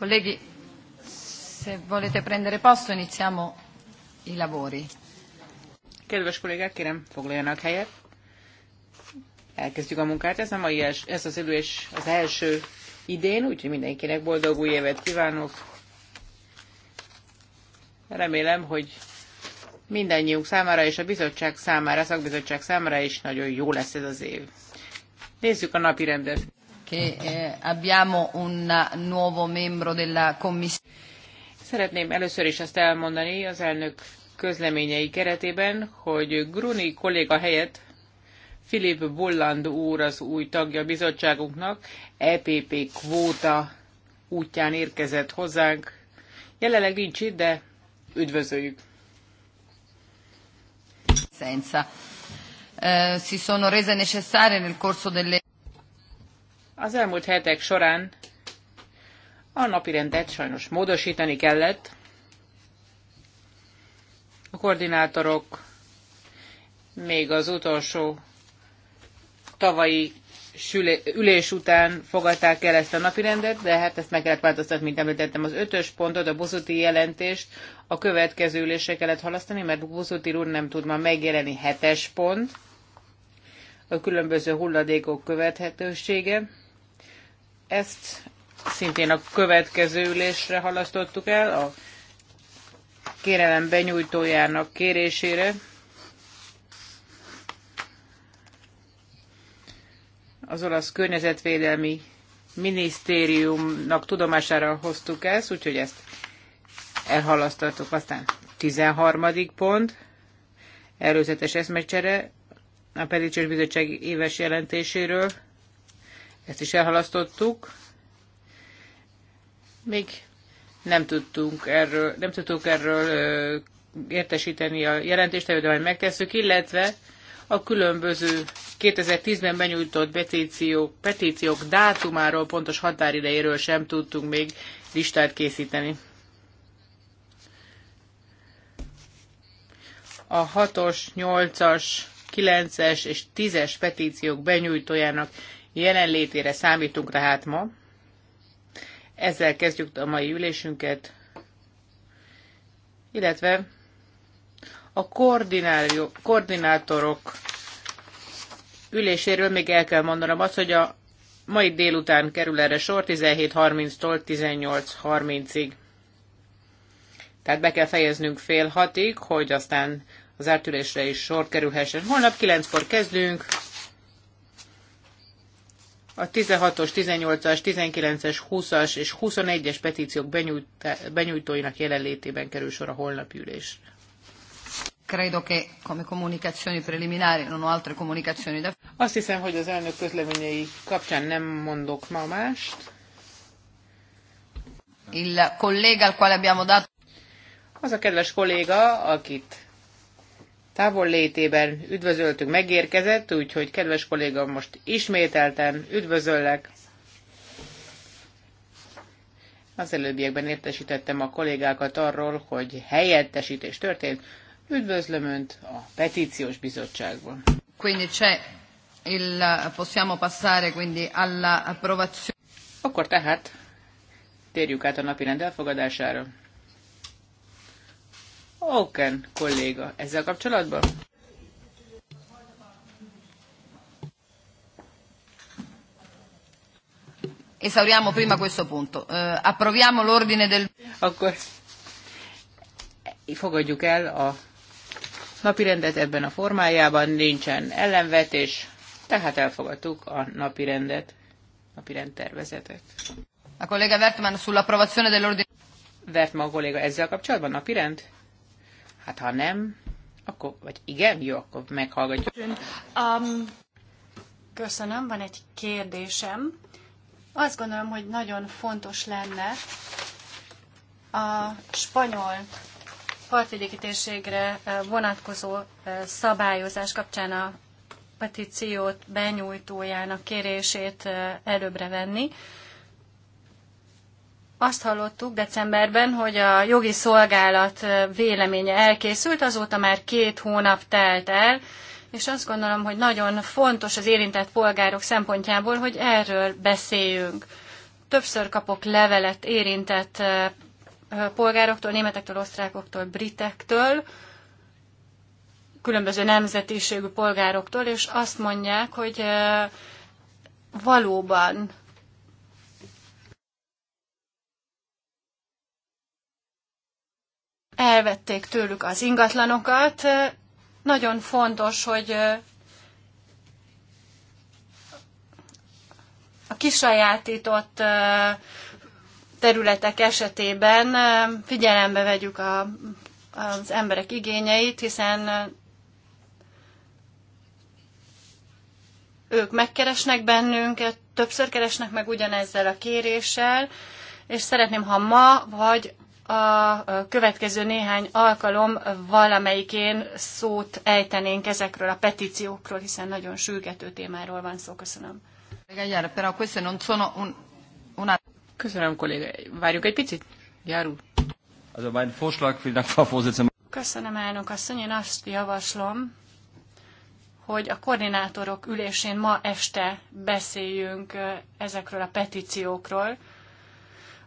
Colleghi, se volete prendere posto iniziamo i lavori. Kedves kollégák, kérem, foglaljanak helyet. Elkezdjük a munkát, ez, nem a ilyes, ez az és az első idén, úgyhogy mindenkinek boldog új évet kívánok. Remélem, hogy mindannyiunk számára és a bizottság számára, a szakbizottság számára is nagyon jó lesz ez az év. Nézzük a napi rendet che eh, abbiamo un nuovo membro della commissione. Szeretném először is azt elmondani az elnök közleményei keretében, hogy Gruni kolléga helyett Filip Bulland úr az új tagja bizottságunknak, EPP kvóta útján érkezett hozzánk. Jelenleg nincs itt, de üdvözöljük. Senza. Uh, si sono rese necessarie nel corso delle az elmúlt hetek során a napirendet sajnos módosítani kellett. A koordinátorok még az utolsó tavalyi ülés után fogadták el ezt a napirendet, de hát ezt meg kellett változtatni, mint említettem, az ötös pontot, a buszuti jelentést a következő ülésre kellett halasztani, mert buszuti úr nem tud ma megjelenni hetes pont, a különböző hulladékok követhetősége. Ezt szintén a következő ülésre halasztottuk el a kérelem benyújtójának kérésére. Az olasz környezetvédelmi minisztériumnak tudomására hoztuk ezt, úgyhogy ezt elhalasztottuk. Aztán 13. pont, előzetes eszmecsere, a Petíciós Bizottság éves jelentéséről ezt is elhalasztottuk. Még nem tudtunk erről, nem tudtuk erről ö, értesíteni a jelentést de majd megtesszük, illetve a különböző 2010-ben benyújtott petíciók, petíciók dátumáról, pontos határidejéről sem tudtunk még listát készíteni. A 6-os, 8-as, 9-es és 10-es petíciók benyújtójának jelenlétére számítunk tehát ma. Ezzel kezdjük a mai ülésünket, illetve a koordinátorok üléséről még el kell mondanom azt, hogy a mai délután kerül erre sor 17.30-tól 18.30-ig. Tehát be kell fejeznünk fél hatig, hogy aztán az átülésre is sor kerülhessen. Holnap 9-kor kezdünk a 16-os, 18-as, 19-es, 20-as és 21-es petíciók benyújtóinak jelenlétében kerül sor a holnapi ülés. Credo che come comunicazioni preliminari non ho altre comunicazioni da... Azt hiszem, hogy az elnök közleményei kapcsán nem mondok ma mást. Il collega al quale abbiamo dato... Az a kedves kolléga, akit távol létében üdvözöltünk, megérkezett, úgyhogy kedves kolléga, most ismételten üdvözöllek. Az előbbiekben értesítettem a kollégákat arról, hogy helyettesítés történt. Üdvözlöm Önt a petíciós bizottságban. Quindi c'è il, possiamo passare quindi alla approvazione. Akkor tehát térjük át a napirend elfogadására. Auken kolléga ezzel kapcsolatban? Esauriamo prima questo punto. Uh, approviamo l'ordine del... Akkor fogadjuk el a napirendet ebben a formájában, nincsen ellenvetés, tehát elfogadtuk a napirendet, napirend tervezetet. A kolléga Vertman sull'approvazione dell'ordine... Vertman kolléga ezzel kapcsolatban napirend? Hát ha nem, akkor, vagy igen, jó, akkor meghallgatjuk. Um, köszönöm, van egy kérdésem. Azt gondolom, hogy nagyon fontos lenne a spanyol partvidéki térségre eh, vonatkozó eh, szabályozás kapcsán a petíciót benyújtójának kérését eh, előbbre venni. Azt hallottuk decemberben, hogy a jogi szolgálat véleménye elkészült, azóta már két hónap telt el, és azt gondolom, hogy nagyon fontos az érintett polgárok szempontjából, hogy erről beszéljünk. Többször kapok levelet érintett polgároktól, németektől, osztrákoktól, britektől, különböző nemzetiségű polgároktól, és azt mondják, hogy valóban elvették tőlük az ingatlanokat. Nagyon fontos, hogy a kisajátított területek esetében figyelembe vegyük a, az emberek igényeit, hiszen ők megkeresnek bennünket, többször keresnek meg ugyanezzel a kéréssel, és szeretném, ha ma vagy a következő néhány alkalom valamelyikén szót ejtenénk ezekről a petíciókról, hiszen nagyon sürgető témáról van szó. Köszönöm. Köszönöm, kolléga. Várjuk egy picit? Járul. Köszönöm, elnök asszony. Én azt javaslom, hogy a koordinátorok ülésén ma este beszéljünk ezekről a petíciókról,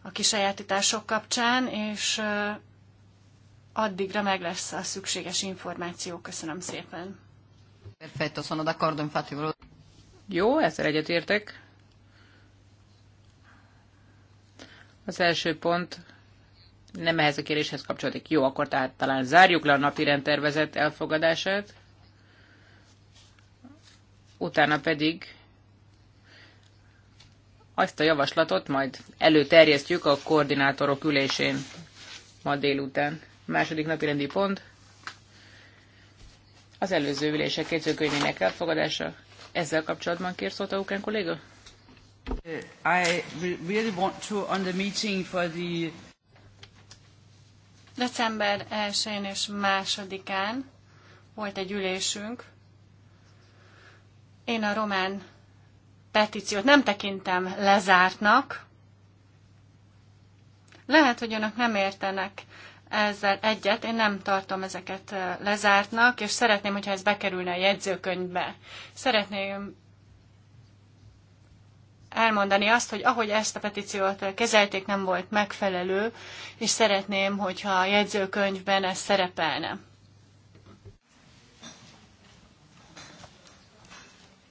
a kisajátítások kapcsán, és addigra meg lesz a szükséges információ. Köszönöm szépen. Perfetto, sono d'accordo, infatti. Jó, ezzel egyetértek. Az első pont nem ehhez a kéréshez kapcsolódik. Jó, akkor tehát talán zárjuk le a napi rendtervezet elfogadását. Utána pedig azt a javaslatot majd előterjesztjük a koordinátorok ülésén ma délután. Második napi rendi pont. Az előző ülések kétszőkönyvének elfogadása. Ezzel kapcsolatban kér szólt a ukrán kolléga? I really want to on the meeting for the December 1-én és 2-án volt egy ülésünk. Én a román petíciót nem tekintem lezártnak. Lehet, hogy önök nem értenek ezzel egyet, én nem tartom ezeket lezártnak, és szeretném, hogyha ez bekerülne a jegyzőkönyvbe. Szeretném elmondani azt, hogy ahogy ezt a petíciót kezelték, nem volt megfelelő, és szeretném, hogyha a jegyzőkönyvben ez szerepelne.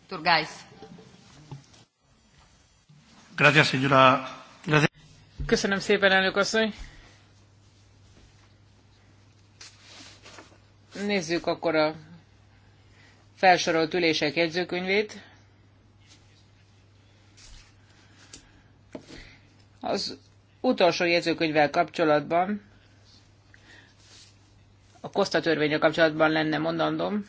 Turgász. Gracias, señora. Gracias. Köszönöm szépen, elnök asszony. Nézzük akkor a felsorolt ülések jegyzőkönyvét. Az utolsó jegyzőkönyvvel kapcsolatban, a Koszta törvénye kapcsolatban lenne mondandom,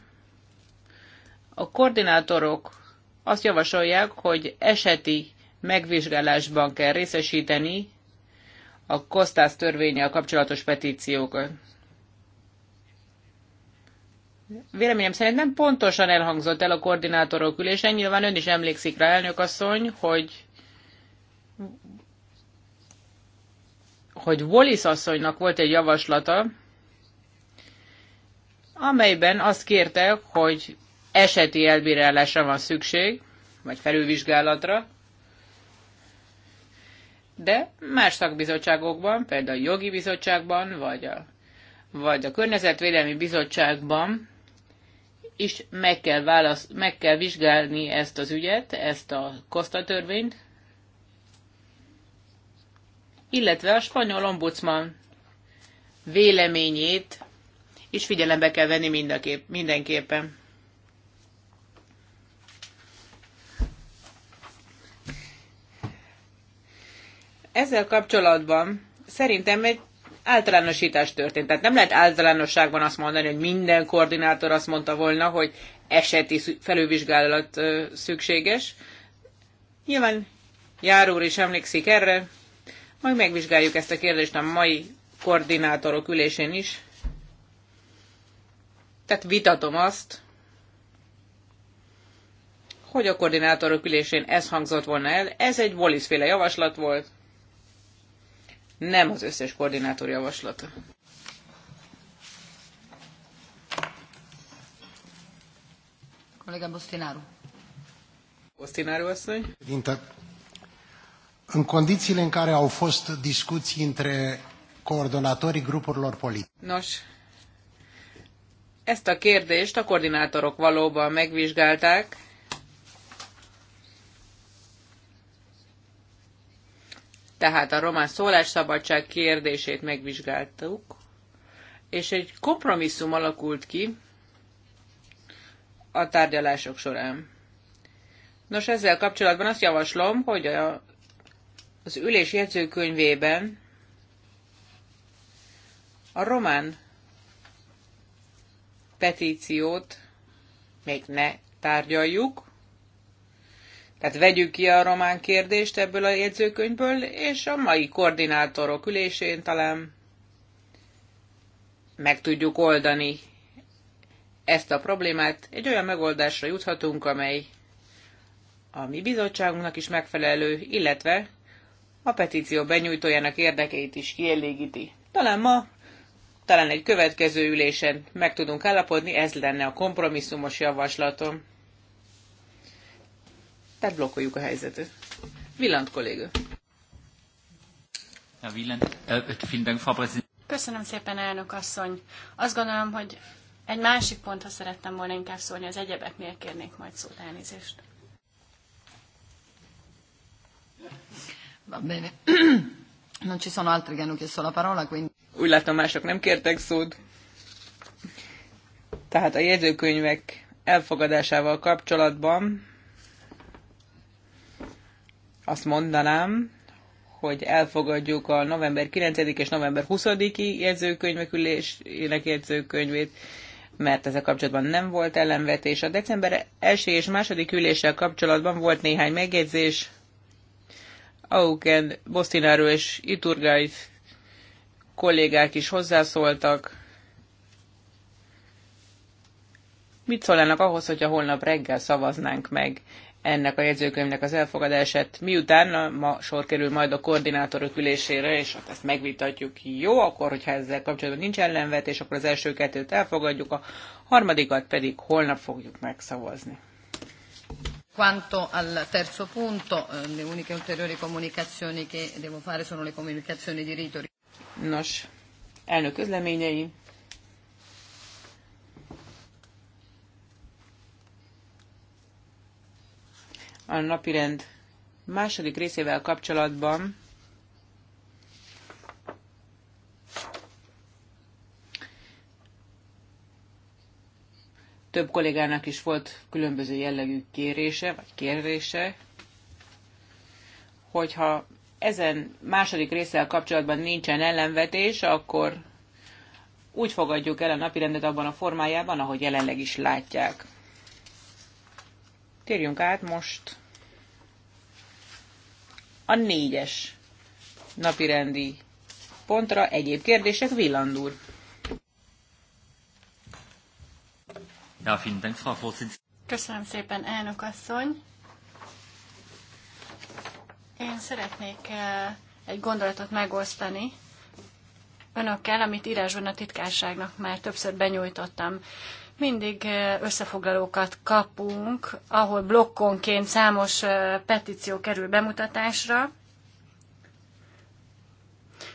a koordinátorok azt javasolják, hogy eseti megvizsgálásban kell részesíteni a Kosztász törvényel kapcsolatos petíciókat. Véleményem szerint nem pontosan elhangzott el a koordinátorok ülésen, nyilván ön is emlékszik rá, elnök asszony, hogy hogy Wallis asszonynak volt egy javaslata, amelyben azt kérte, hogy eseti elbírálásra van szükség, vagy felülvizsgálatra, de más szakbizottságokban, például a jogi bizottságban, vagy a, vagy a környezetvédelmi bizottságban is meg kell, válasz, meg kell vizsgálni ezt az ügyet, ezt a Costa törvényt, illetve a spanyol ombudsman véleményét is figyelembe kell venni mindenképpen. Ezzel kapcsolatban szerintem egy általánosítás történt. Tehát nem lehet általánosságban azt mondani, hogy minden koordinátor azt mondta volna, hogy eseti felülvizsgálat szükséges. Nyilván Járó is emlékszik erre, majd megvizsgáljuk ezt a kérdést a mai koordinátorok ülésén is. Tehát vitatom azt, hogy a koordinátorok ülésén ez hangzott volna el. Ez egy Wallis féle javaslat volt, nem az összes koordinátor javaslata. Kollega Bostináru. Bostináru asszony. În condițiile în care au fost discuții între coordonatorii grupurilor politice. Nos, ezt a kérdést a koordinátorok valóban megvizsgálták, tehát a román szólásszabadság kérdését megvizsgáltuk, és egy kompromisszum alakult ki a tárgyalások során. Nos, ezzel kapcsolatban azt javaslom, hogy a, az ülés jegyzőkönyvében a román petíciót még ne tárgyaljuk, tehát vegyük ki a román kérdést ebből a jegyzőkönyvből, és a mai koordinátorok ülésén talán meg tudjuk oldani ezt a problémát. Egy olyan megoldásra juthatunk, amely a mi bizottságunknak is megfelelő, illetve a petíció benyújtójának érdekeit is kielégíti. Talán ma, talán egy következő ülésen meg tudunk állapodni, ez lenne a kompromisszumos javaslatom tehát blokkoljuk a helyzetet. Villant kollégő. Äh, Köszönöm szépen, elnök asszony. Azt gondolom, hogy egy másik ha szerettem volna inkább szólni, az egyebek miért kérnék majd szót elnézést. Va bene. Non ci sono altri che hanno chiesto la parola, quindi... Úgy látom, mások nem kértek szót. Tehát a jegyzőkönyvek elfogadásával kapcsolatban azt mondanám, hogy elfogadjuk a november 9 és november 20-i jegyzőkönyvek ülésének jegyzőkönyvét, mert ezzel kapcsolatban nem volt ellenvetés. A december 1 és második üléssel kapcsolatban volt néhány megjegyzés. Auken, Bostináról és Iturgaiz kollégák is hozzászóltak. Mit szólnának ahhoz, hogyha holnap reggel szavaznánk meg ennek a jegyzőkönyvnek az elfogadását, miután ma sor kerül majd a koordinátorok ülésére, és hát ezt megvitatjuk. Jó, akkor, hogyha ezzel kapcsolatban nincs ellenvetés, akkor az első kettőt elfogadjuk, a harmadikat pedig holnap fogjuk megszavazni. Quanto al terzo punto, eh, le uniche e ulteriori comunicazioni che devo fare sono le comunicazioni di rito. Nos, elnök közleményei. a napirend második részével kapcsolatban több kollégának is volt különböző jellegű kérése, vagy kérdése, hogyha ezen második részsel kapcsolatban nincsen ellenvetés, akkor úgy fogadjuk el a napirendet abban a formájában, ahogy jelenleg is látják. Térjünk át most a négyes napirendi pontra egyéb kérdések Villand úr. Köszönöm szépen, elnök asszony. Én szeretnék eh, egy gondolatot megosztani önökkel, amit írásban a titkárságnak már többször benyújtottam mindig eh, összefoglalókat kapunk, ahol blokkonként számos eh, petíció kerül bemutatásra,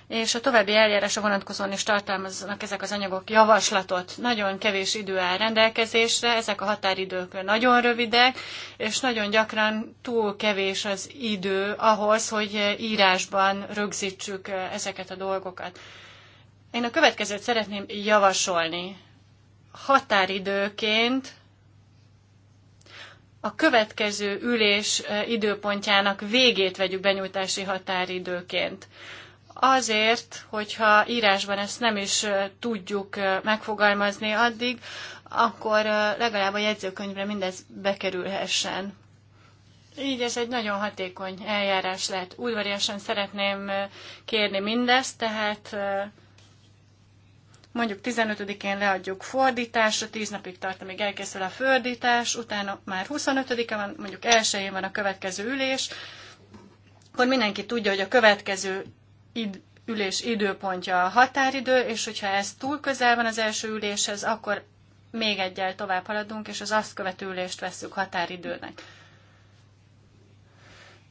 és a további eljárásra vonatkozóan is tartalmaznak ezek az anyagok javaslatot. Nagyon kevés idő áll rendelkezésre, ezek a határidők nagyon rövidek, és nagyon gyakran túl kevés az idő ahhoz, hogy eh, írásban rögzítsük ezeket a dolgokat. Én a következőt szeretném javasolni határidőként a következő ülés időpontjának végét vegyük benyújtási határidőként. Azért, hogyha írásban ezt nem is tudjuk megfogalmazni addig, akkor legalább a jegyzőkönyvre mindez bekerülhessen. Így ez egy nagyon hatékony eljárás lehet. Udvariasan szeretném kérni mindezt, tehát mondjuk 15-én leadjuk fordításra, 10 napig tart, amíg elkészül a fordítás, utána már 25-e van, mondjuk 1 van a következő ülés, akkor mindenki tudja, hogy a következő id- ülés időpontja a határidő, és hogyha ez túl közel van az első üléshez, akkor még egyel tovább haladunk, és az azt követő ülést veszük határidőnek.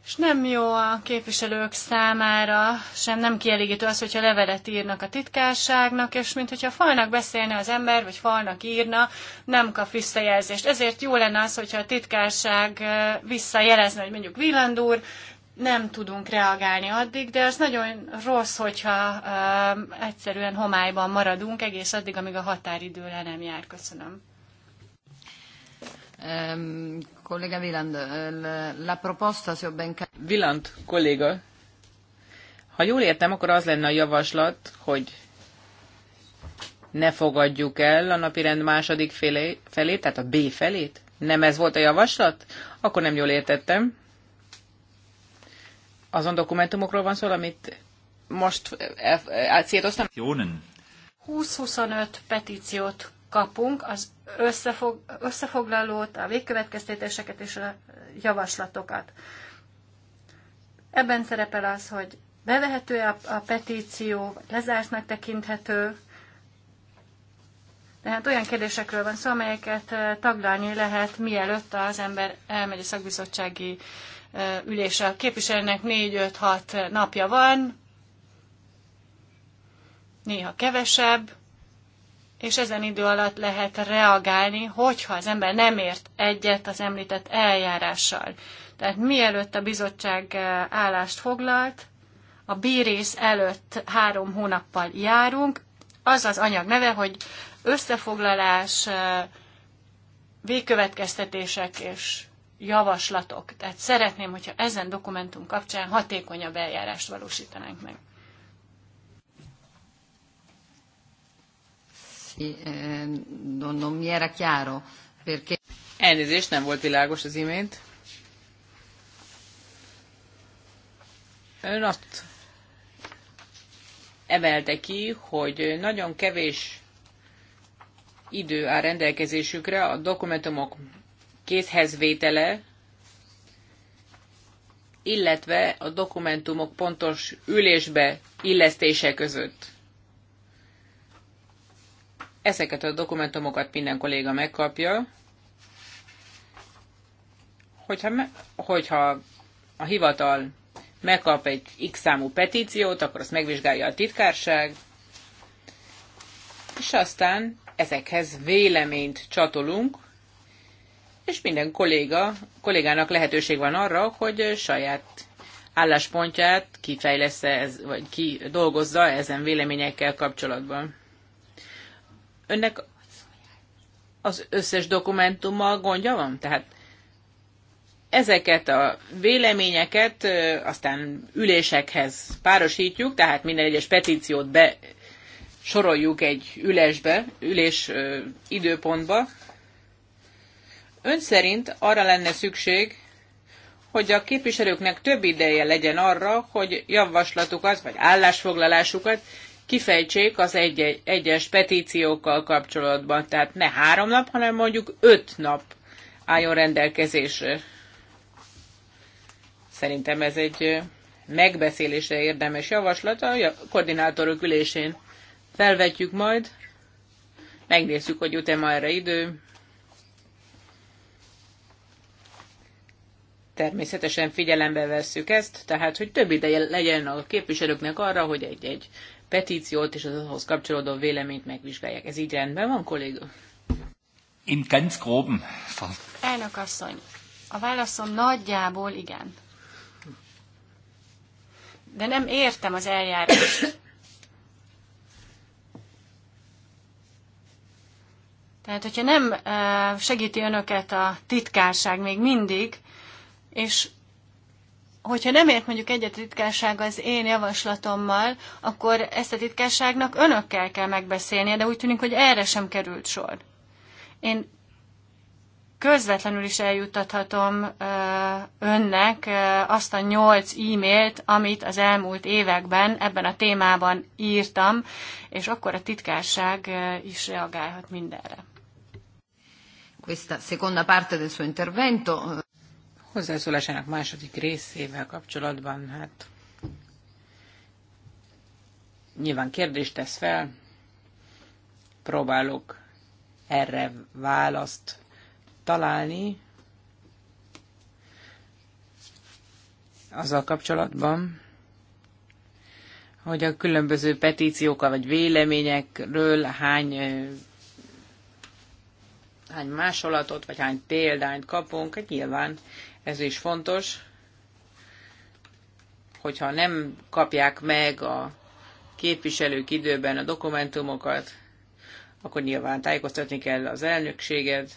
És nem jó a képviselők számára, sem nem kielégítő az, hogyha levelet írnak a titkárságnak, és mint hogyha falnak beszélne az ember, vagy falnak írna, nem kap visszajelzést. Ezért jó lenne az, hogyha a titkárság visszajelezne, hogy mondjuk úr, nem tudunk reagálni addig, de az nagyon rossz, hogyha ö, egyszerűen homályban maradunk egész addig, amíg a határidő le nem jár. Köszönöm. Ehm, collega Viland, eh, la, proposta, se ho ben Viland, kolléga, ha jól értem, akkor az lenne a javaslat, hogy ne fogadjuk el a napirend második felé, felét, tehát a B felét? Nem ez volt a javaslat? Akkor nem jól értettem. Azon dokumentumokról van szó, amit most átszétoztam? 20-25 petíciót kapunk az összefog, összefoglalót, a végkövetkeztetéseket és a javaslatokat. Ebben szerepel az, hogy bevehető a, a petíció, vagy lezártnak tekinthető. Tehát olyan kérdésekről van szó, amelyeket taglalni lehet, mielőtt az ember elmegy a szakbizottsági ülésre. A képviselőnek 4-5-6 napja van, néha kevesebb, és ezen idő alatt lehet reagálni, hogyha az ember nem ért egyet az említett eljárással. Tehát mielőtt a bizottság eh, állást foglalt, a bírész előtt három hónappal járunk, az az anyag neve, hogy összefoglalás, eh, végkövetkeztetések és javaslatok. Tehát szeretném, hogyha ezen dokumentum kapcsán hatékonyabb eljárást valósítanánk meg. Ehm, Elnézést, nem volt világos az imént. Ön azt emelte ki, hogy nagyon kevés idő áll rendelkezésükre a dokumentumok készhezvétele, illetve a dokumentumok pontos ülésbe illesztése között. Ezeket a dokumentumokat minden kolléga megkapja. Hogyha, me, hogyha a hivatal megkap egy X számú petíciót, akkor azt megvizsgálja a titkárság, és aztán ezekhez véleményt csatolunk, és minden kolléga, kollégának lehetőség van arra, hogy saját álláspontját kifejlesz -e ez, vagy ki dolgozza ezen véleményekkel kapcsolatban önnek az összes dokumentummal gondja van? Tehát ezeket a véleményeket aztán ülésekhez párosítjuk, tehát minden egyes petíciót be soroljuk egy ülésbe, ülés időpontba. Ön szerint arra lenne szükség, hogy a képviselőknek több ideje legyen arra, hogy javaslatukat vagy állásfoglalásukat kifejtsék az egy egyes petíciókkal kapcsolatban. Tehát ne három nap, hanem mondjuk öt nap álljon rendelkezésre. Szerintem ez egy megbeszélésre érdemes javaslat a koordinátorok ülésén. Felvetjük majd, megnézzük, hogy jut-e ma erre idő. Természetesen figyelembe vesszük ezt, tehát hogy több ideje legyen a képviselőknek arra, hogy egy-egy petíciót és az ahhoz kapcsolódó véleményt megvizsgálják. Ez így rendben van, kolléga? In ganz groben. Elnök asszony, a válaszom nagyjából igen. De nem értem az eljárást. Tehát, hogyha nem eh, segíti önöket a titkárság még mindig, és hogyha nem ért mondjuk egyet a titkárság az én javaslatommal, akkor ezt a titkárságnak önökkel kell megbeszélnie, de úgy tűnik, hogy erre sem került sor. Én közvetlenül is eljuttathatom önnek azt a nyolc e-mailt, amit az elmúlt években ebben a témában írtam, és akkor a titkárság is reagálhat mindenre. Questa seconda parte del suo intervento hozzászólásának második részével kapcsolatban, hát nyilván kérdést tesz fel, próbálok erre választ találni azzal kapcsolatban, hogy a különböző petíciókkal vagy véleményekről hány, hány másolatot vagy hány példányt kapunk, hát nyilván ez is fontos, hogyha nem kapják meg a képviselők időben a dokumentumokat, akkor nyilván tájékoztatni kell az elnökséget.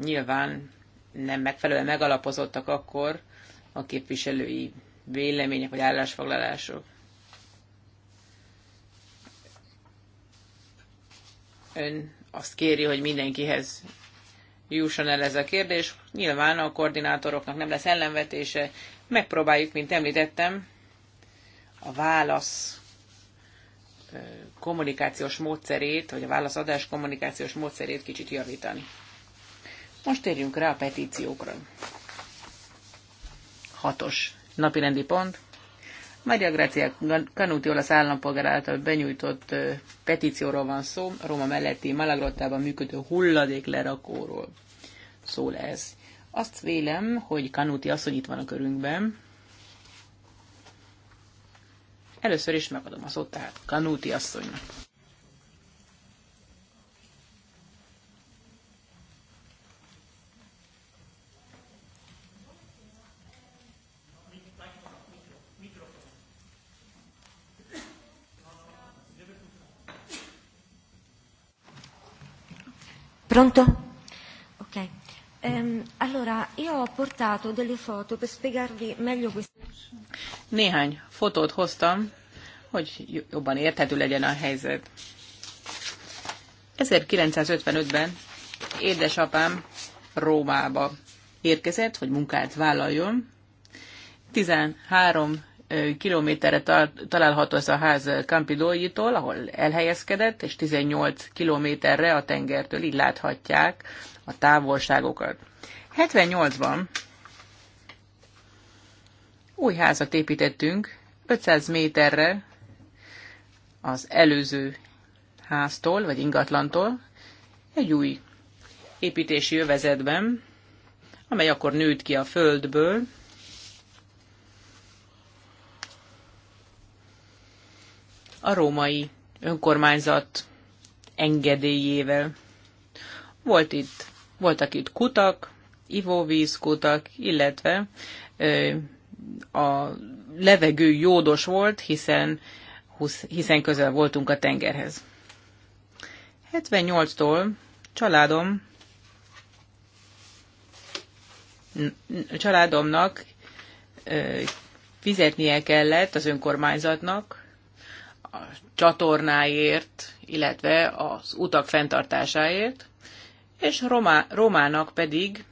Nyilván nem megfelelően megalapozottak akkor a képviselői vélemények vagy állásfoglalások. Ön azt kéri, hogy mindenkihez jusson el ez a kérdés. Nyilván a koordinátoroknak nem lesz ellenvetése. Megpróbáljuk, mint említettem, a válasz kommunikációs módszerét, vagy a válaszadás kommunikációs módszerét kicsit javítani. Most térjünk rá a petíciókra. Hatos rendi pont. Maria Grácia Kanúti olasz állampolgár által benyújtott petícióról van szó, Róma melletti Malagrottában működő hulladéklerakóról szól ez. Azt vélem, hogy Kanúti asszony itt van a körünkben. Először is megadom a szót, tehát Kanúti asszonynak. Pronto? Ehm, allora, io ho portato delle foto per spiegarvi meglio questo. Néhány fotót hoztam, hogy jobban érthető legyen a helyzet. 1955-ben édesapám Rómába érkezett, hogy munkát vállaljon. 13 kilométerre található az a ház Campidogli-tól, ahol elhelyezkedett, és 18 kilométerre a tengertől így láthatják a távolságokat. 78-ban új házat építettünk 500 méterre az előző háztól, vagy ingatlantól, egy új építési övezetben, amely akkor nőtt ki a földből, a római önkormányzat engedélyével. Volt itt voltak itt kutak, ivóvízkutak, illetve a levegő jódos volt, hiszen, hiszen közel voltunk a tengerhez. 78-tól családom családomnak fizetnie kellett az önkormányzatnak a csatornáért, illetve az utak fenntartásáért és Roma, Romának pedig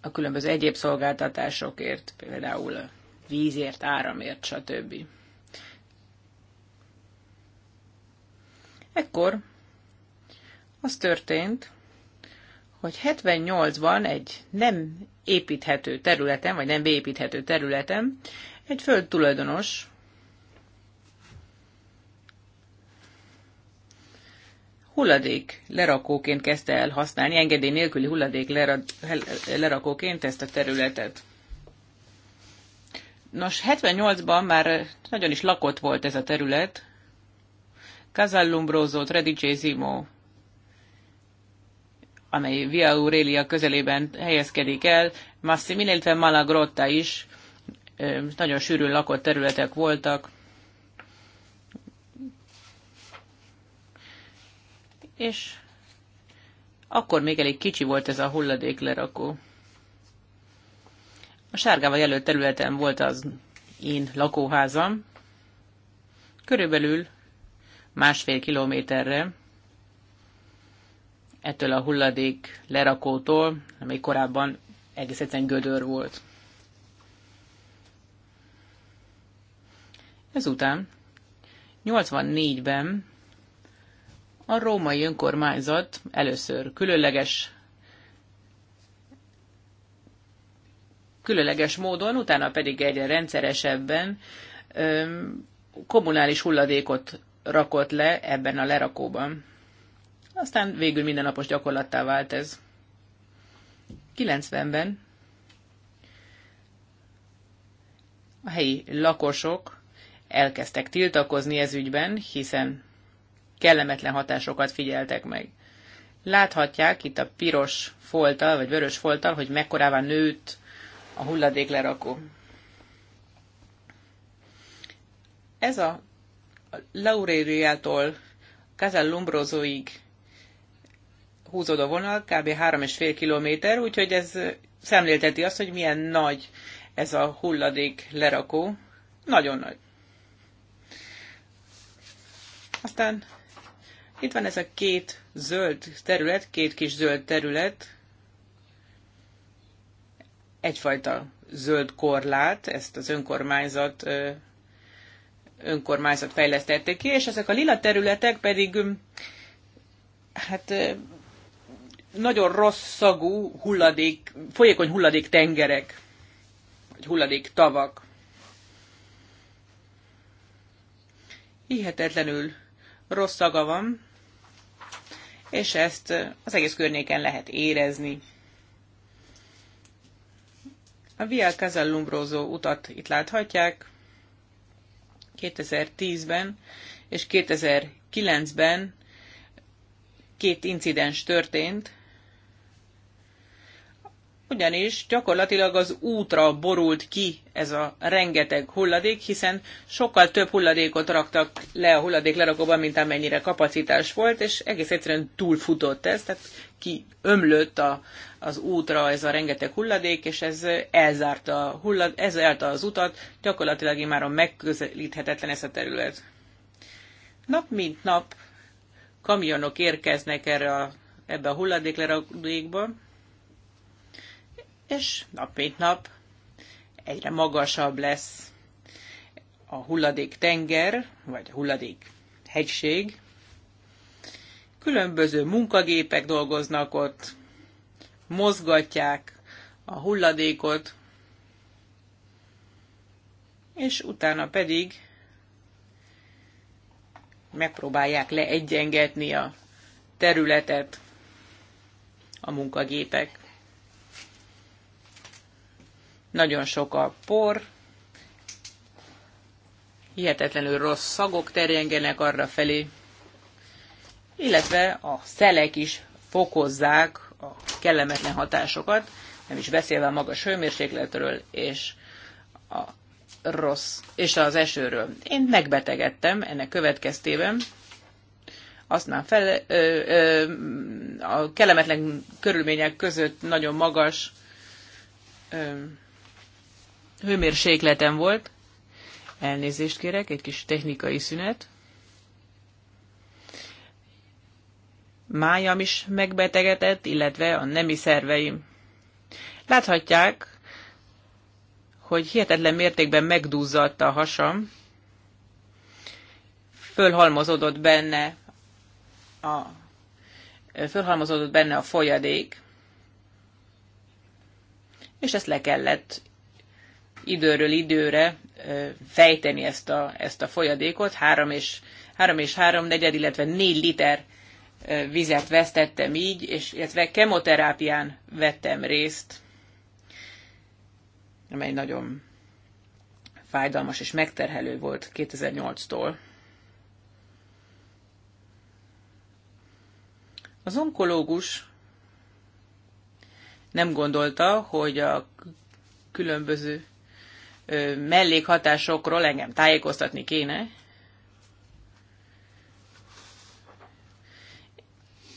a különböző egyéb szolgáltatásokért, például vízért, áramért, stb. Ekkor az történt, hogy 78-ban egy nem építhető területen, vagy nem beépíthető területen egy földtulajdonos hulladék lerakóként kezdte el használni, engedély nélküli hulladék lerakóként ezt a területet. Nos, 78-ban már nagyon is lakott volt ez a terület. Casallumbroso, Zimo, amely Via Aurelia közelében helyezkedik el, Massimil, illetve Malagrotta is nagyon sűrűn lakott területek voltak. és akkor még elég kicsi volt ez a hulladék lerakó. A sárgával jelölt területen volt az én lakóházam, körülbelül másfél kilométerre ettől a hulladék lerakótól, ami korábban egész egyszerűen gödör volt. Ezután 84-ben a római önkormányzat először különleges különleges módon, utána pedig egyre rendszeresebben öm, kommunális hulladékot rakott le ebben a lerakóban. Aztán végül mindennapos gyakorlattá vált ez. 90-ben a helyi lakosok elkezdtek tiltakozni ez ügyben, hiszen kellemetlen hatásokat figyeltek meg. Láthatják itt a piros folttal, vagy vörös folttal, hogy mekkorává nőtt a hulladéklerakó. Ez a Laurériától Casal Lumbrozóig húzódó vonal kb. 3,5 km, úgyhogy ez szemlélteti azt, hogy milyen nagy ez a hulladék lerakó. Nagyon nagy. Aztán itt van ez a két zöld terület, két kis zöld terület, egyfajta zöld korlát, ezt az önkormányzat önkormányzat fejlesztették ki, és ezek a lila területek pedig hát nagyon rossz szagú hulladék, folyékony hulladék tengerek, vagy hulladék tavak. Hihetetlenül rossz szaga van, és ezt az egész környéken lehet érezni. A Via Casallumbroso utat itt láthatják 2010-ben és 2009-ben két incidens történt, ugyanis gyakorlatilag az útra borult ki ez a rengeteg hulladék, hiszen sokkal több hulladékot raktak le a hulladék lerakóban, mint amennyire kapacitás volt, és egész egyszerűen túlfutott ez, tehát ki ömlött a, az útra ez a rengeteg hulladék, és ez elzárta, a hullad, ez elta az utat, gyakorlatilag a megközelíthetetlen ez a terület. Nap mint nap kamionok érkeznek erre a, ebbe a hulladékleradékba, és nap mint nap egyre magasabb lesz a hulladék tenger, vagy a hulladék hegység. Különböző munkagépek dolgoznak ott, mozgatják a hulladékot, és utána pedig megpróbálják leegyengetni a területet a munkagépek nagyon sok a por, hihetetlenül rossz szagok terjengenek arra felé, illetve a szelek is fokozzák a kellemetlen hatásokat, nem is beszélve a magas hőmérsékletről és a rossz, és az esőről. Én megbetegedtem ennek következtében, aztán fel, ö, ö, a kellemetlen körülmények között nagyon magas ö, hőmérsékleten volt. Elnézést kérek, egy kis technikai szünet. Májam is megbetegedett, illetve a nemi szerveim. Láthatják, hogy hihetetlen mértékben megdúzzadta a hasam, fölhalmozódott benne a, fölhalmozódott benne a folyadék, és ezt le kellett időről időre fejteni ezt a, ezt a folyadékot. Három és, három és három negyed, illetve négy liter vizet vesztettem így, és illetve kemoterápián vettem részt, amely nagyon fájdalmas és megterhelő volt 2008-tól. Az onkológus nem gondolta, hogy a különböző mellékhatásokról engem tájékoztatni kéne.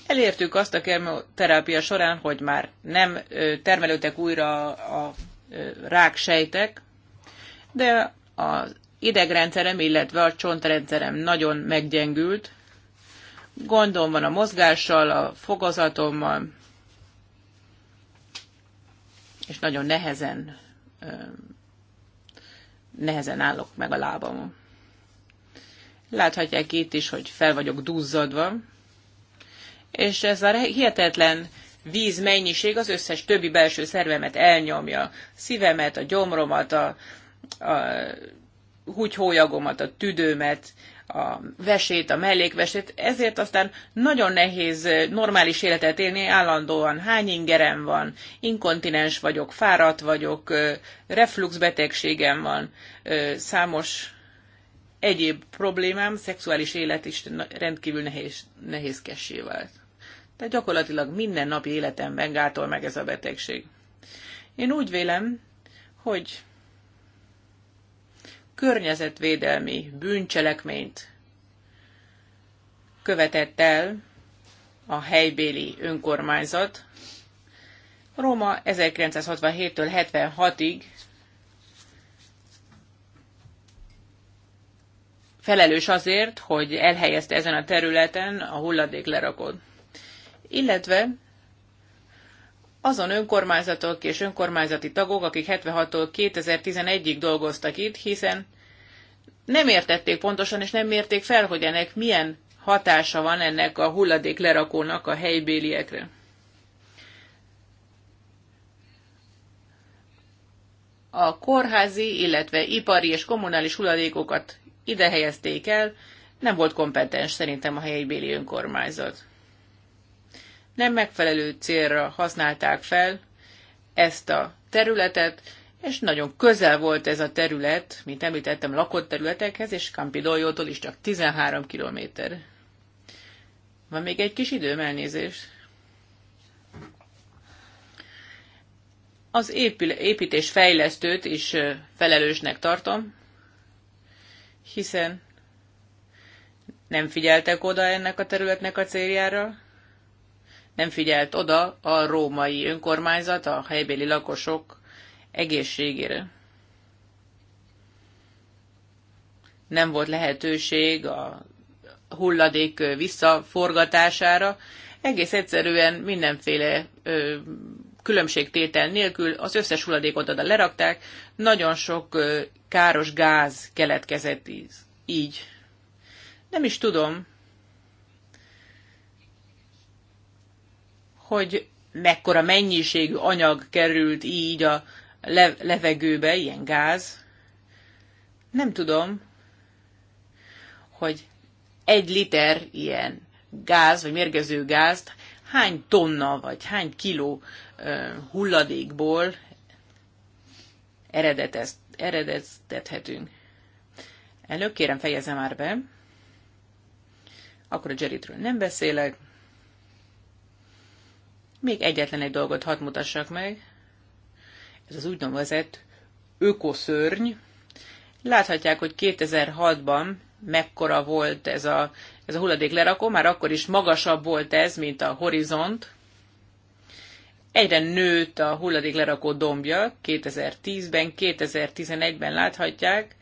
Elértük azt a kemoterápia során, hogy már nem termelődtek újra a ráksejtek, de az idegrendszerem, illetve a csontrendszerem nagyon meggyengült. Gondom van a mozgással, a fogazatommal, és nagyon nehezen nehezen állok meg a lábamon. Láthatják itt is, hogy fel vagyok duzzadva, és ez a hihetetlen mennyiség az összes többi belső szervemet elnyomja. szívemet, a gyomromat, a, a húgyhólyagomat, a tüdőmet, a vesét, a mellékvesét, ezért aztán nagyon nehéz eh, normális életet élni állandóan. Hány ingerem van, inkontinens vagyok, fáradt vagyok, eh, refluxbetegségem van, eh, számos egyéb problémám, szexuális élet is rendkívül nehéz, nehézkessé vált. Tehát gyakorlatilag minden napi életemben gátol meg ez a betegség. Én úgy vélem, hogy környezetvédelmi bűncselekményt követett el a helybéli önkormányzat. Róma 1967-től 76-ig felelős azért, hogy elhelyezte ezen a területen a hulladék lerakót. Illetve azon önkormányzatok és önkormányzati tagok, akik 76-tól 2011-ig dolgoztak itt, hiszen nem értették pontosan, és nem mérték fel, hogy ennek milyen hatása van ennek a hulladék lerakónak a helybéliekre. A kórházi, illetve ipari és kommunális hulladékokat ide helyezték el, nem volt kompetens szerintem a helybéli önkormányzat nem megfelelő célra használták fel ezt a területet, és nagyon közel volt ez a terület, mint említettem, lakott területekhez, és Campidogliótól is csak 13 kilométer. Van még egy kis időm, elnézést. Az építés fejlesztőt is felelősnek tartom, hiszen nem figyeltek oda ennek a területnek a céljára, nem figyelt oda a római önkormányzat a helybéli lakosok egészségére. Nem volt lehetőség a hulladék visszaforgatására. Egész egyszerűen mindenféle ö, különbségtétel nélkül az összes hulladékot oda lerakták, nagyon sok ö, káros gáz keletkezett így. Nem is tudom, hogy mekkora mennyiségű anyag került így a levegőbe, ilyen gáz. Nem tudom, hogy egy liter ilyen gáz, vagy mérgező gázt hány tonna, vagy hány kiló hulladékból eredeztethetünk. Elnök, kérem fejezze már be. Akkor a Jerrytről nem beszélek. Még egyetlen egy dolgot hadd mutassak meg. Ez az úgynevezett ökoszörny. Láthatják, hogy 2006-ban mekkora volt ez a, ez a hulladék lerakó, már akkor is magasabb volt ez, mint a horizont. Egyre nőtt a hulladék lerakó dombja, 2010-ben, 2011-ben láthatják,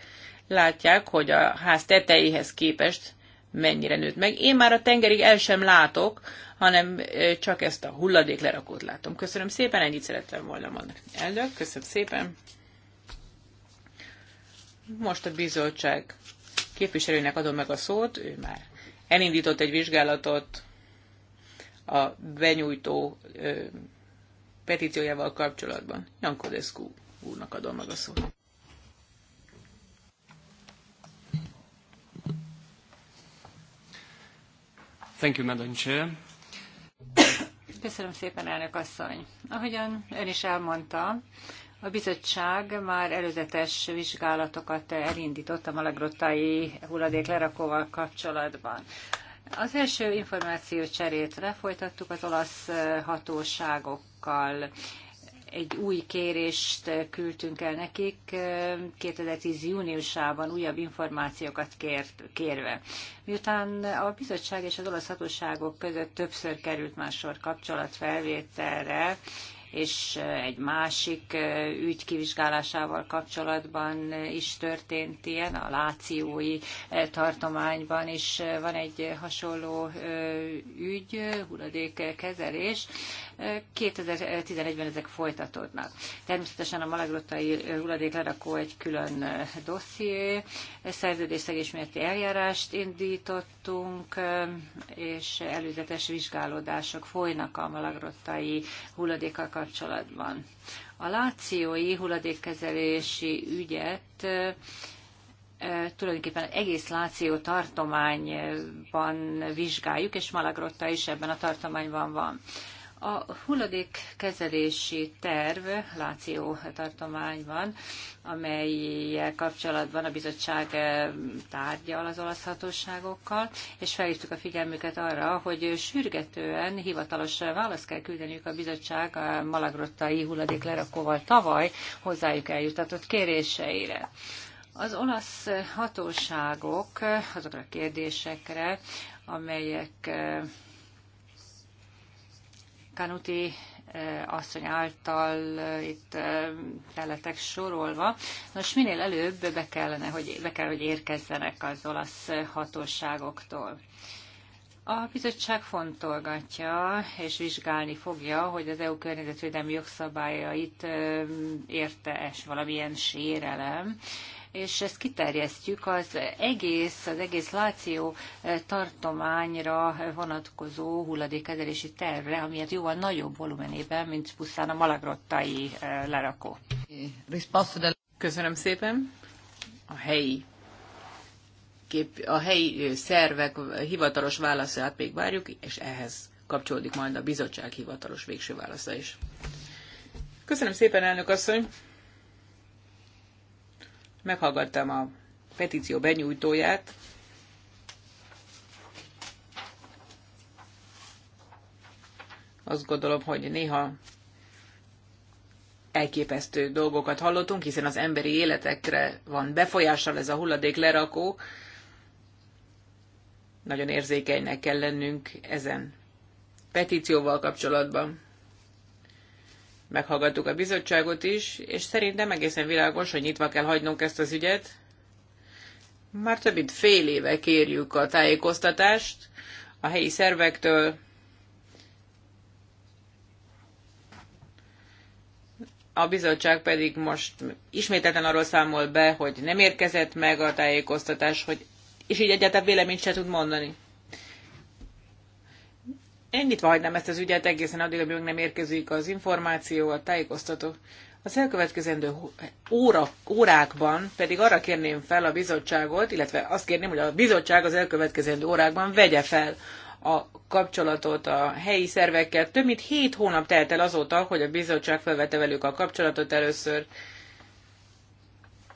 látják, hogy a ház tetejéhez képest mennyire nőtt meg. Én már a tengerig el sem látok, hanem csak ezt a lerakót látom. Köszönöm szépen, ennyit szerettem volna mondani. Elnök, köszönöm szépen. Most a bizottság képviselőnek adom meg a szót, ő már elindított egy vizsgálatot a benyújtó petíciójával kapcsolatban. Jankodeszkú úrnak adom meg a szót. Thank you, Madam Chair. Köszönöm szépen, elnök asszony. Ahogyan ön is elmondta, a bizottság már előzetes vizsgálatokat elindított a malagrottai hulladék lerakóval kapcsolatban. Az első információcserét lefolytattuk az olasz hatóságokkal, egy új kérést küldtünk el nekik 2010. júniusában újabb információkat kért, kérve. Miután a bizottság és az olasz hatóságok között többször került már sor kapcsolatfelvételre, és egy másik ügy kivizsgálásával kapcsolatban is történt ilyen, a lációi tartományban is van egy hasonló ügy, hulladékkezelés. 2011-ben ezek folytatódnak. Természetesen a malagrottai lerakó egy külön dosszié, szerződésszegés miatti eljárást indítottunk, és előzetes vizsgálódások folynak a malagrottai hulladékkal kapcsolatban. A lációi hulladékkezelési ügyet tulajdonképpen egész Láció tartományban vizsgáljuk, és Malagrotta is ebben a tartományban van. A hulladék kezelési terv Láció tartományban, amelyel kapcsolatban a bizottság eh, tárgyal az olasz hatóságokkal, és felhívtuk a figyelmüket arra, hogy sürgetően hivatalos választ kell küldeniük a bizottság a malagrottai hulladéklerakóval tavaly hozzájuk eljutatott kéréseire. Az olasz hatóságok azokra a kérdésekre, amelyek eh, Kanuti eh, asszony által eh, itt eh, feletek sorolva. Nos, minél előbb be, kellene, hogy, be kell, hogy érkezzenek az olasz hatóságoktól. A bizottság fontolgatja és vizsgálni fogja, hogy az EU környezetvédelmi jogszabályait érte-es valamilyen sérelem, és ezt kiterjesztjük az egész, az egész Láció eh, tartományra vonatkozó hulladékkezelési tervre, amiért hát jóval nagyobb volumenében, mint pusztán a malagrottai eh, lerakó. Köszönöm szépen. A helyi kép, a helyi eh, szervek hivatalos válaszát még várjuk, és ehhez kapcsolódik majd a bizottság hivatalos végső válasza is. Köszönöm szépen, elnök asszony! meghallgattam a petíció benyújtóját, azt gondolom, hogy néha elképesztő dolgokat hallottunk, hiszen az emberi életekre van befolyással ez a hulladék lerakó. Nagyon érzékenynek kell lennünk ezen petícióval kapcsolatban meghallgattuk a bizottságot is, és szerintem egészen világos, hogy nyitva kell hagynunk ezt az ügyet. Már több mint fél éve kérjük a tájékoztatást a helyi szervektől, a bizottság pedig most ismételten arról számol be, hogy nem érkezett meg a tájékoztatás, hogy, és így egyáltalán véleményt se tud mondani ennyit hagynám ezt az ügyet egészen addig, amíg nem érkezik az információ, a tájékoztató. Az elkövetkezendő óra, órákban pedig arra kérném fel a bizottságot, illetve azt kérném, hogy a bizottság az elkövetkezendő órákban vegye fel a kapcsolatot a helyi szervekkel. Több mint hét hónap telt el azóta, hogy a bizottság felvette velük a kapcsolatot először.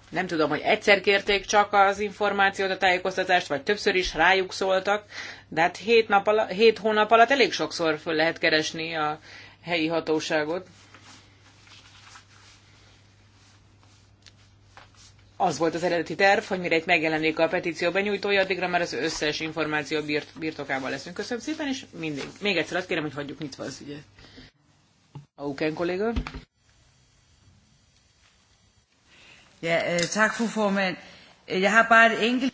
Nem tudom, hogy egyszer kérték csak az információt, a tájékoztatást, vagy többször is rájuk szóltak, de hát hét, nap ala, hét hónap alatt elég sokszor föl lehet keresni a helyi hatóságot. Az volt az eredeti terv, hogy mire itt megjelenik a petíció benyújtója, addigra már az összes információ birt, birtokában leszünk. Köszönöm szépen, és mindig. Még egyszer azt kérem, hogy hagyjuk nyitva az ügyet. A UKEN kolléga. Ja, eh, tak, fru formand. Jeg har bare et enkelt...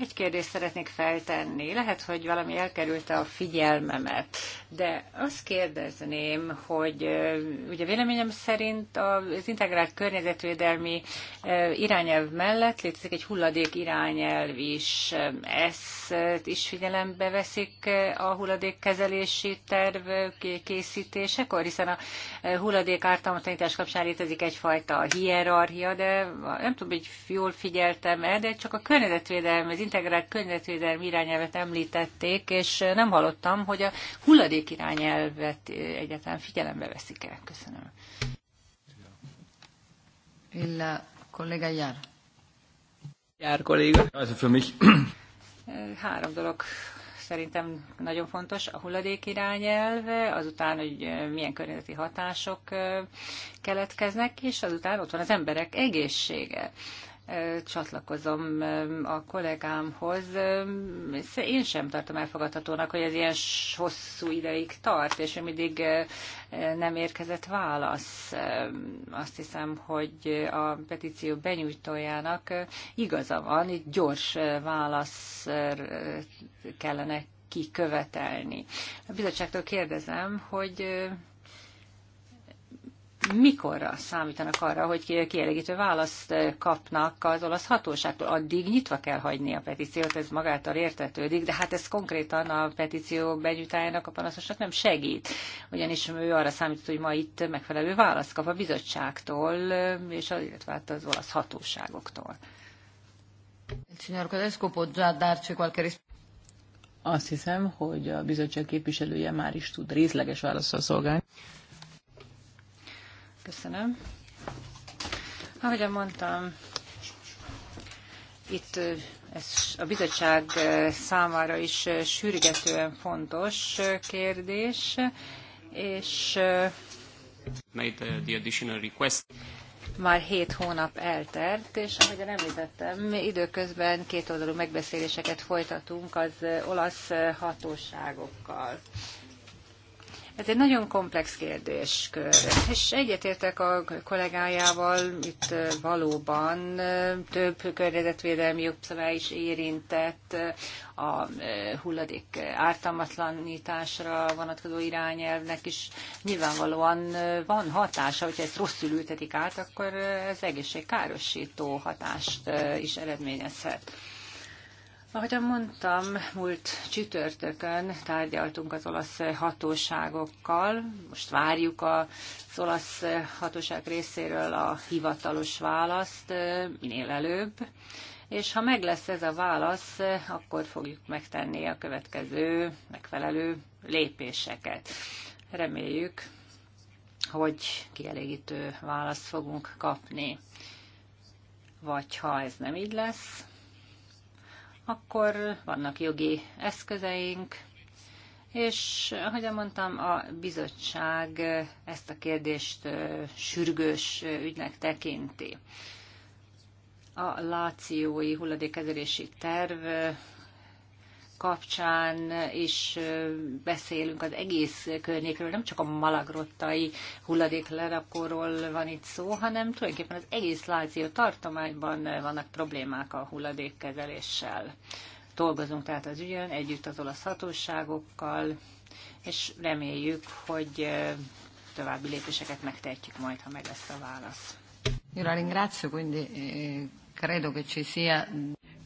Egy kérdést szeretnék feltenni. Lehet, hogy valami elkerülte a figyelmemet, de azt kérdezném, hogy ugye véleményem szerint az integrált környezetvédelmi irányelv mellett létezik egy hulladék irányelv is. Ezt is figyelembe veszik a hulladékkezelési terv készítésekor, hiszen a hulladék ártalmatlanítás kapcsán létezik egyfajta hierarchia, de nem tudom, hogy jól figyeltem-e, de csak a környezetvédelmi, az integrált környezetvédelmi irányelvet említették, és nem hallottam, hogy a hulladék irányelvet egyáltalán figyelembe veszik-e. Köszönöm. Illa eh, kollega jár. Jár kolléga. Ez a mich. Eh, három dolog szerintem nagyon fontos, a hulladék irányelv, azután, hogy eh, milyen környezeti hatások keletkeznek, és azután ott van az emberek egészsége csatlakozom a kollégámhoz. Én sem tartom elfogadhatónak, hogy ez ilyen hosszú ideig tart, és mindig nem érkezett válasz. Azt hiszem, hogy a petíció benyújtójának igaza van, itt gyors válasz kellene kikövetelni. A bizottságtól kérdezem, hogy mikorra számítanak arra, hogy kielégítő választ eh, kapnak az olasz hatóságtól. Addig nyitva kell hagyni a petíciót, ez magától értetődik, de hát ez konkrétan a petíció benyújtájának a panaszosnak nem segít. Ugyanis ő arra számított, hogy ma itt megfelelő választ kap a bizottságtól, eh, és az, illetve hát az olasz hatóságoktól. Azt hiszem, hogy a bizottság képviselője már is tud részleges válaszra szolgálni. Köszönöm. Ahogyan mondtam, itt ez a bizottság számára is sürgetően fontos kérdés, és made uh, the additional request. Már hét hónap eltelt, és ahogyan említettem, időközben kétoldalú megbeszéléseket folytatunk az olasz hatóságokkal. Ez egy nagyon komplex kérdéskör, és egyetértek a kollégájával, itt valóban több környezetvédelmi jogszabály is érintett, a hulladék ártalmatlanításra vonatkozó irányelvnek is nyilvánvalóan van hatása, hogyha ezt rosszul ültetik át, akkor ez egészségkárosító hatást is eredményezhet. Ahogyan mondtam, múlt csütörtökön tárgyaltunk az olasz hatóságokkal. Most várjuk az olasz hatóság részéről a hivatalos választ minél előbb. És ha meg lesz ez a válasz, akkor fogjuk megtenni a következő megfelelő lépéseket. Reméljük, hogy kielégítő választ fogunk kapni. Vagy ha ez nem így lesz, akkor vannak jogi eszközeink, és ahogy mondtam, a bizottság ezt a kérdést sürgős ügynek tekinti. A lációi hulladékezelési terv kapcsán is beszélünk az egész környékről, nem csak a malagrottai hulladéklerakóról van itt szó, hanem tulajdonképpen az egész Lázió tartományban vannak problémák a hulladékkezeléssel. Dolgozunk tehát az ügyön, együtt az olasz hatóságokkal, és reméljük, hogy további lépéseket megtehetjük majd, ha meg lesz a válasz. quindi eh, credo che ci sia...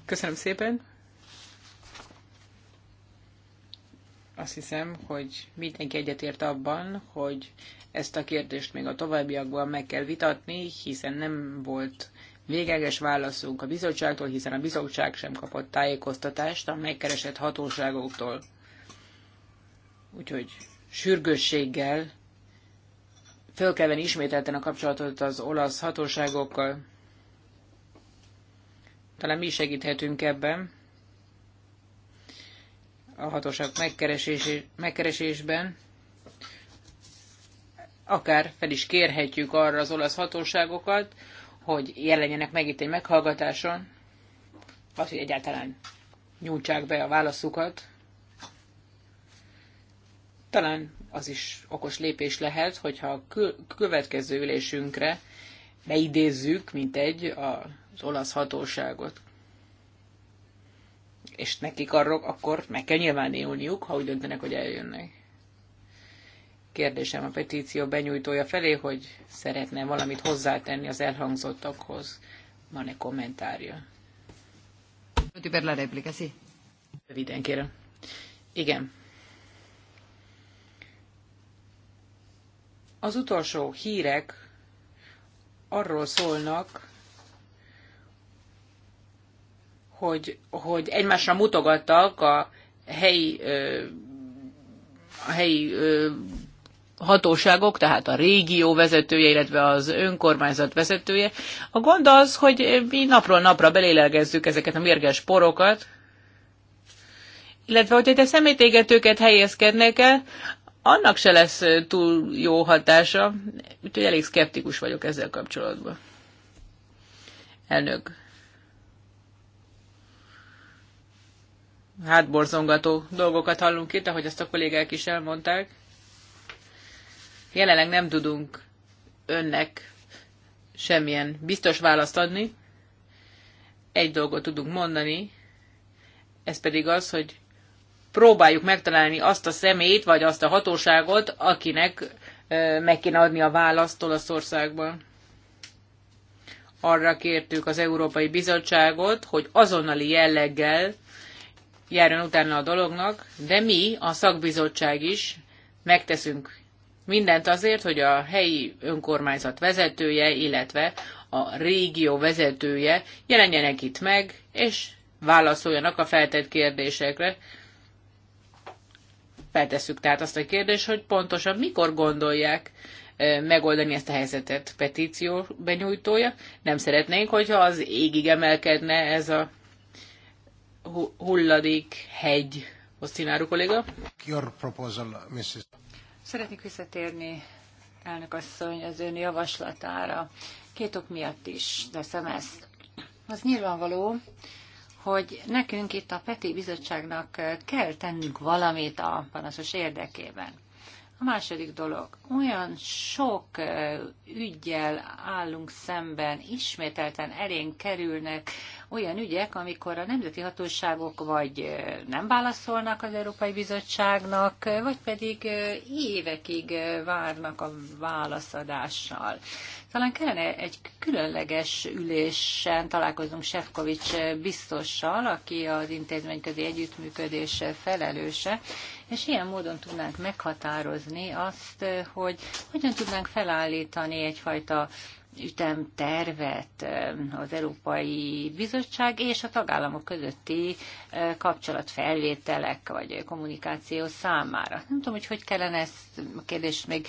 Köszönöm szépen. Azt hiszem, hogy mindenki egyetért abban, hogy ezt a kérdést még a továbbiakban meg kell vitatni, hiszen nem volt végeges válaszunk a bizottságtól, hiszen a bizottság sem kapott tájékoztatást a megkeresett hatóságoktól. Úgyhogy sürgősséggel föl kell venni ismételten a kapcsolatot az olasz hatóságokkal. Talán mi segíthetünk ebben a hatóság megkeresés, megkeresésben, akár fel is kérhetjük arra az olasz hatóságokat, hogy jelenjenek meg itt egy meghallgatáson, az, hogy egyáltalán nyújtsák be a válaszukat. Talán az is okos lépés lehet, hogyha a következő ülésünkre beidézzük, mint egy, az olasz hatóságot és nekik arról akkor meg kell nyilvánulniuk, ha úgy döntenek, hogy eljönnek. Kérdésem a petíció benyújtója felé, hogy szeretne valamit hozzátenni az elhangzottakhoz. Van-e kommentárja? Röviden kérem. Igen. Az utolsó hírek arról szólnak, hogy, hogy egymásra mutogattak a helyi, a helyi hatóságok, tehát a régió vezetője, illetve az önkormányzat vezetője. A gond az, hogy mi napról napra belélegezzük ezeket a mérges porokat, illetve hogyha te szemétégetőket helyezkednek el, annak se lesz túl jó hatása, úgyhogy elég szkeptikus vagyok ezzel kapcsolatban. Elnök, hátborzongató dolgokat hallunk itt, ahogy azt a kollégák is elmondták. Jelenleg nem tudunk önnek semmilyen biztos választ adni. Egy dolgot tudunk mondani, ez pedig az, hogy próbáljuk megtalálni azt a szemét, vagy azt a hatóságot, akinek meg kéne adni a választ Olaszországban. Arra kértük az Európai Bizottságot, hogy azonnali jelleggel járjon utána a dolognak, de mi, a szakbizottság is megteszünk mindent azért, hogy a helyi önkormányzat vezetője, illetve a régió vezetője jelenjenek itt meg, és válaszoljanak a feltett kérdésekre. Feltesszük tehát azt a kérdést, hogy pontosan mikor gondolják megoldani ezt a helyzetet petíció benyújtója. Nem szeretnénk, hogyha az égig emelkedne ez a hulladék hegy. Osztináru kolléga. Your proposal, Mrs. Szeretnék visszatérni, elnök asszony, az ön javaslatára. Két ok miatt is teszem ezt. Az nyilvánvaló, hogy nekünk itt a Peti Bizottságnak kell tennünk valamit a panaszos érdekében második dolog, olyan sok ügyjel állunk szemben, ismételten elén kerülnek olyan ügyek, amikor a nemzeti hatóságok vagy nem válaszolnak az Európai Bizottságnak, vagy pedig évekig várnak a válaszadással. Talán kellene egy különleges ülésen találkozunk Sefkovics biztossal, aki az intézményközi együttműködés felelőse, és ilyen módon tudnánk meghatározni azt, eh, hogy hogyan tudnánk felállítani egyfajta ütemtervet eh, az Európai Bizottság és a tagállamok közötti eh, kapcsolatfelvételek vagy kommunikáció számára. Nem tudom, hogy hogy kellene ezt a kérdést még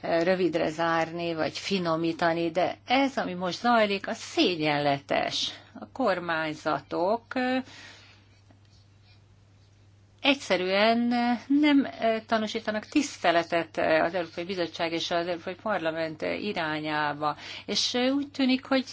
rövidre zárni, vagy finomítani, de ez, ami most zajlik, az szégyenletes. A kormányzatok egyszerűen nem eh, tanúsítanak tiszteletet eh, az Európai Bizottság és az Európai Parlament eh, irányába. És úgy tűnik, hogy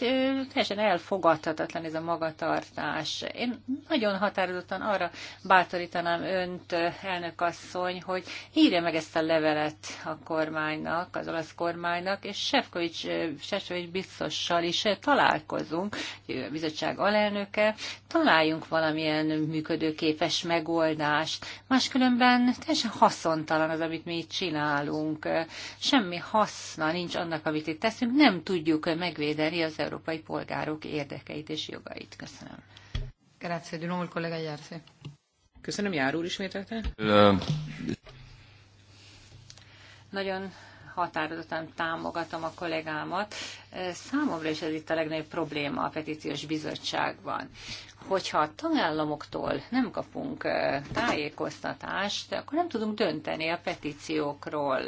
teljesen elfogadhatatlan ez a magatartás. Én nagyon határozottan arra bátorítanám önt, elnök asszony, hogy írja meg ezt a levelet a kormánynak, az olasz kormánynak, és Sefkovics, Sefkovics biztossal is találkozunk, a bizottság alelnöke, találjunk valamilyen működőképes megoldást, más. Máskülönben teljesen haszontalan az, amit mi itt csinálunk. Semmi haszna nincs annak, amit itt teszünk. Nem tudjuk megvédeni az európai polgárok érdekeit és jogait. Köszönöm. Grazie, di nuovo il collega Iarfi. Köszönöm, Jár úr Nagyon határozottan támogatom a kollégámat. Számomra is ez itt a legnagyobb probléma a petíciós bizottságban. Hogyha a tagállamoktól nem kapunk tájékoztatást, akkor nem tudunk dönteni a petíciókról.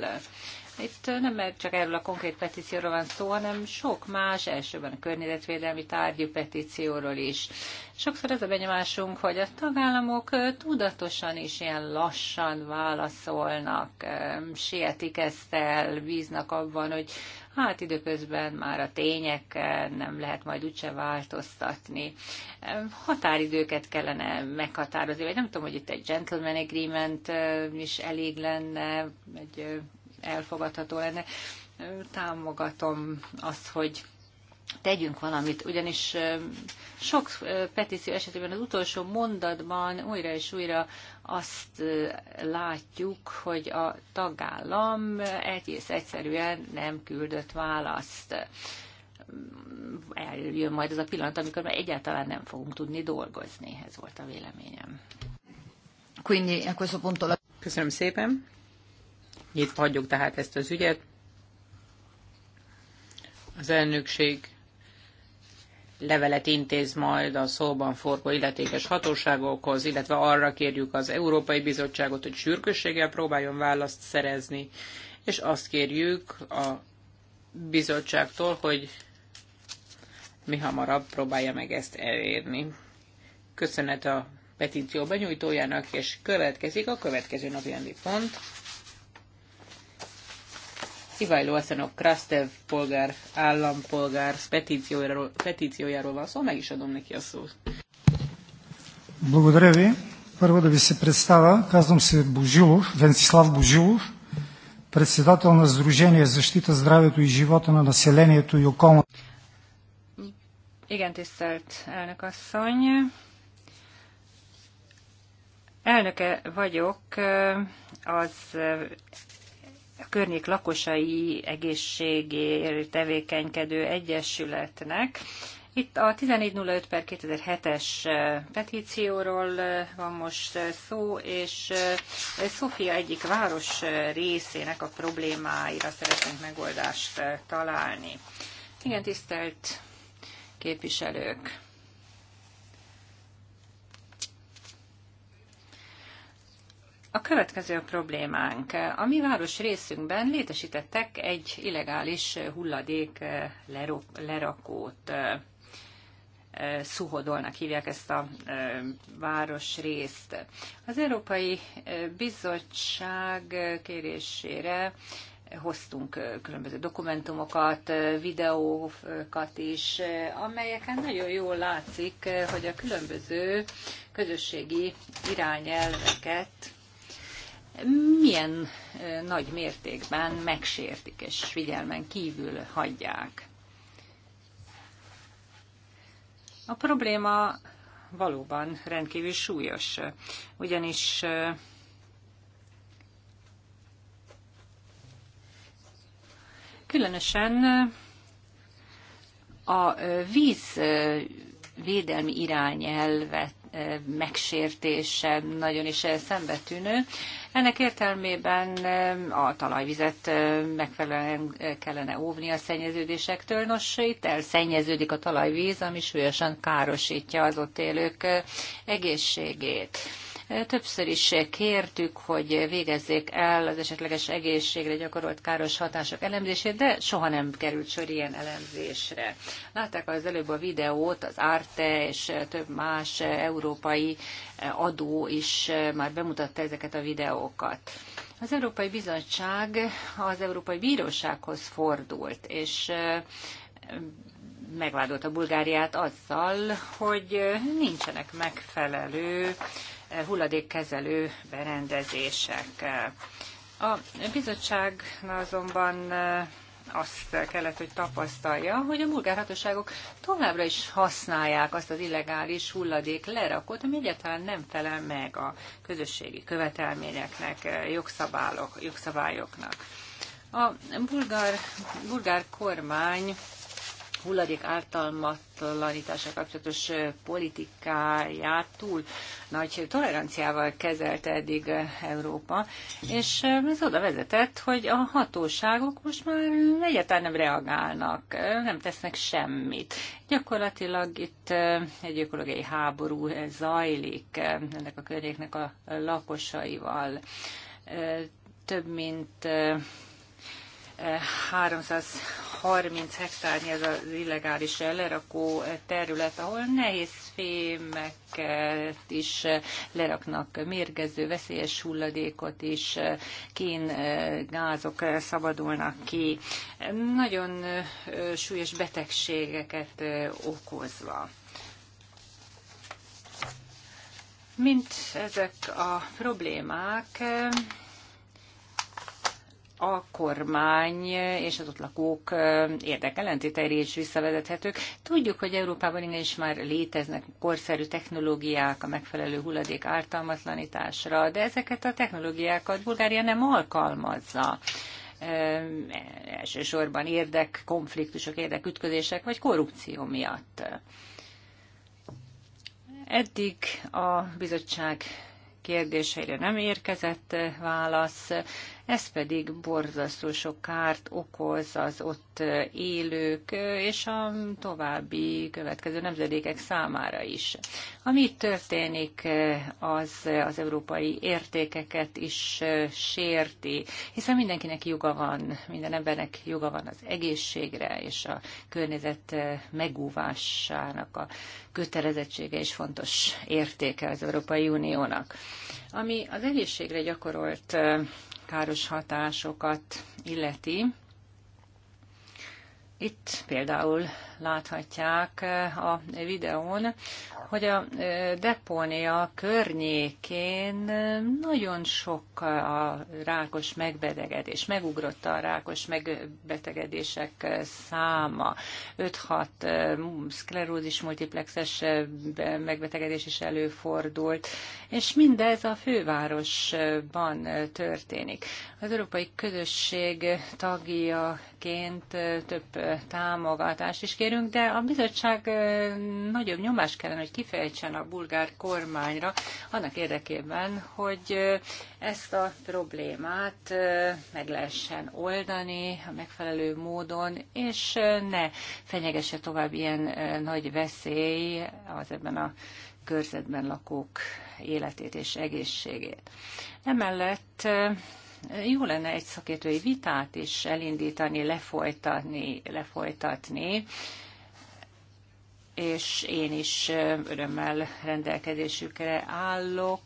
Itt nem csak erről a konkrét petícióról van szó, hanem sok más, elsőben a környezetvédelmi tárgyú petícióról is. Sokszor az a benyomásunk, hogy a tagállamok tudatosan is ilyen lassan válaszolnak, sietik ezt el, bíznak abban, hogy hát időközben már a tények nem lehet majd úgyse változtatni. Határidőket kellene meghatározni, vagy nem tudom, hogy itt egy gentleman agreement is elég lenne, egy elfogadható lenne. Támogatom azt, hogy tegyünk valamit, ugyanis sok petíció esetében az utolsó mondatban újra és újra azt látjuk, hogy a tagállam egész egyszerűen nem küldött választ. Eljön majd az a pillanat, amikor már egyáltalán nem fogunk tudni dolgozni. Ez volt a véleményem. Quindi a questo punto la... Köszönöm szépen. Nyitva hagyjuk tehát ezt az ügyet. Az elnökség levelet intéz majd a szóban forgó illetékes hatóságokhoz, illetve arra kérjük az Európai Bizottságot, hogy sürgősséggel próbáljon választ szerezni, és azt kérjük a bizottságtól, hogy mi hamarabb próbálja meg ezt elérni. Köszönet a petíció benyújtójának, és következik a következő napi pont. Ivajló Aszenok Krasztev polgár, állampolgár petíciójáról, petíciójáról van szó, szóval meg is adom neki a szót. Благодаря ви. Първо да ви се представя. Казвам се Божилов, Венцислав Божилов, председател на Сдружение защита здравето и живота на населението и околната. Igen, tisztelt elnök asszony. Elnöke vagyok az a környék lakosai egészségéért tevékenykedő egyesületnek. Itt a 1405 per 2007-es petícióról van most szó, és Szofia egyik város részének a problémáira szeretnénk megoldást találni. Igen, tisztelt képviselők! A következő a problémánk. A mi város részünkben létesítettek egy illegális hulladék eh, lerakót. Eh, eh, Szuhodolnak hívják ezt a város részt. Az Európai Bizottság kérésére hoztunk különböző dokumentumokat, videókat is, amelyeken nagyon jól látszik, hogy a különböző közösségi irányelveket milyen nagy mértékben megsértik és figyelmen kívül hagyják. A probléma valóban rendkívül súlyos, ugyanis különösen a víz védelmi irányelvet megsértése nagyon is eh, szembetűnő. Ennek értelmében eh, a talajvizet eh, megfelelően kellene óvni a szennyeződésektől. Nos, itt elszennyeződik a talajvíz, ami súlyosan károsítja az ott élők egészségét. Többször is kértük, hogy végezzék el az esetleges egészségre gyakorolt káros hatások elemzését, de soha nem került sor ilyen elemzésre. Látták az előbb a videót, az Arte és több más európai adó is már bemutatta ezeket a videókat. Az Európai Bizottság az Európai Bírósághoz fordult, és megvádolta Bulgáriát azzal, hogy nincsenek megfelelő hulladékkezelő berendezések. A bizottság azonban azt kellett, hogy tapasztalja, hogy a bulgárhatóságok továbbra is használják azt az illegális hulladék lerakót, ami egyáltalán nem felel meg a közösségi követelményeknek, jogszabályok, jogszabályoknak. A bulgár, bulgár kormány hulladék ártalmatlanítása kapcsolatos politikáját túl nagy toleranciával kezelte eddig Európa, és ez oda vezetett, hogy a hatóságok most már egyáltalán nem reagálnak, nem tesznek semmit. Gyakorlatilag itt egy ökológiai háború zajlik ennek a környéknek a lakosaival több mint 330 hektárnyi ez az illegális lerakó terület, ahol nehéz fémeket is leraknak, mérgező, veszélyes hulladékot is, kén eh, gázok szabadulnak ki, nagyon eh, súlyos betegségeket eh, okozva. Mint ezek a problémák, a kormány és az ott lakók érdekellentétei is visszavezethetők. Tudjuk, hogy Európában is már léteznek korszerű technológiák a megfelelő hulladék ártalmatlanításra, de ezeket a technológiákat Bulgária nem alkalmazza elsősorban érdek, konfliktusok, érdekütközések vagy korrupció miatt. Eddig a bizottság kérdéseire nem érkezett válasz, ez pedig borzasztó sok kárt okoz az ott élők és a további következő nemzedékek számára is. Ami itt történik, az az európai értékeket is sérti, hiszen mindenkinek joga van, minden embernek joga van az egészségre és a környezet megúvásának a kötelezettsége és fontos értéke az Európai Uniónak. Ami az egészségre gyakorolt káros hatásokat illeti, itt például láthatják eh, a videón, hogy a eh, deponia környékén eh, nagyon sok a rákos megbetegedés, megugrott a rákos megbetegedések száma. 5-6 szklerózis multiplexes megbetegedés is előfordult, és mindez a fővárosban történik. Az Európai Közösség tagjaként több támogatást is kérünk, de a bizottság nagyobb nyomást kellene, hogy kifejtsen a bulgár kormányra annak érdekében, hogy ezt a problémát meg lehessen oldani a megfelelő módon, és ne fenyegesse tovább ilyen nagy veszély az ebben a körzetben lakók életét és egészségét. Emellett jó lenne egy szakértői vitát is elindítani, lefolytatni, lefolytatni és én is örömmel rendelkezésükre állok.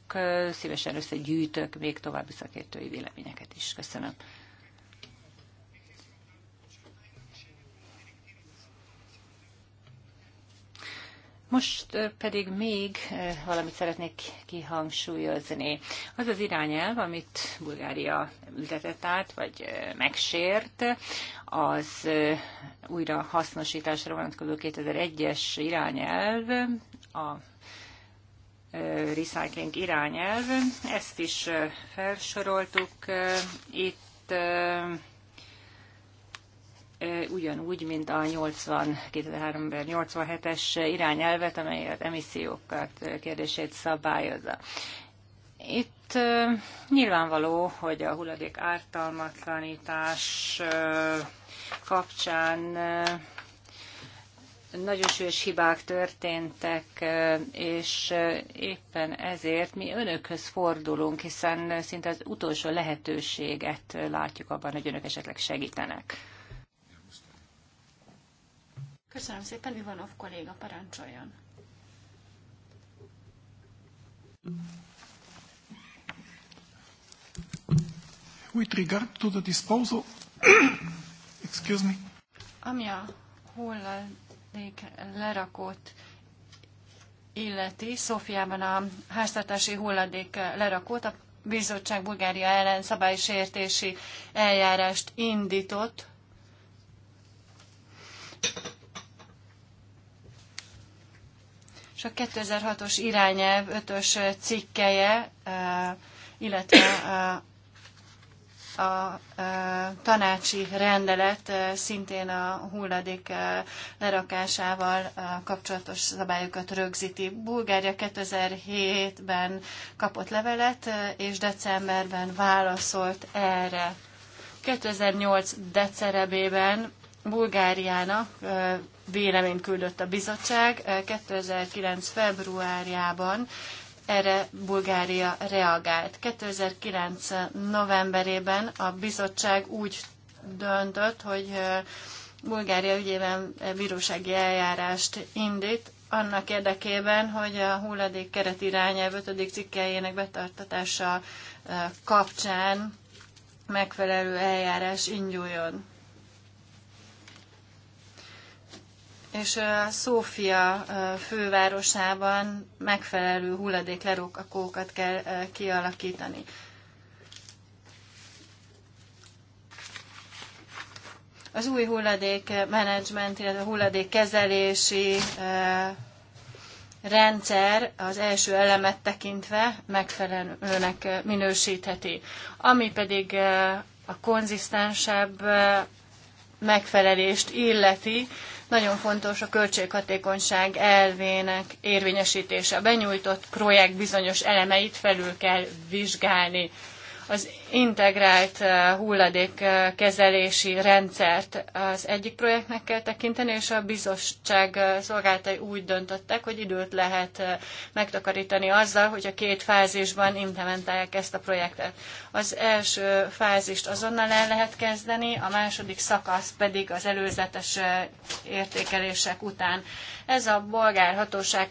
Szívesen összegyűjtök még további szakértői véleményeket is. Köszönöm. Most pedig még valamit szeretnék kihangsúlyozni. Az az irányelv, amit Bulgária ültetett át, vagy megsért, az újra hasznosításra vonatkozó 2001-es irányelv, a recycling irányelv, ezt is felsoroltuk. Itt E, ugyanúgy, mint a 80, 87 es irányelvet, amely az emissziókat kérdését szabályozza. Itt e, nyilvánvaló, hogy a hulladék ártalmatlanítás e, kapcsán nagyon súlyos hibák történtek, és éppen ezért mi önökhöz fordulunk, hiszen szinte az utolsó lehetőséget látjuk abban, hogy önök esetleg segítenek. Köszönöm szépen, Ivanov kolléga, parancsoljon. With regard to the disposal, excuse me. Ami a hulladék lerakót illeti, Szófiában a háztartási hulladék lerakót, a bizottság Bulgária ellen szabálysértési eljárást indított és a 2006-os irányelv 5-ös cikkeje, illetve a, a tanácsi rendelet szintén a hulladék lerakásával kapcsolatos szabályokat rögzíti. Bulgária 2007-ben kapott levelet, és decemberben válaszolt erre. 2008 decerebében Bulgáriának véleményt küldött a bizottság 2009. februárjában, erre Bulgária reagált. 2009. novemberében a bizottság úgy döntött, hogy Bulgária ügyében bírósági eljárást indít, annak érdekében, hogy a hulladék keret irányelv 5. cikkeljének betartatása kapcsán megfelelő eljárás induljon. és Szófia fővárosában megfelelő hulladéklerókakókat kell kialakítani. Az új hulladékmenedzsment, illetve hulladékkezelési rendszer az első elemet tekintve megfelelőnek minősítheti. Ami pedig a konzisztensebb megfelelést illeti, nagyon fontos a költséghatékonyság elvének érvényesítése. A benyújtott projekt bizonyos elemeit felül kell vizsgálni. Az integrált uh, hulladékkezelési rendszert az egyik projektnek kell tekinteni, és a bizottság uh, szolgáltai úgy döntöttek, hogy időt lehet uh, megtakarítani azzal, hogy a két fázisban implementálják ezt a projektet. Az első fázist azonnal el lehet kezdeni, a második szakasz pedig az előzetes értékelések után. Ez a bolgár hatóság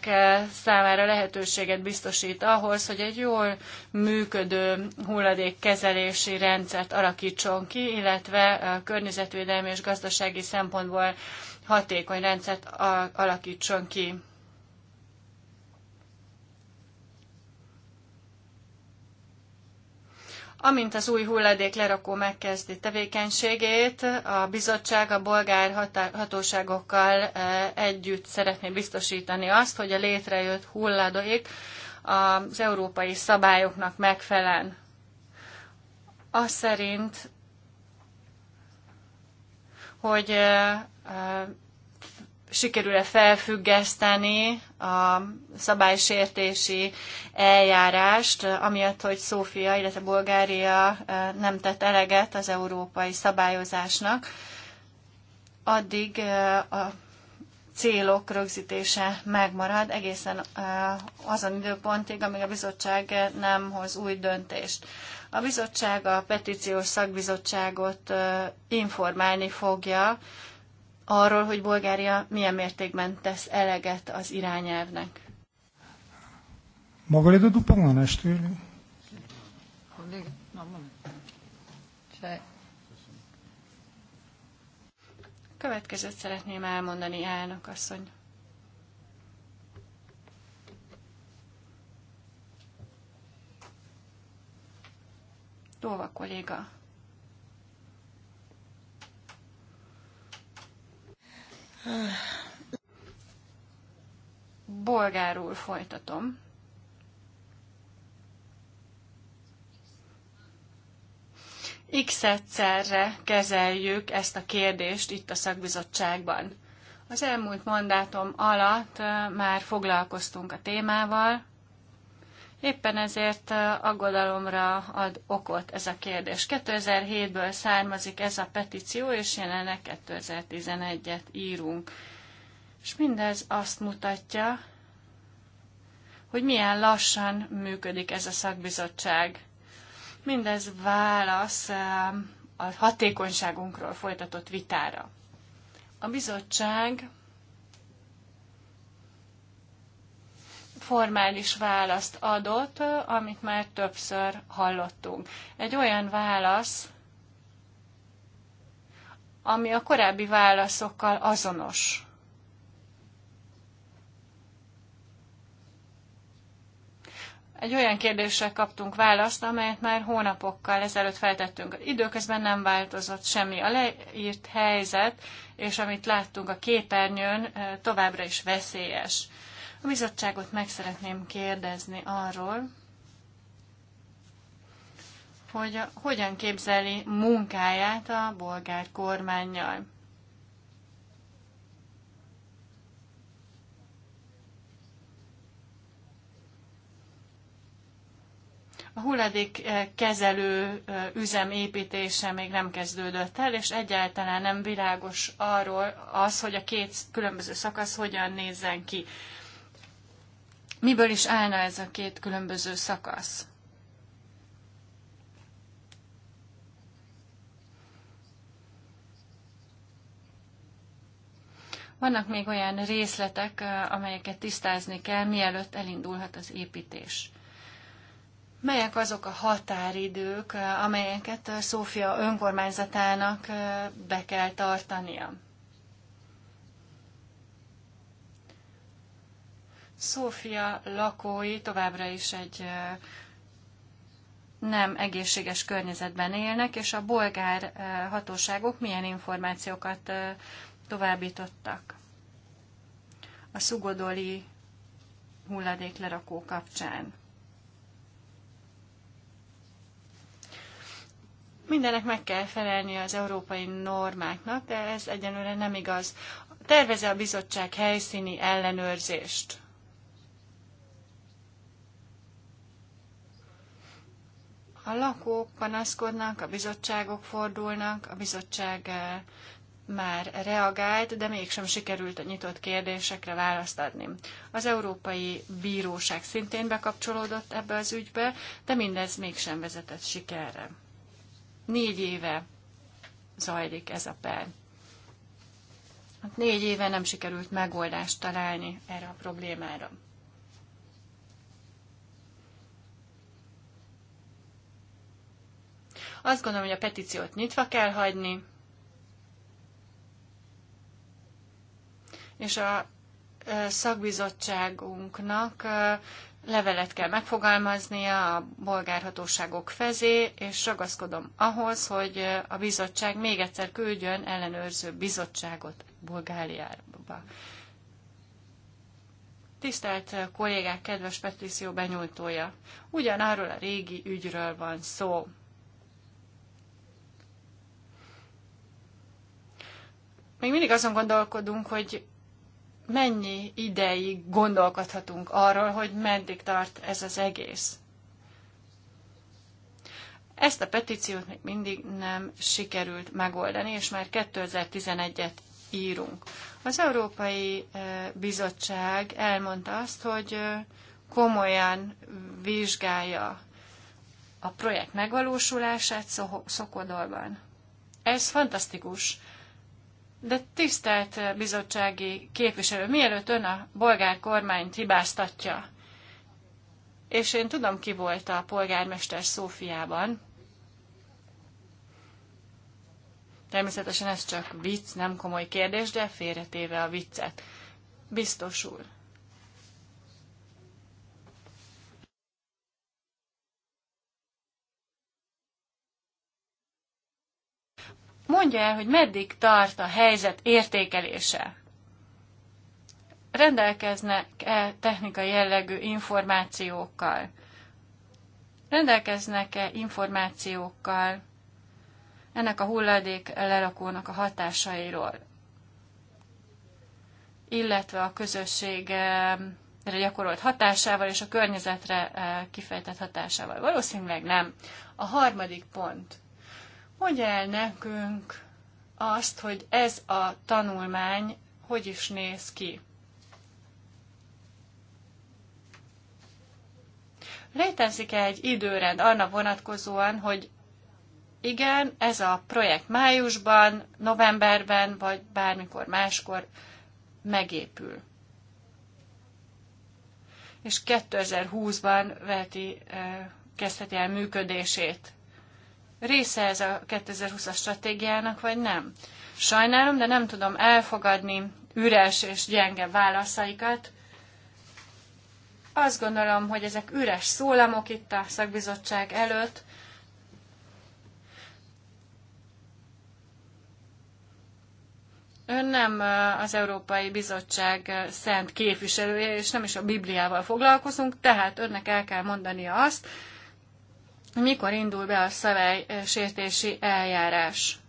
számára lehetőséget biztosít ahhoz, hogy egy jól működő hulladékkezelési kezelési rendszert alakítson ki, illetve környezetvédelmi és gazdasági szempontból hatékony rendszert alakítson ki. Amint az új hulladék lerakó megkezdi tevékenységét, a bizottság a bolgár hatóságokkal együtt szeretné biztosítani azt, hogy a létrejött hulladék az európai szabályoknak megfelel az szerint, hogy sikerül-e felfüggeszteni a szabálysértési eljárást, amiatt, hogy Szófia, illetve Bulgária nem tett eleget az európai szabályozásnak, addig a célok rögzítése megmarad egészen azon időpontig, amíg a bizottság nem hoz új döntést. A bizottság a petíciós szakbizottságot informálni fogja arról, hogy Bulgária milyen mértékben tesz eleget az irányelvnek. Maga lehet a dopolnjena Következőt szeretném elmondani, elnök asszony. Tóva kolléga. Bolgárul folytatom. x egyszerre kezeljük ezt a kérdést itt a szakbizottságban. Az elmúlt mandátum alatt eh, már foglalkoztunk a témával, Éppen ezért aggodalomra ad okot ez a kérdés. 2007-ből származik ez a petíció, és jelenleg 2011-et írunk. És mindez azt mutatja, hogy milyen lassan működik ez a szakbizottság. Mindez válasz a hatékonyságunkról folytatott vitára. A bizottság formális választ adott, amit már többször hallottunk. Egy olyan válasz, ami a korábbi válaszokkal azonos. Egy olyan kérdésre kaptunk választ, amelyet már hónapokkal ezelőtt feltettünk. Időközben nem változott semmi. A leírt helyzet, és amit láttunk a képernyőn, eh, továbbra is veszélyes. A bizottságot meg szeretném kérdezni arról, hogy hogyan képzeli munkáját a bolgár kormányjal. A hulladék eh, kezelő eh, üzem építése még nem kezdődött el, és egyáltalán nem világos arról az, hogy a két különböző szakasz hogyan nézzen ki. Miből is állna ez a két különböző szakasz? Vannak még olyan részletek, amelyeket tisztázni kell, mielőtt elindulhat az építés. Melyek azok a határidők, amelyeket Szófia önkormányzatának be kell tartania? Szófia lakói továbbra is egy nem egészséges környezetben élnek, és a bolgár hatóságok milyen információkat továbbítottak a szugodoli hulladéklerakó kapcsán. Mindenek meg kell felelni az európai normáknak, de ez egyenlőre nem igaz. Tervezze a bizottság helyszíni ellenőrzést. A lakók panaszkodnak, a bizottságok fordulnak, a bizottság eh, már reagált, de mégsem sikerült a nyitott kérdésekre választ adni. Az Európai Bíróság szintén bekapcsolódott ebbe az ügybe, de mindez mégsem vezetett sikerre. Négy éve zajlik ez a per. Hát négy éve nem sikerült megoldást találni erre a problémára. Azt gondolom, hogy a petíciót nyitva kell hagyni, és a szakbizottságunknak levelet kell megfogalmaznia a bolgárhatóságok fezé, és ragaszkodom ahhoz, hogy a bizottság még egyszer küldjön ellenőrző bizottságot Bulgáriába. Tisztelt kollégák, kedves petíció benyújtója! Ugyanarról a régi ügyről van szó. Még mindig azon gondolkodunk, hogy mennyi ideig gondolkodhatunk arról, hogy meddig tart ez az egész. Ezt a petíciót még mindig nem sikerült megoldani, és már 2011-et írunk. Az Európai Bizottság elmondta azt, hogy komolyan vizsgálja a projekt megvalósulását Szokodolban. Ez fantasztikus. De tisztelt bizottsági képviselő, mielőtt ön a bolgár kormányt hibáztatja, és én tudom, ki volt a polgármester Szófiában, természetesen ez csak vicc, nem komoly kérdés, de félretéve a viccet. Biztos úr, mondja el, hogy meddig tart a helyzet értékelése. Rendelkeznek-e technikai jellegű információkkal? Rendelkeznek-e információkkal ennek a hulladék lerakónak a hatásairól, illetve a közösségre gyakorolt hatásával és a környezetre eh, kifejtett hatásával? Valószínűleg nem. A harmadik pont – Mondja el nekünk azt, hogy ez a tanulmány hogy is néz ki. Létezik -e egy időrend arra vonatkozóan, hogy igen, ez a projekt májusban, novemberben, vagy bármikor máskor megépül. És 2020-ban veti, eh, kezdheti el működését része ez a 2020-as stratégiának, vagy nem. Sajnálom, de nem tudom elfogadni üres és gyenge válaszaikat. Azt gondolom, hogy ezek üres szólamok itt a szakbizottság előtt, Ön nem az Európai Bizottság szent képviselője, és nem is a Bibliával foglalkozunk, tehát önnek el kell mondania azt, mikor indul be a szervei-sértési eljárás?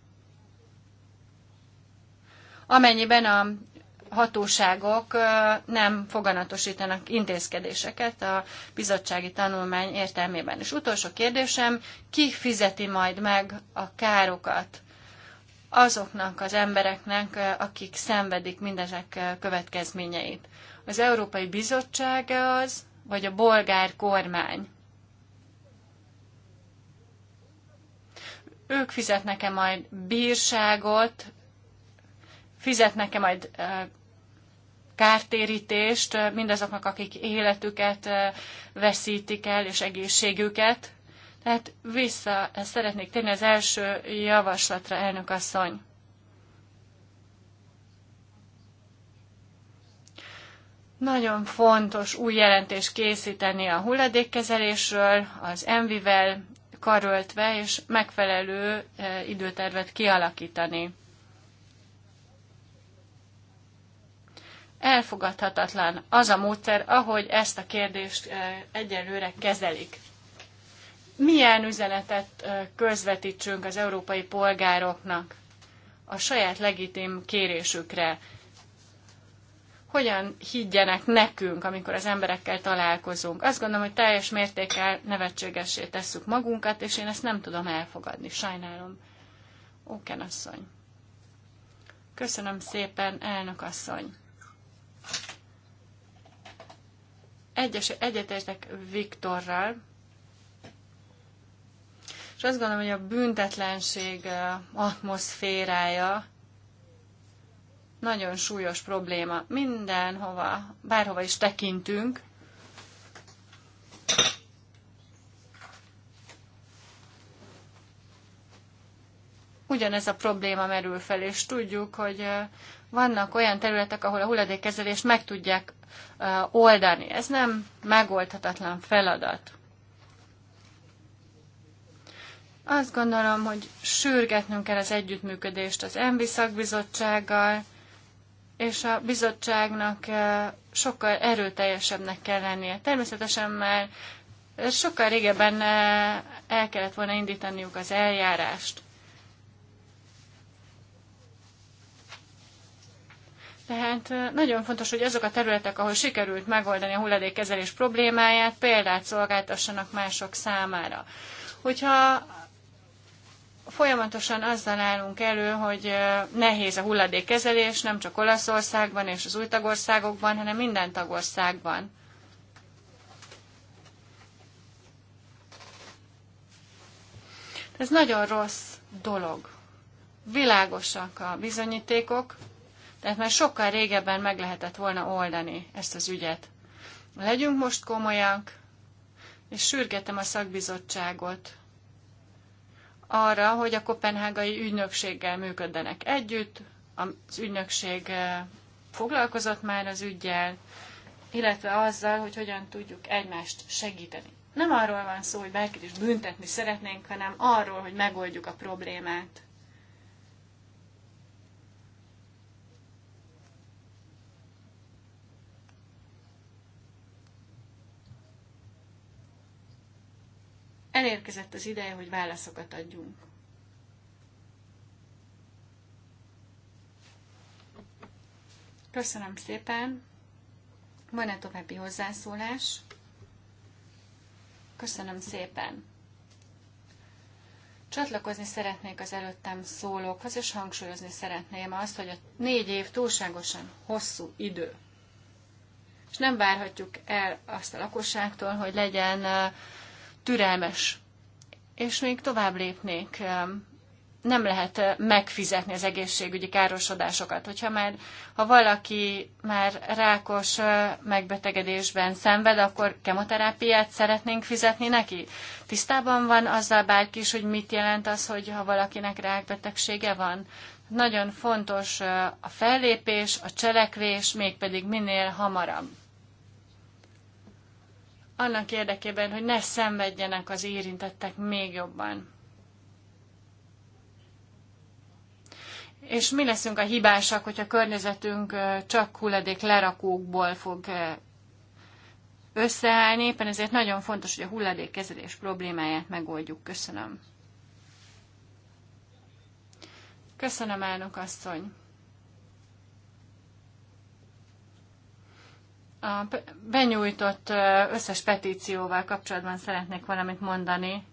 Amennyiben a hatóságok nem foganatosítanak intézkedéseket a bizottsági tanulmány értelmében. És utolsó kérdésem, ki fizeti majd meg a károkat azoknak az embereknek, akik szenvedik mindezek következményeit? Az Európai Bizottság az, vagy a bolgár kormány? Ők fizetnek-e majd bírságot, fizetnek-e majd kártérítést mindazoknak, akik életüket veszítik el, és egészségüket. Tehát vissza szeretnék térni az első javaslatra, elnök asszony. Nagyon fontos új jelentést készíteni a hulladékkezelésről, az Envivel karöltve, és megfelelő eh, időtervet kialakítani. Elfogadhatatlan az a módszer, ahogy ezt a kérdést eh, egyelőre kezelik. Milyen üzenetet eh, közvetítsünk az európai polgároknak a saját legitim kérésükre? hogyan higgyenek nekünk, amikor az emberekkel találkozunk. Azt gondolom, hogy teljes mértékkel nevetségessé tesszük magunkat, és én ezt nem tudom elfogadni. Sajnálom. Óken asszony. Köszönöm szépen, elnök asszony. Egyes, egyetértek Viktorral, és azt gondolom, hogy a büntetlenség eh, atmoszférája nagyon súlyos probléma. Mindenhova, bárhova is tekintünk, ugyanez a probléma merül fel, és tudjuk, hogy vannak olyan területek, ahol a hulladékkezelést meg tudják oldani. Ez nem megoldhatatlan feladat. Azt gondolom, hogy sürgetnünk kell az együttműködést az ENVI szakbizottsággal, és a bizottságnak eh, sokkal erőteljesebbnek kell lennie. Természetesen már sokkal régebben eh, el kellett volna indítaniuk az eljárást. Tehát eh, nagyon fontos, hogy azok a területek, ahol sikerült megoldani a hulladékkezelés problémáját, példát szolgáltassanak mások számára. Hogyha Folyamatosan azzal állunk elő, hogy nehéz a hulladékkezelés nem csak Olaszországban és az új tagországokban, hanem minden tagországban. Ez nagyon rossz dolog. Világosak a bizonyítékok, tehát már sokkal régebben meg lehetett volna oldani ezt az ügyet. Legyünk most komolyak, és sürgetem a szakbizottságot, arra, hogy a kopenhágai ügynökséggel működjenek együtt. Az ügynökség eh, foglalkozott már az ügyjel, illetve azzal, hogy hogyan tudjuk egymást segíteni. Nem arról van szó, hogy bárkit is büntetni szeretnénk, hanem arról, hogy megoldjuk a problémát. Elérkezett az ideje, hogy válaszokat adjunk. Köszönöm szépen. Van-e további hozzászólás? Köszönöm szépen. Csatlakozni szeretnék az előttem szólókhoz, és hangsúlyozni szeretném azt, hogy a négy év túlságosan hosszú idő. És nem várhatjuk el azt a lakosságtól, hogy legyen türelmes. És még tovább lépnék, nem lehet eh, megfizetni az egészségügyi károsodásokat. Hogyha már, ha valaki már rákos eh, megbetegedésben szenved, akkor kemoterápiát szeretnénk fizetni neki. Tisztában van azzal bárki is, hogy mit jelent az, hogy ha valakinek rákbetegsége van. Nagyon fontos eh, a fellépés, a cselekvés, mégpedig minél hamarabb annak érdekében, hogy ne szenvedjenek az érintettek még jobban. És mi leszünk a hibásak, hogyha a környezetünk csak hulladék lerakókból fog összeállni, éppen ezért nagyon fontos, hogy a hulladékkezelés problémáját megoldjuk. Köszönöm. Köszönöm, elnök asszony. A benyújtott összes petícióval kapcsolatban szeretnék valamit mondani.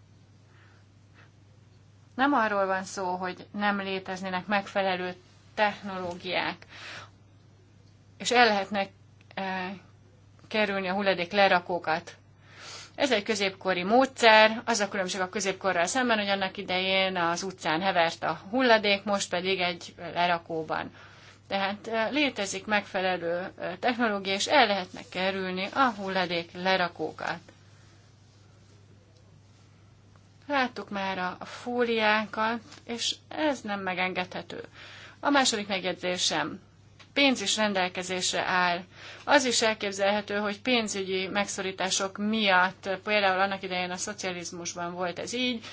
Nem arról van szó, hogy nem léteznének megfelelő technológiák, és el lehetnek kerülni a hulladék lerakókat. Ez egy középkori módszer, az a különbség a középkorral szemben, hogy annak idején az utcán hevert a hulladék, most pedig egy lerakóban. Tehát eh, létezik megfelelő eh, technológia, és el lehetne kerülni a hulladék lerakókat. Láttuk már a fóliákat, és ez nem megengedhető. A második megjegyzésem. Pénz is rendelkezésre áll. Az is elképzelhető, hogy pénzügyi megszorítások miatt, például annak idején a szocializmusban volt ez így,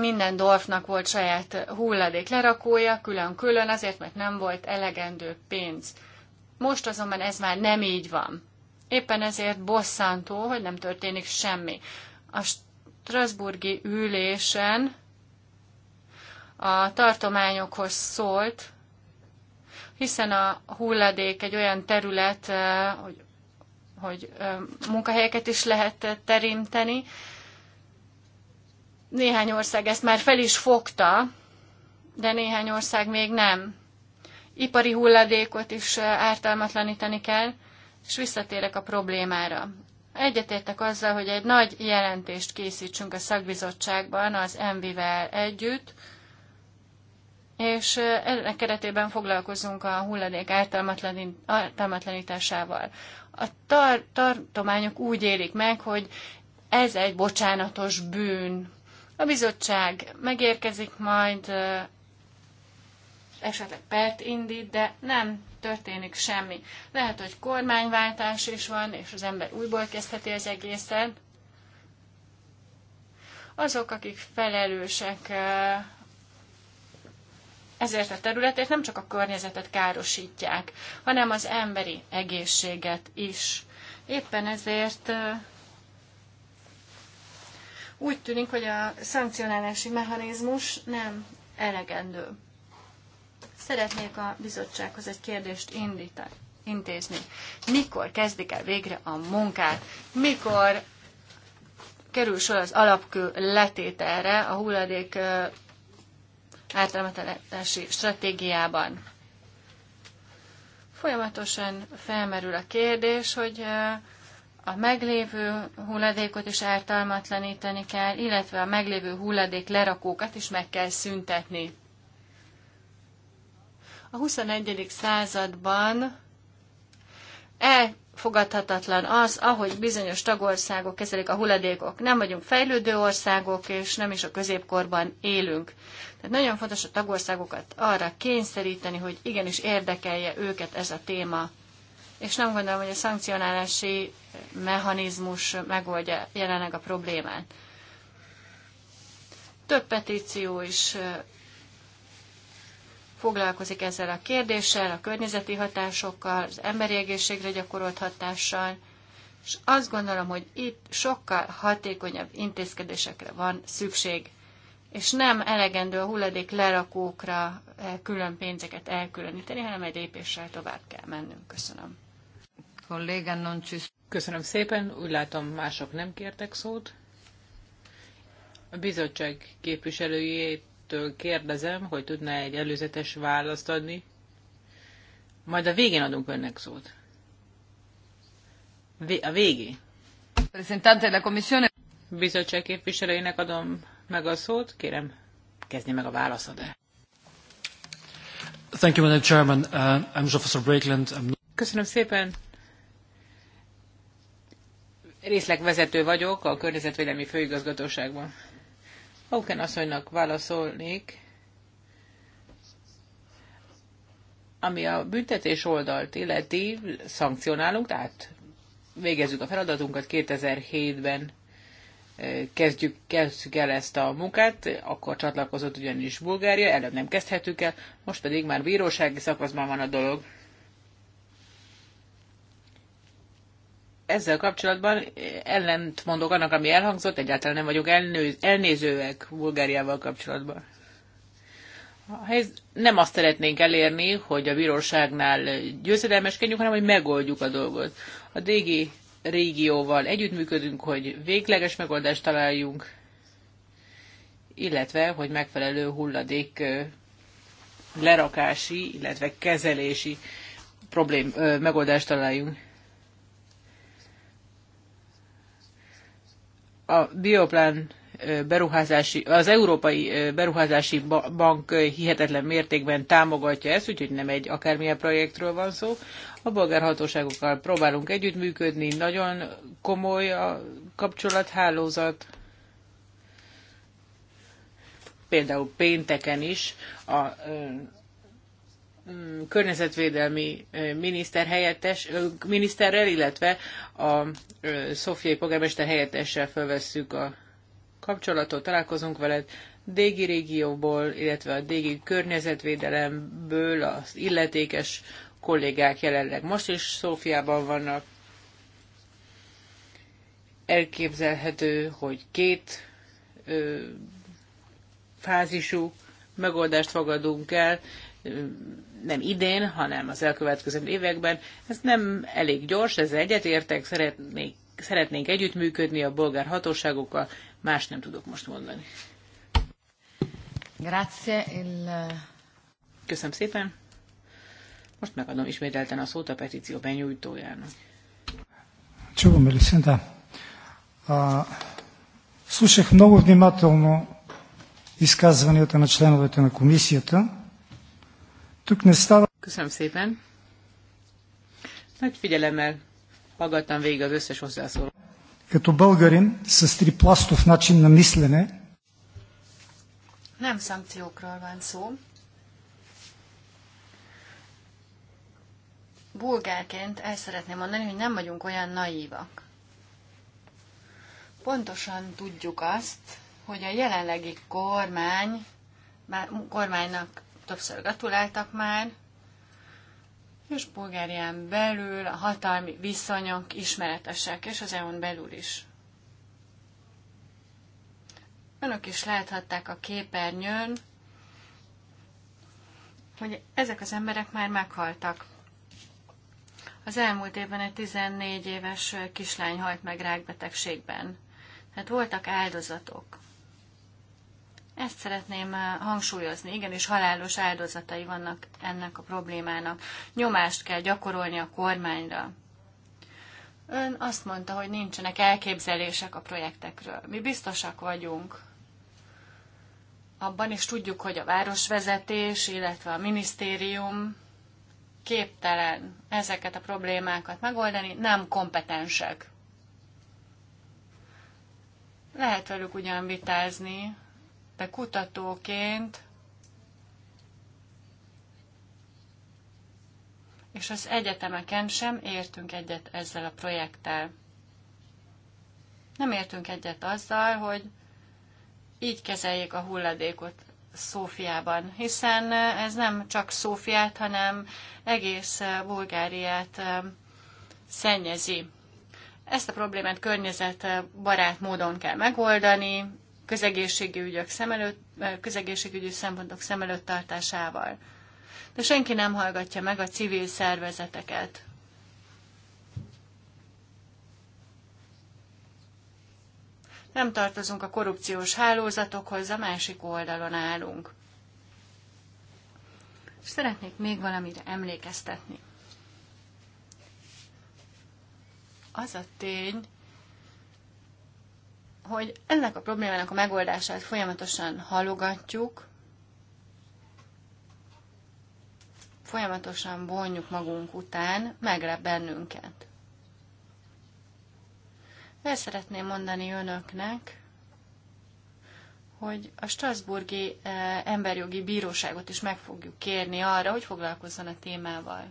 minden dorfnak volt saját hulladék lerakója, külön-külön, azért, mert nem volt elegendő pénz. Most azonban ez már nem így van. Éppen ezért bosszantó, hogy nem történik semmi. A Strasburgi ülésen a tartományokhoz szólt, hiszen a hulladék egy olyan terület, eh, hogy, hogy eh, munkahelyeket is lehet terinteni, néhány ország ezt már fel is fogta, de néhány ország még nem. Ipari hulladékot is ártalmatlanítani kell, és visszatérek a problémára. Egyetértek azzal, hogy egy nagy jelentést készítsünk a szakbizottságban az MV-vel együtt, és ennek keretében foglalkozunk a hulladék ártalmatlanításával. A tar- tartományok úgy élik meg, hogy ez egy bocsánatos bűn. A bizottság megérkezik majd, esetleg pert indít, de nem történik semmi. Lehet, hogy kormányváltás is van, és az ember újból kezdheti az egészet. Azok, akik felelősek ezért a területért nem csak a környezetet károsítják, hanem az emberi egészséget is. Éppen ezért úgy tűnik, hogy a szankcionálási mechanizmus nem elegendő. Szeretnék a bizottsághoz egy kérdést indítani, intézni. Mikor kezdik el végre a munkát? Mikor kerül sor az alapkő letételre a hulladék átremetelési stratégiában? Folyamatosan felmerül a kérdés, hogy a meglévő hulladékot is ártalmatlanítani kell, illetve a meglévő hulladék lerakókat is meg kell szüntetni. A 21. században elfogadhatatlan az, ahogy bizonyos tagországok kezelik a hulladékok. Nem vagyunk fejlődő országok, és nem is a középkorban élünk. Tehát nagyon fontos a tagországokat arra kényszeríteni, hogy igenis érdekelje őket ez a téma. És nem gondolom, hogy a szankcionálási mechanizmus megoldja jelenleg a problémát. Több petíció is foglalkozik ezzel a kérdéssel, a környezeti hatásokkal, az emberi egészségre gyakorolt hatással, és azt gondolom, hogy itt sokkal hatékonyabb intézkedésekre van szükség, és nem elegendő a hulladék lerakókra külön pénzeket elkülöníteni, hanem egy lépéssel tovább kell mennünk. Köszönöm. Kolléga, non ci... Köszönöm szépen, úgy látom mások nem kértek szót. A bizottság képviselőjétől kérdezem, hogy tudna egy előzetes választ adni. Majd a végén adunk önnek szót. A végén. Representante de la Commissione. Bizottság képviselőjének adom meg a szót. Kérem, kezdje meg a válaszod -e. Thank you, Madam Chairman. Uh, I'm Professor Breakland. I'm... Köszönöm szépen részlegvezető vagyok a Környezetvédelmi Főigazgatóságban. Auken asszonynak válaszolnék, ami a büntetés oldalt illeti, szankcionálunk, tehát végezzük a feladatunkat, 2007-ben eh, kezdjük, kezdjük el ezt a munkát, akkor csatlakozott ugyanis Bulgária, előbb nem kezdhetük el, most pedig már bírósági szakaszban van a dolog. ezzel kapcsolatban ellent mondok annak, ami elhangzott, egyáltalán nem vagyok elnőz, elnézőek Bulgáriával kapcsolatban. Nem azt szeretnénk elérni, hogy a bíróságnál győzedelmeskedjünk, hanem hogy megoldjuk a dolgot. A DG régióval együttműködünk, hogy végleges megoldást találjunk, illetve, hogy megfelelő hulladék lerakási, illetve kezelési problém, ö, megoldást találjunk. a bioplán beruházási, az Európai Beruházási Bank hihetetlen mértékben támogatja ezt, úgyhogy nem egy akármilyen projektről van szó. A bolgár hatóságokkal próbálunk együttműködni, nagyon komoly a kapcsolathálózat. Például pénteken is a Mm, környezetvédelmi miniszter helyettes, miniszterrel, illetve a szofiai polgármester helyettessel felvesszük a kapcsolatot, találkozunk veled Dégi régióból, illetve a Dégi környezetvédelemből az illetékes kollégák jelenleg most is Szófiában vannak. Elképzelhető, hogy két ö, fázisú megoldást fogadunk el, nem idén, hanem az elkövetkező években. Ez nem elég gyors, ez egyetértek, szeretnék, szeretnénk együttműködni a bolgár hatóságokkal, más nem tudok most mondani. Grazie. Il... Köszönöm szépen. Most megadom ismételten a szót a petíció benyújtójának. Чува ме ли се? Да. А, слушах много внимателно изказванията на членовете на комисията. Köszönöm szépen. Nagy figyelemmel hallgattam végig az összes hozzászólót. Като българин с трипластов начин на мислене, nem szankciókról van szó. Bulgárként el szeretném mondani, hogy nem vagyunk olyan naívak. Pontosan tudjuk azt, hogy a jelenlegi kormány, már kormánynak többször gratuláltak már, és Bulgárián belül a hatalmi viszonyok ismeretesek, és az EU-n belül is. Önök is láthatták a képernyőn, hogy ezek az emberek már meghaltak. Az elmúlt évben egy 14 éves kislány halt meg rákbetegségben. Tehát voltak áldozatok. Ezt szeretném eh, hangsúlyozni. Igen, és halálos áldozatai vannak ennek a problémának. Nyomást kell gyakorolni a kormányra. Ön azt mondta, hogy nincsenek elképzelések a projektekről. Mi biztosak vagyunk. Abban is tudjuk, hogy a városvezetés, illetve a minisztérium képtelen ezeket a problémákat megoldani, nem kompetensek. Lehet velük ugyan vitázni, te kutatóként és az egyetemeken sem értünk egyet ezzel a projekttel. Nem értünk egyet azzal, hogy így kezeljék a hulladékot Szófiában, hiszen ez nem csak Szófiát, hanem egész eh, Bulgáriát eh, szennyezi. Ezt a problémát környezetbarát módon kell megoldani, közegészségügyi, ügyök szem előtt, közegészségügyi szempontok szem előtt tartásával. De senki nem hallgatja meg a civil szervezeteket. Nem tartozunk a korrupciós hálózatokhoz, a másik oldalon állunk. És szeretnék még valamire emlékeztetni. Az a tény, hogy ennek a problémának a megoldását folyamatosan halogatjuk, folyamatosan vonjuk magunk után, meglep bennünket. El szeretném mondani önöknek, hogy a Strasburgi eh, Emberjogi Bíróságot is meg fogjuk kérni arra, hogy foglalkozzon a témával.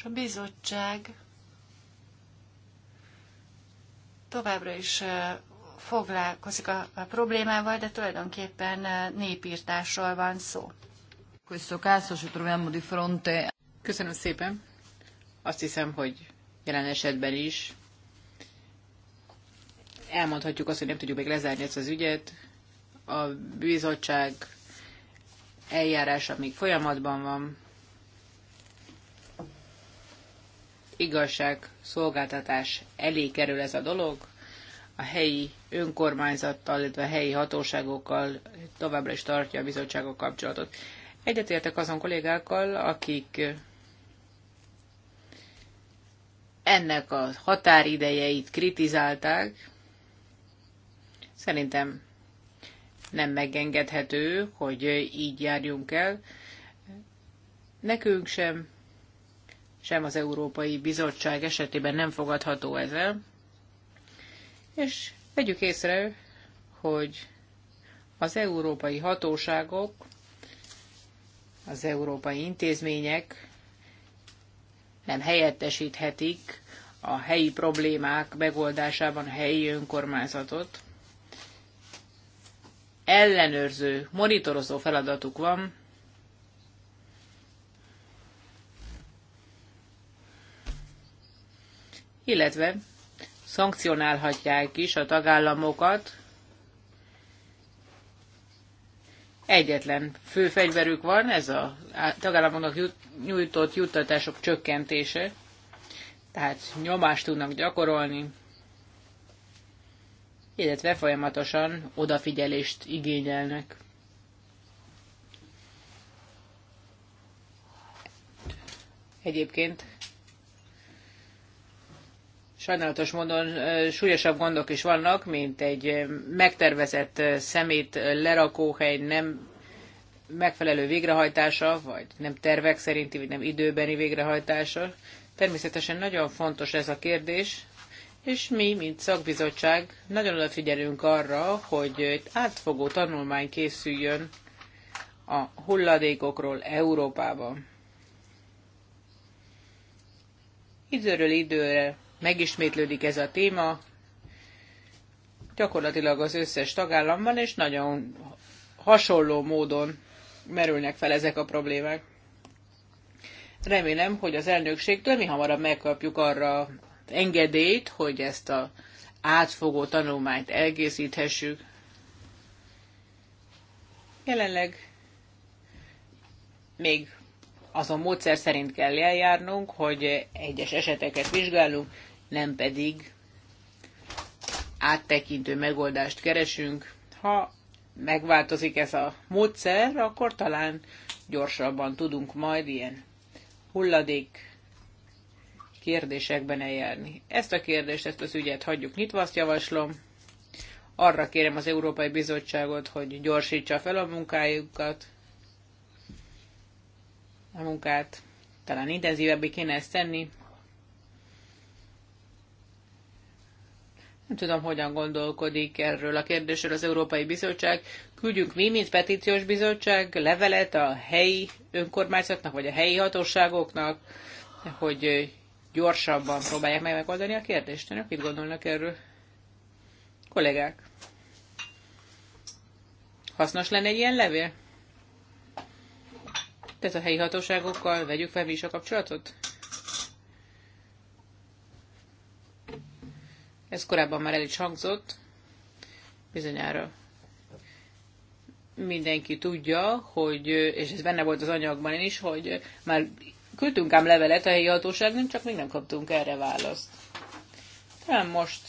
és a bizottság továbbra is foglalkozik a, a problémával, de tulajdonképpen népírtásról van szó. Köszönöm szépen. Azt hiszem, hogy jelen esetben is elmondhatjuk azt, hogy nem tudjuk még lezárni ezt az ügyet. A bizottság eljárása még folyamatban van, igazságszolgáltatás elé kerül ez a dolog, a helyi önkormányzattal, illetve a helyi hatóságokkal továbbra is tartja a bizottságok kapcsolatot. Egyetértek azon kollégákkal, akik ennek a határidejeit kritizálták. Szerintem nem megengedhető, hogy így járjunk el. Nekünk sem sem az Európai Bizottság esetében nem fogadható ez el. És vegyük észre, hogy az európai hatóságok, az európai intézmények nem helyettesíthetik a helyi problémák megoldásában a helyi önkormányzatot. Ellenőrző, monitorozó feladatuk van, illetve szankcionálhatják is a tagállamokat. Egyetlen fő fegyverük van, ez a tagállamoknak nyújtott juttatások csökkentése, tehát nyomást tudnak gyakorolni, illetve folyamatosan odafigyelést igényelnek. Egyébként sajnálatos módon súlyosabb gondok is vannak, mint egy megtervezett szemét lerakóhely nem megfelelő végrehajtása, vagy nem tervek szerinti, vagy nem időbeni végrehajtása. Természetesen nagyon fontos ez a kérdés, és mi, mint szakbizottság, nagyon odafigyelünk arra, hogy átfogó tanulmány készüljön a hulladékokról Európában. Időről időre megismétlődik ez a téma, gyakorlatilag az összes tagállamban, és nagyon hasonló módon merülnek fel ezek a problémák. Remélem, hogy az elnökségtől mi hamarabb megkapjuk arra engedélyt, hogy ezt a átfogó tanulmányt elkészíthessük. Jelenleg még azon módszer szerint kell eljárnunk, hogy egyes eseteket vizsgálunk, nem pedig áttekintő megoldást keresünk. Ha megváltozik ez a módszer, akkor talán gyorsabban tudunk majd ilyen hulladék kérdésekben eljárni. Ezt a kérdést, ezt az ügyet hagyjuk nyitva, azt javaslom. Arra kérem az Európai Bizottságot, hogy gyorsítsa fel a munkájukat, a munkát. Talán intenzívebbé kéne ezt tenni. Nem tudom, hogyan gondolkodik erről a kérdésről az Európai Bizottság. Küldjünk mi, mint petíciós bizottság, levelet a helyi önkormányzatnak, vagy a helyi hatóságoknak, hogy gyorsabban próbálják meg megoldani a kérdést. Önök mit gondolnak erről? Kollégák, hasznos lenne egy ilyen levél? Tehát a helyi hatóságokkal vegyük fel mi is a kapcsolatot? Ez korábban már el is hangzott, bizonyára mindenki tudja, hogy, és ez benne volt az anyagban is, hogy már küldtünk ám levelet a helyi hatóságnak, csak még nem kaptunk erre választ. Talán most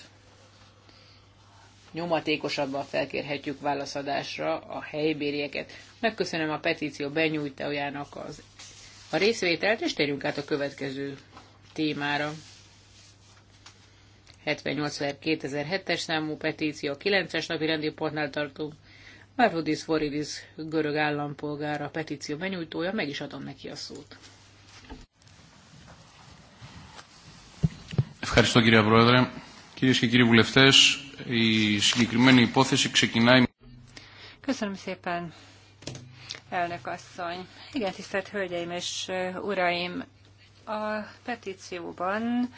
nyomatékosabban felkérhetjük válaszadásra a helybérieket. Megköszönöm a petíció benyújtójának az, a részvételt, és térjünk át a következő témára. 782007 es számú petíció, 9-es napi rendi pontnál tartunk. Márhodis Foridis görög állampolgára a petíció benyújtója, meg is adom neki a szót. Ευχαριστώ κύριε Πρόεδρε. Κυρίες και κύριοι βουλευτές, η συγκεκριμένη υπόθεση ξεκινάει... Köszönöm szépen, elnök asszony. Igen, tisztelt hölgyeim és uraim, a petícióban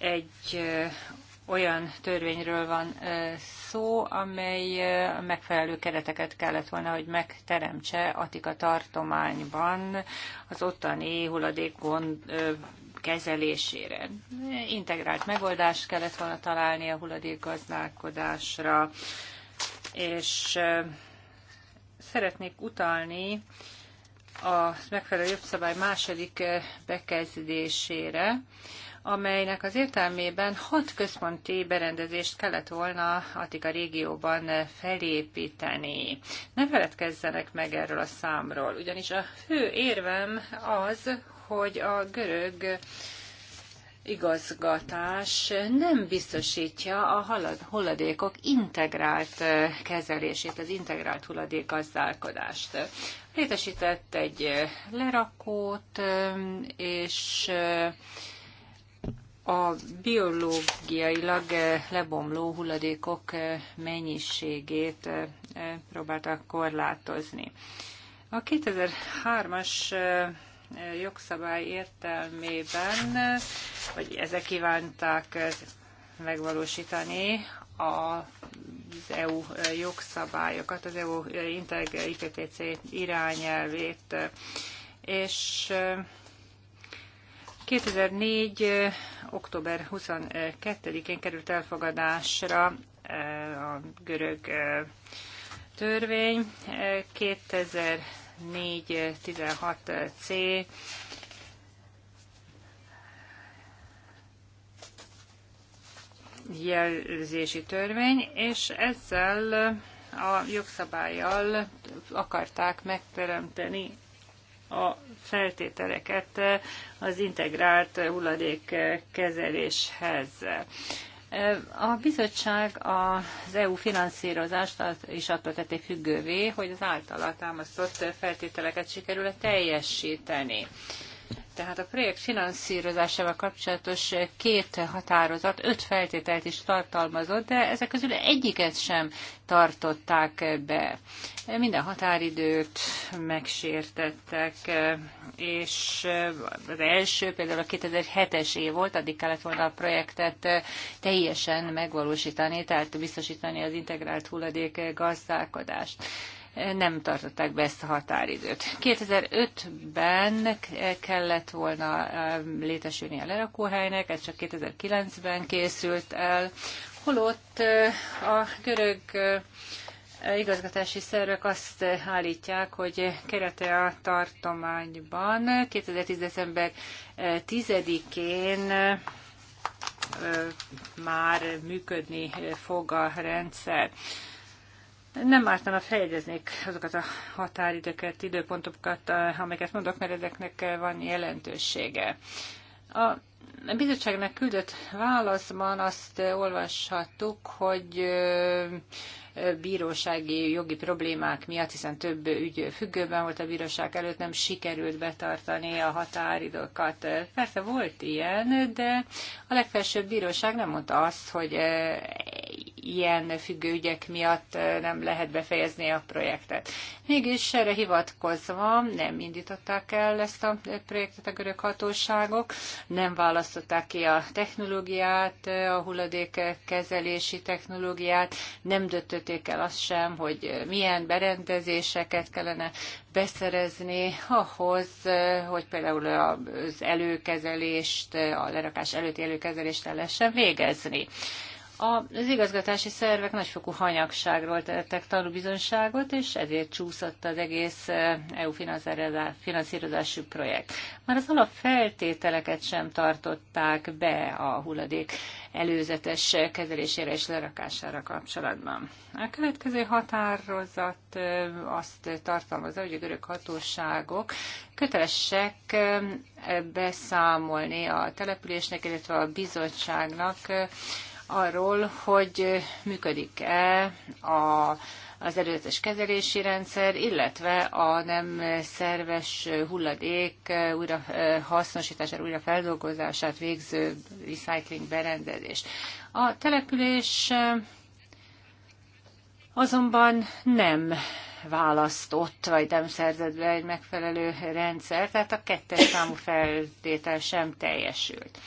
egy olyan törvényről van szó, amely megfelelő kereteket kellett volna, hogy megteremtse Atika tartományban az ottani hulladék gond kezelésére. Integrált megoldást kellett volna találni a hulladékgazdálkodásra, és szeretnék utalni a megfelelő jogszabály második bekezdésére, amelynek az értelmében hat központi berendezést kellett volna Attika régióban felépíteni. Ne feledkezzenek meg erről a számról, ugyanis a fő érvem az, hogy a görög igazgatás nem biztosítja a hulladékok integrált eh, kezelését, az integrált hulladékgazdálkodást. Létesített egy eh, lerakót, eh, és a biológiailag eh, lebomló hulladékok eh, mennyiségét eh, próbálták korlátozni. A 2003-as jogszabály értelmében, vagy ezek kívánták megvalósítani az EU jogszabályokat, az EU Integ IPTC irányelvét, és 2004. október 22-én került elfogadásra a görög törvény. 2004-16C jelzési törvény, és ezzel a jogszabályjal akarták megteremteni a feltételeket az integrált hulladékkezeléshez. A bizottság az EU finanszírozást is attól tette függővé, hogy az általa támasztott feltételeket sikerül teljesíteni. Tehát a projekt finanszírozásával kapcsolatos két határozat öt feltételt is tartalmazott, de ezek közül egyiket sem tartották be. Minden határidőt megsértettek, és az első például a 2007-es év volt, addig kellett volna a projektet teljesen megvalósítani, tehát biztosítani az integrált hulladék gazdálkodást nem tartották be ezt a határidőt. 2005-ben kellett volna um, létesülni a lerakóhelynek, ez csak 2009-ben készült el, holott uh, a görög uh, igazgatási szervek azt állítják, hogy kerete a tartományban 2010. december 10-én uh, már működni fog a rendszer nem ártana fejleznék azokat a határidőket, időpontokat, amiket mondok, mert ezeknek van jelentősége. A a bizottságnak küldött válaszban azt olvashattuk, hogy bírósági jogi problémák miatt, hiszen több ügy függőben volt a bíróság előtt, nem sikerült betartani a határidőkat. Persze volt ilyen, de a legfelsőbb bíróság nem mondta azt, hogy ilyen függő ügyek miatt nem lehet befejezni a projektet. Mégis erre hivatkozva nem indították el ezt a projektet a görög hatóságok, nem választ választották ki a technológiát, a kezelési technológiát, nem döntötték el azt sem, hogy milyen berendezéseket kellene beszerezni ahhoz, hogy például az előkezelést, a lerakás előtti előkezelést el lehessen végezni. Az igazgatási szervek nagyfokú hanyagságról tettek tanúbizonságot, és ezért csúszott az egész eh, EU finanszírozású projekt. Már az alapfeltételeket sem tartották be a hulladék előzetes kezelésére és lerakására kapcsolatban. A következő határozat eh, azt tartalmazza, hogy a görög hatóságok kötelesek eh, beszámolni a településnek, illetve a bizottságnak arról, hogy működik-e a, az előzetes kezelési rendszer, illetve a nem szerves hulladék újra hasznosítására, újra feldolgozását végző recycling berendezés. A település eh, azonban nem választott, vagy nem szerzett be egy megfelelő rendszer, tehát a kettes számú feltétel sem teljesült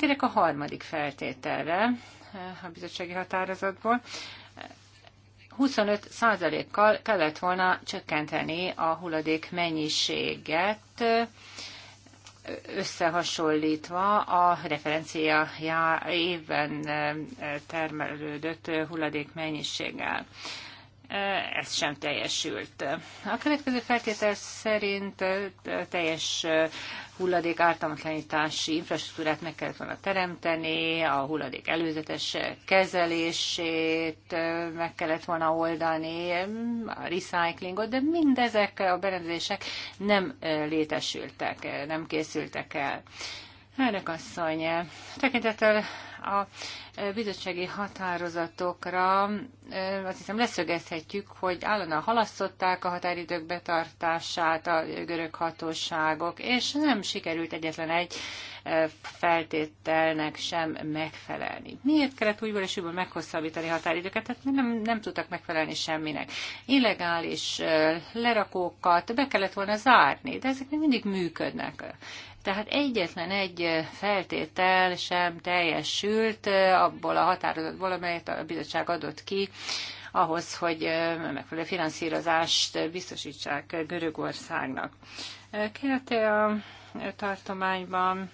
érek a harmadik feltételre eh, a bizottsági határozatból. 25%-kal eh, kellett volna csökkenteni a hulladék mennyiséget, eh, összehasonlítva a referencia évben termelődött hulladék mennyiséggel ez sem teljesült. A következő feltétel szerint teljes hulladék ártalmatlanítási infrastruktúrát meg kellett volna teremteni, a hulladék előzetes kezelését meg kellett volna oldani, a recyclingot, de mindezek a berendezések nem létesültek, nem készültek el. Elnök asszony, tekintettel a bizottsági határozatokra azt hiszem leszögezhetjük, hogy állandóan halasztották a határidők betartását a görög hatóságok, és nem sikerült egyetlen egy e, feltételnek sem megfelelni. Miért kellett újból és újból meghosszabbítani határidőket? Tehát nem, nem tudtak megfelelni semminek. Illegális e, lerakókat be kellett volna zárni, de ezek még mindig működnek. Tehát egyetlen egy feltétel sem teljesült abból a határozatból, amelyet a bizottság adott ki, ahhoz, hogy megfelelő finanszírozást biztosítsák Görögországnak. Kérte a tartományban,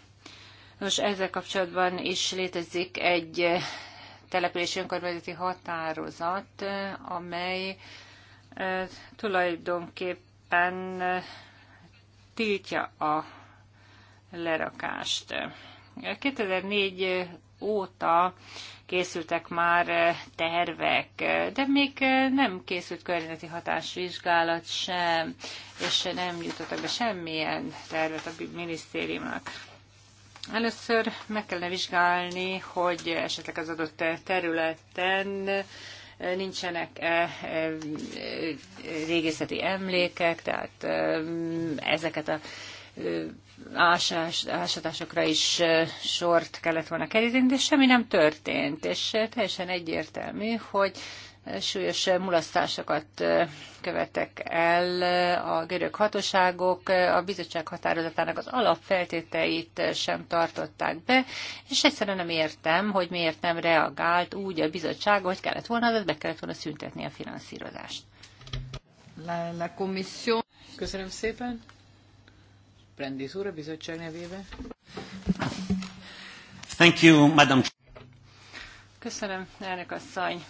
nos ezzel kapcsolatban is létezik egy települési önkormányzati határozat, amely tulajdonképpen tiltja a lerakást. 2004 óta készültek már tervek, de még nem készült környezeti hatásvizsgálat sem, és nem jutottak be semmilyen tervet a minisztériumnak. Először meg kellene vizsgálni, hogy esetleg az adott területen nincsenek -e eh, eh, eh, régészeti emlékek, tehát ezeket a ásás, ásatásokra is sort kellett volna kerülni, de semmi nem történt, és teljesen egyértelmű, hogy súlyos mulasztásokat követek el a görög hatóságok, a bizottság határozatának az alapfeltételeit sem tartották be, és egyszerűen nem értem, hogy miért nem reagált úgy a bizottság, hogy kellett volna, de be kellett volna szüntetni a finanszírozást. La, la Köszönöm szépen úr a bizottság nevében. Thank you, Madam. Köszönöm, elnök asszony.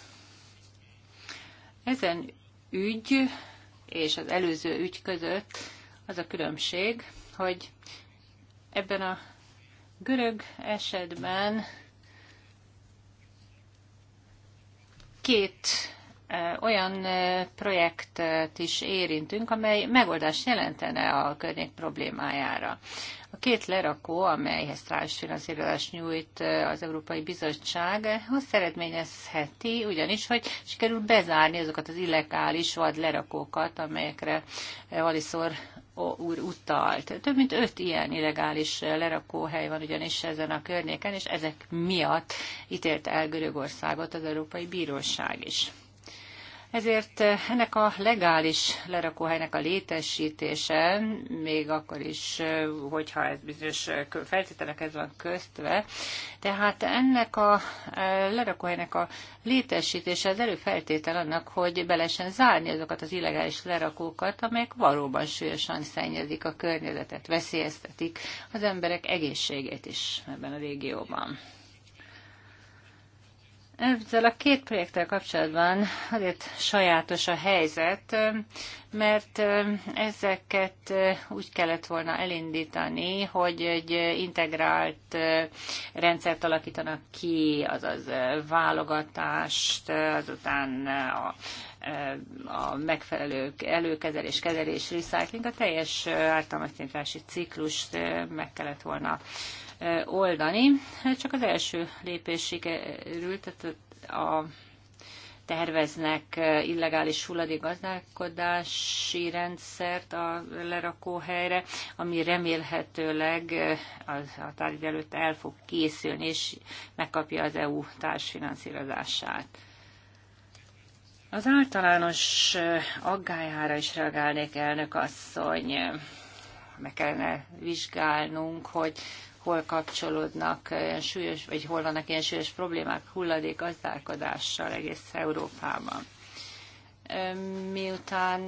Ezen ügy és az előző ügy között az a különbség, hogy ebben a görög esetben két olyan projektet is érintünk, amely megoldást jelentene a környék problémájára. A két lerakó, amelyhez társfinanszírozást nyújt az Európai Bizottság, azt eredményezheti ugyanis, hogy sikerül bezárni azokat az illegális vad lerakókat, amelyekre valiszor úr utalt. Több mint öt ilyen illegális lerakóhely van ugyanis ezen a környéken, és ezek miatt ítélt el Görögországot az Európai Bíróság is. Ezért ennek a legális lerakóhelynek a létesítése, még akkor is, hogyha ez bizonyos ez van köztve, tehát ennek a e, lerakóhelynek a létesítése az előfeltétel annak, hogy be lehessen zárni azokat az illegális lerakókat, amelyek valóban súlyosan szennyezik a környezetet, veszélyeztetik az emberek egészségét is ebben a régióban. Ezzel a két projekttel kapcsolatban azért sajátos a helyzet, mert eh, ezeket eh, úgy kellett volna elindítani, hogy egy integrált eh, rendszert alakítanak ki, azaz válogatást, azután a a megfelelő előkezelés, kezelés, recycling, a teljes ártalmasztintási ciklust meg kellett volna oldani. Hát csak az első lépés sikerült, tehát a terveznek illegális gazdálkodási rendszert a lerakóhelyre, ami remélhetőleg a tárgy előtt el fog készülni, és megkapja az EU társfinanszírozását. Az általános aggájára is reagálnék, elnök asszony. Meg kellene vizsgálnunk, hogy hol kapcsolódnak ilyen súlyos, vagy hol vannak ilyen súlyos problémák hulladék gazdálkodással egész Európában. Miután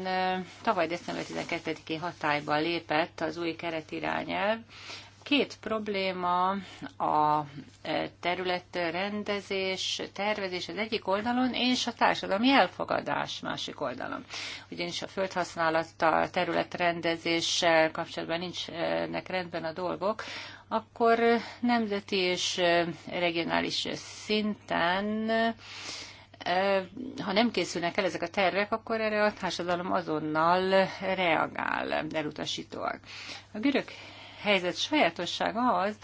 tavaly december 12-én hatályba lépett az új keretirányelv, két probléma a területrendezés, tervezés az egyik oldalon, és a társadalmi elfogadás másik oldalon. Ugyanis a földhasználattal, területrendezéssel kapcsolatban nincsnek rendben a dolgok, akkor nemzeti és regionális szinten ha nem készülnek el ezek a tervek, akkor erre a társadalom azonnal reagál, elutasítóak. A görög helyzet sajátossága az,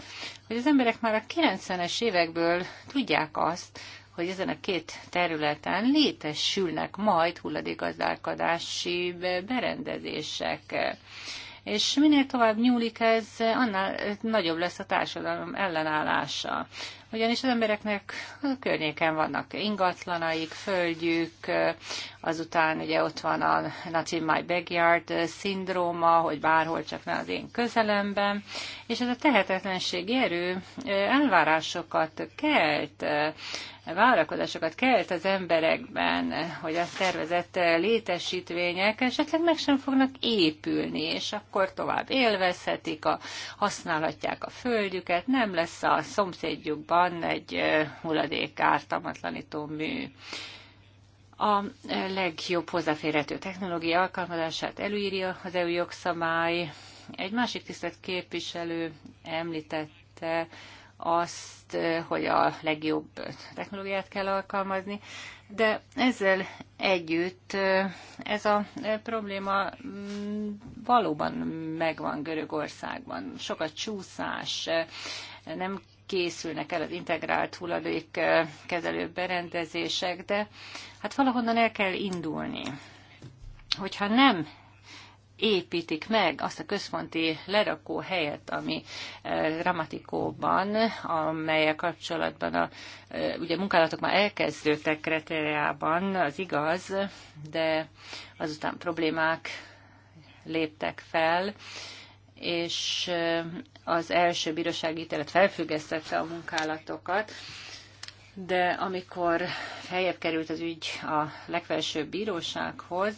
hogy az emberek már a 90-es évekből tudják azt, hogy ezen a két területen létesülnek majd hulladékgazdálkodási berendezések és minél tovább nyúlik ez, annál nagyobb lesz a társadalom ellenállása. Ugyanis az embereknek a környéken vannak ingatlanaik, földjük, azután ugye ott van a Not in my backyard eh, szindróma, hogy bárhol csak ne az én közelemben, és ez a tehetetlenségi erő eh, elvárásokat kelt, eh, várakozásokat kelt az emberekben, hogy a szervezett létesítmények esetleg meg sem fognak épülni, és akkor tovább élvezhetik, a, használhatják a földjüket, nem lesz a szomszédjukban egy hulladék ártamatlanító mű a legjobb hozzáférhető technológia alkalmazását előírja az EU jogszabály. Egy másik tisztelt képviselő említette azt, hogy a legjobb technológiát kell alkalmazni, de ezzel együtt ez a probléma valóban megvan Görögországban. Sok a csúszás, nem készülnek el az integrált hulladék eh, kezelő berendezések, de hát valahonnan el kell indulni. Hogyha nem építik meg azt a központi lerakó helyet, ami eh, Ramatikóban, amelyel kapcsolatban a, eh, ugye munkálatok már elkezdődtek Kreteriában, az igaz, de azután problémák léptek fel, és az első bírósági ítélet felfüggesztette a munkálatokat, de amikor feljebb került az ügy a legfelsőbb bírósághoz,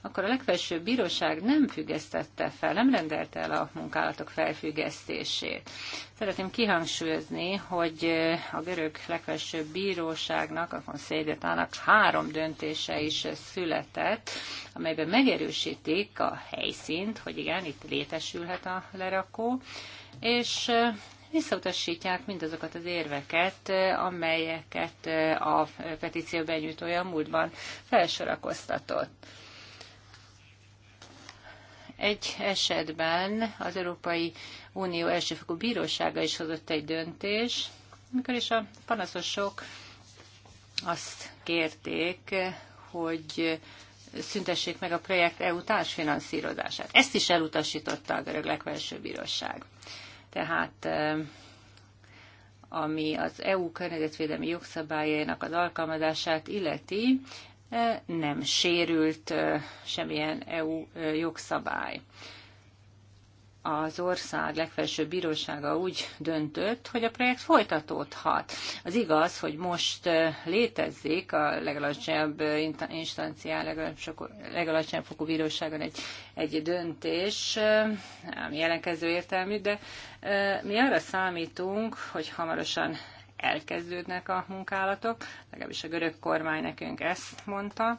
akkor a legfelsőbb bíróság nem függesztette fel, nem rendelte el a munkálatok felfüggesztését. Szeretném kihangsúlyozni, hogy a görög legfelsőbb bíróságnak, a konszédetának három döntése is született, amelyben megerősítik a helyszínt, hogy igen, itt létesülhet a lerakó, és visszautasítják mindazokat az érveket, amelyeket a petíció benyújtója múltban felsorakoztatott. Egy esetben az Európai Unió elsőfokú bírósága is hozott egy döntés, amikor is a panaszosok azt kérték, hogy szüntessék meg a projekt EU társfinanszírozását. Ezt is elutasította a görög legfelsőbb bíróság. Tehát ami az EU környezetvédelmi jogszabályainak az alkalmazását illeti, nem sérült semmilyen EU jogszabály az ország legfelsőbb bírósága úgy döntött, hogy a projekt folytatódhat. Az igaz, hogy most létezik a legalacsonyabb instanciá, legalacsonyabb fokú bíróságon egy, egy döntés, ami jelenkező értelmű, de mi arra számítunk, hogy hamarosan elkezdődnek a munkálatok, legalábbis a görög kormány nekünk ezt mondta,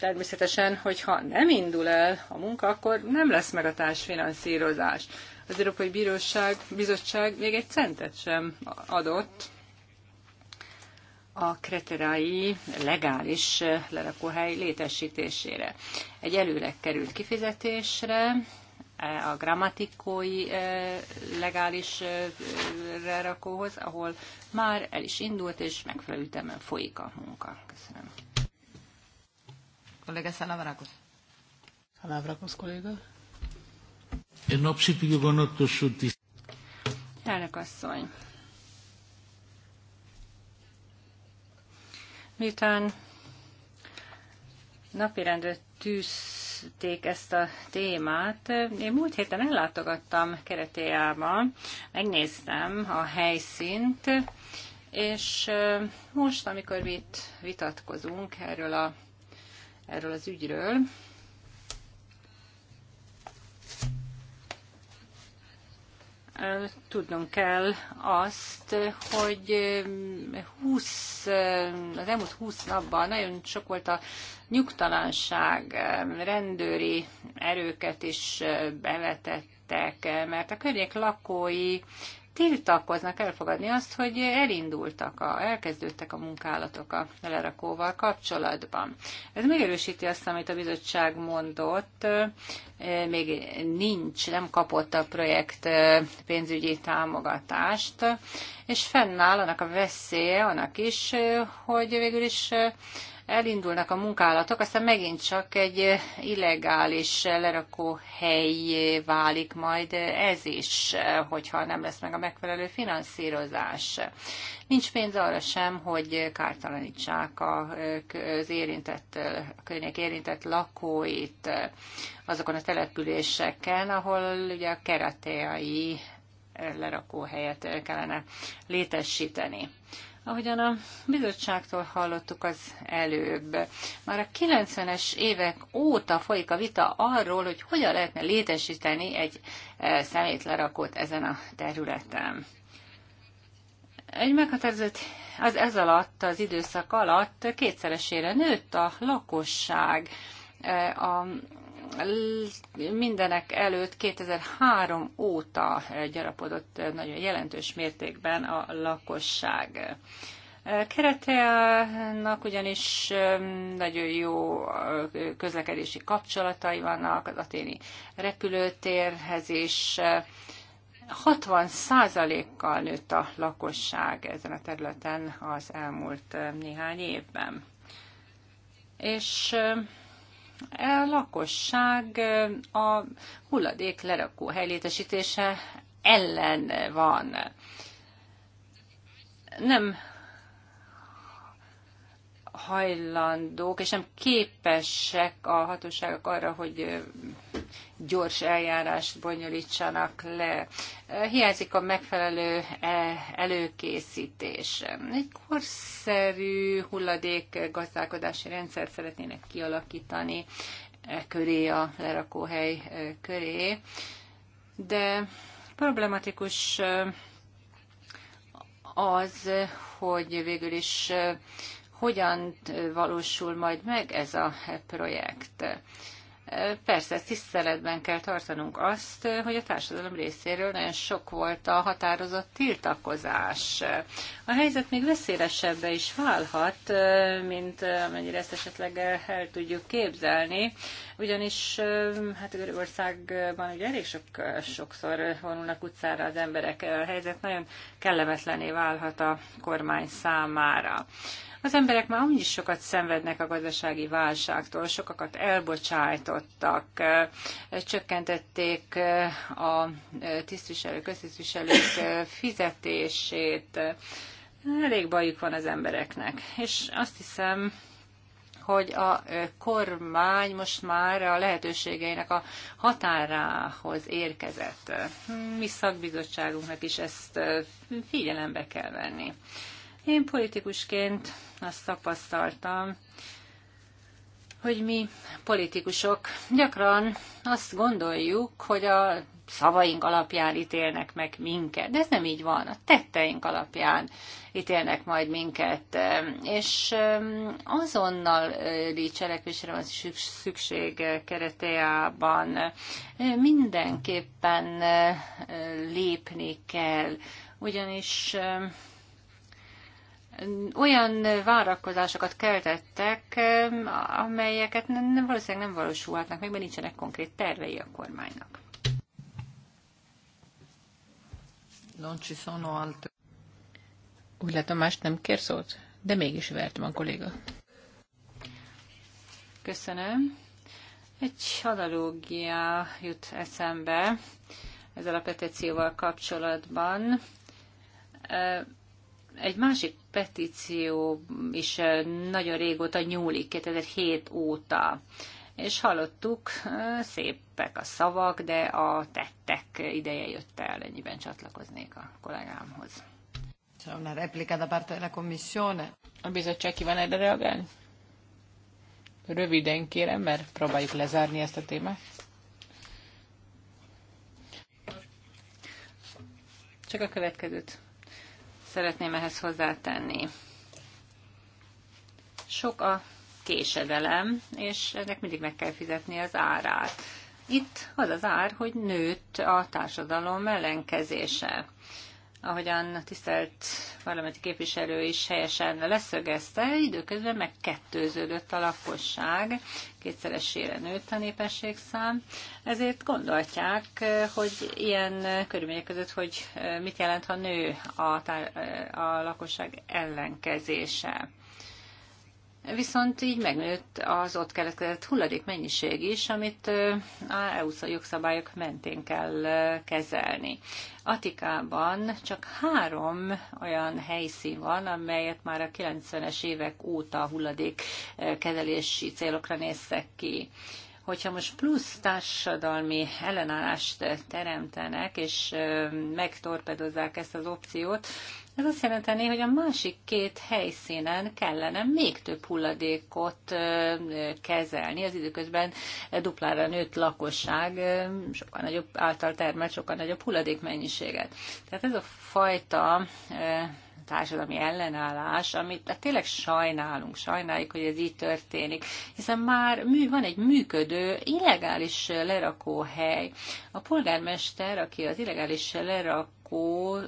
természetesen, hogyha nem indul el a munka, akkor nem lesz meg a társfinanszírozás. Az Európai Bíróság, Bizottság még egy centet sem adott a kreterái legális lerakóhely létesítésére. Egy előleg került kifizetésre, a grammatikói eh, legális eh, lerakóhoz, ahol már el is indult, és megfelelő ütemben folyik a munka. Köszönöm. Kollega Szanavrakos. Szanavrakos kolléga. Εν ώψη του γεγονότος ότι... Elnök asszony. Miután napirendre tűzték ezt a témát. Én múlt héten ellátogattam Keretéába, megnéztem a helyszínt, és most, amikor mi itt vitatkozunk erről a erről az ügyről. Tudnunk kell azt, hogy 20, eh, eh, az elmúlt 20 napban nagyon sok volt a nyugtalanság, eh, rendőri erőket is bevetettek, mert a környék lakói tiltakoznak elfogadni azt, hogy elindultak, a, elkezdődtek a munkálatok a lerakóval kapcsolatban. Ez megerősíti azt, amit a bizottság mondott, még nincs, nem kapott a projekt pénzügyi támogatást, és fennáll annak a veszélye annak is, hogy végül is elindulnak a munkálatok, aztán megint csak egy illegális lerakó hely válik majd ez is, hogyha nem lesz meg a megfelelő finanszírozás. Nincs pénz arra sem, hogy kártalanítsák az érintett, a környék érintett lakóit azokon a településeken, ahol ugye a lerakó helyet kellene létesíteni. Ahogyan a bizottságtól hallottuk az előbb, már a 90-es évek óta folyik a vita arról, hogy hogyan lehetne létesíteni egy e, szemétlerakót ezen a területen. Egy meghatározott, az ez alatt, az időszak alatt kétszeresére nőtt a lakosság e, a mindenek előtt 2003 óta gyarapodott nagyon jelentős mértékben a lakosság. Kereteának ugyanis nagyon jó közlekedési kapcsolatai vannak az aténi repülőtérhez is. 60%-kal nőtt a lakosság ezen a területen az elmúlt néhány évben. És a lakosság a hulladék lerakó helylétesítése ellen van. Nem hajlandók, és nem képesek a hatóságok arra, hogy gyors eljárást bonyolítsanak le. Hiányzik a megfelelő e, előkészítés. Egy korszerű hulladék gazdálkodási rendszert szeretnének kialakítani e köré a lerakóhely e, köré, de problematikus az, hogy végül is hogyan valósul majd meg ez a projekt. Persze, tiszteletben kell tartanunk azt, hogy a társadalom részéről nagyon sok volt a határozott tiltakozás. A helyzet még veszélyesebbe is válhat, mint amennyire ezt esetleg el tudjuk képzelni, ugyanis hát Görögországban ugye elég sok, sokszor vonulnak utcára az emberek, a helyzet nagyon kellemetlené válhat a kormány számára. Az emberek már is sokat szenvednek a gazdasági válságtól, sokakat elbocsájtottak, csökkentették a tisztviselők, köztisztviselők fizetését. Elég bajuk van az embereknek. És azt hiszem, hogy a kormány most már a lehetőségeinek a határához érkezett. Mi szakbizottságunknak is ezt figyelembe kell venni. Én politikusként azt tapasztaltam, hogy mi politikusok gyakran azt gondoljuk, hogy a szavaink alapján ítélnek meg minket. De ez nem így van. A tetteink alapján ítélnek majd minket. És így cselekvésre van szükség keretében. Mindenképpen lépni kell, ugyanis olyan várakozásokat keltettek, amelyeket nem, valószínűleg nem valósulhatnak meg, mert nincsenek konkrét tervei a kormánynak. Non ci sono altre. Úgy látom, más nem kér szót, de mégis vertem a kolléga. Köszönöm. Egy analógia jut eszembe ezzel a petícióval kapcsolatban egy másik petíció is eh, nagyon régóta nyúlik, 2007 óta. És hallottuk, eh, szépek a szavak, de a tettek ideje jött el, ennyiben csatlakoznék a kollégámhoz. C'è una replica da parte della Commissione. A bizottság van erre reagálni? Röviden kérem, mert próbáljuk lezárni ezt a témát. Csak a következőt szeretném ehhez hozzátenni. Sok a késedelem, és ennek mindig meg kell fizetni az árát. Itt az az ár, hogy nőtt a társadalom ellenkezése ahogyan a tisztelt parlamenti képviselő is helyesen leszögezte, időközben megkettőződött a lakosság, kétszeresére nőtt a népességszám, ezért gondolják, hogy ilyen körülmények között, hogy mit jelent, ha nő a, tár- a lakosság ellenkezése. Viszont így megnőtt az ott keletkezett hulladék mennyiség is, amit a EU jogszabályok mentén kell kezelni. Atikában csak három olyan helyszín van, amelyet már a 90-es évek óta hulladék kezelési célokra néztek ki hogyha most plusz társadalmi ellenállást teremtenek, és megtorpedozzák ezt az opciót, ez azt jelenteni, hogy a másik két helyszínen kellene még több hulladékot kezelni. Az időközben duplára nőtt lakosság sokkal nagyobb által termelt, sokkal nagyobb hulladékmennyiséget. Tehát ez a fajta társadalmi ellenállás, amit hát tényleg sajnálunk, sajnáljuk, hogy ez így történik, hiszen már mű, van egy működő, illegális lerakóhely. A polgármester, aki az illegális lerakó fickó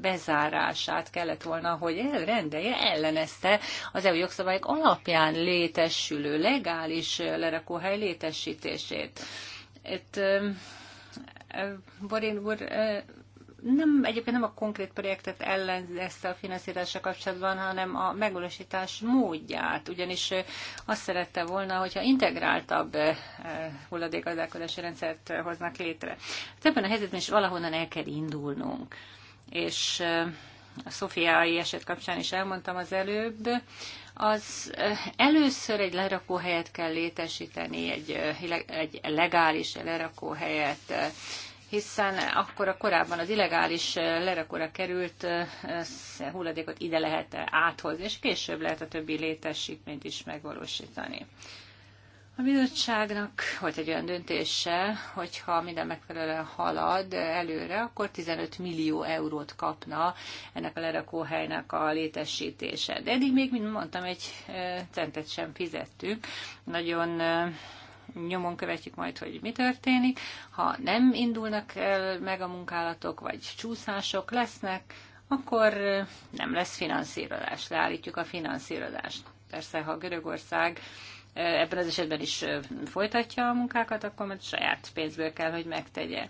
bezárását kellett volna, hogy elrendelje, ellenezte az EU jogszabályok alapján létesülő legális lerakóhely létesítését. Itt Borin úr nem, egyébként nem a konkrét projektet ellen ezt a finanszírozással kapcsolatban, hanem a megvalósítás módját, ugyanis azt szerette volna, hogyha integráltabb hulladékgazdálkodási rendszert hoznak létre. Hát ebben a helyzetben is valahonnan el kell indulnunk. És a szofiai eset kapcsán is elmondtam az előbb, az először egy lerakóhelyet kell létesíteni, egy, egy legális lerakóhelyet, hiszen akkor a korábban az illegális lerakóra került hulladékot ide lehet áthozni, és később lehet a többi létesítményt is megvalósítani. A bizottságnak volt egy olyan döntése, hogyha minden megfelelően halad előre, akkor 15 millió eurót kapna ennek a lerakóhelynek a létesítése. De eddig még, mint mondtam, egy centet sem fizettünk. Nagyon nyomon követjük majd, hogy mi történik. Ha nem indulnak meg a munkálatok, vagy csúszások lesznek, akkor nem lesz finanszírozás, leállítjuk a finanszírozást. Persze, ha Görögország ebben az esetben is folytatja a munkákat, akkor majd saját pénzből kell, hogy megtegye.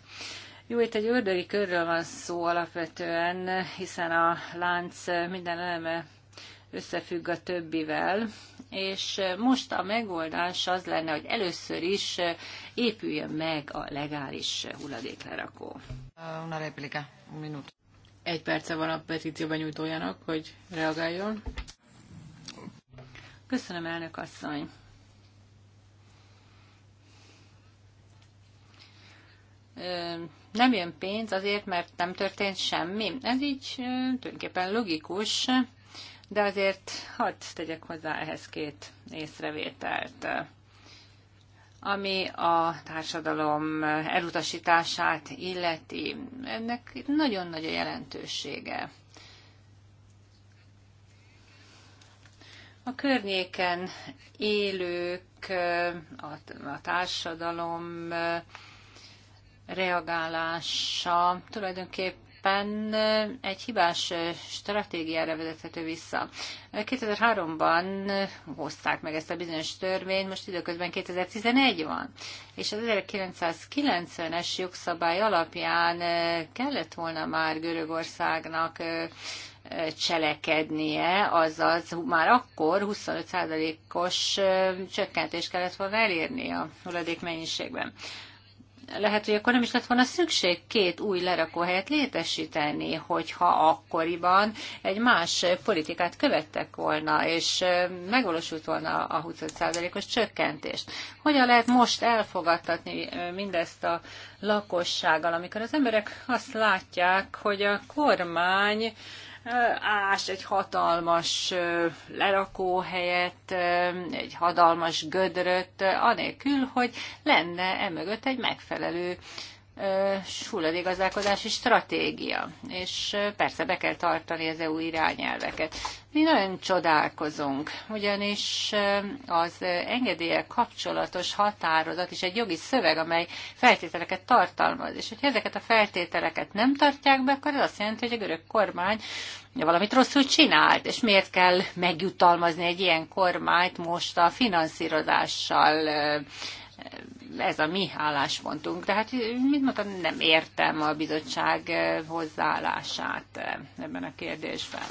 Jó, itt egy ördögi körről van szó alapvetően, hiszen a lánc minden eleme összefügg a többivel, és most a megoldás az lenne, hogy először is épüljön meg a legális hulladéklerakó. Una replika, un minut. Egy perce van a petíció benyújtójának, hogy reagáljon. Köszönöm, elnök asszony. nem jön pénz azért, mert nem történt semmi. Ez így tulajdonképpen logikus, de azért hadd tegyek hozzá ehhez két észrevételt ami a társadalom elutasítását illeti. Ennek nagyon nagy a jelentősége. A környéken élők, a társadalom reagálása tulajdonképp tulajdonképpen egy hibás stratégiára vezethető vissza. 2003-ban hozták meg ezt a bizonyos törvényt, most időközben 2011 van, és az 1990-es jogszabály alapján kellett volna már Görögországnak cselekednie, azaz már akkor 25%-os csökkentést kellett volna elérni a hulladék mennyiségben lehet, hogy akkor nem is lett volna szükség két új lerakóhelyet létesíteni, hogyha akkoriban egy más politikát követtek volna, és megvalósult volna a 25%-os csökkentést. Hogyan lehet most elfogadtatni mindezt a lakossággal, amikor az emberek azt látják, hogy a kormány ás egy hatalmas lerakóhelyet, egy hatalmas gödröt, anélkül, hogy lenne emögött egy megfelelő hulladékgazdálkodási stratégia, és persze be kell tartani az EU irányelveket. Mi nagyon csodálkozunk, ugyanis az engedélyek kapcsolatos határozat is egy jogi szöveg, amely feltételeket tartalmaz, és hogyha ezeket a feltételeket nem tartják be, akkor ez azt jelenti, hogy a görög kormány valamit rosszul csinált, és miért kell megjutalmazni egy ilyen kormányt most a finanszírozással ez a mi álláspontunk. De hát, mint mondtam, nem értem a bizottság eh, hozzáállását eh, ebben a kérdésben.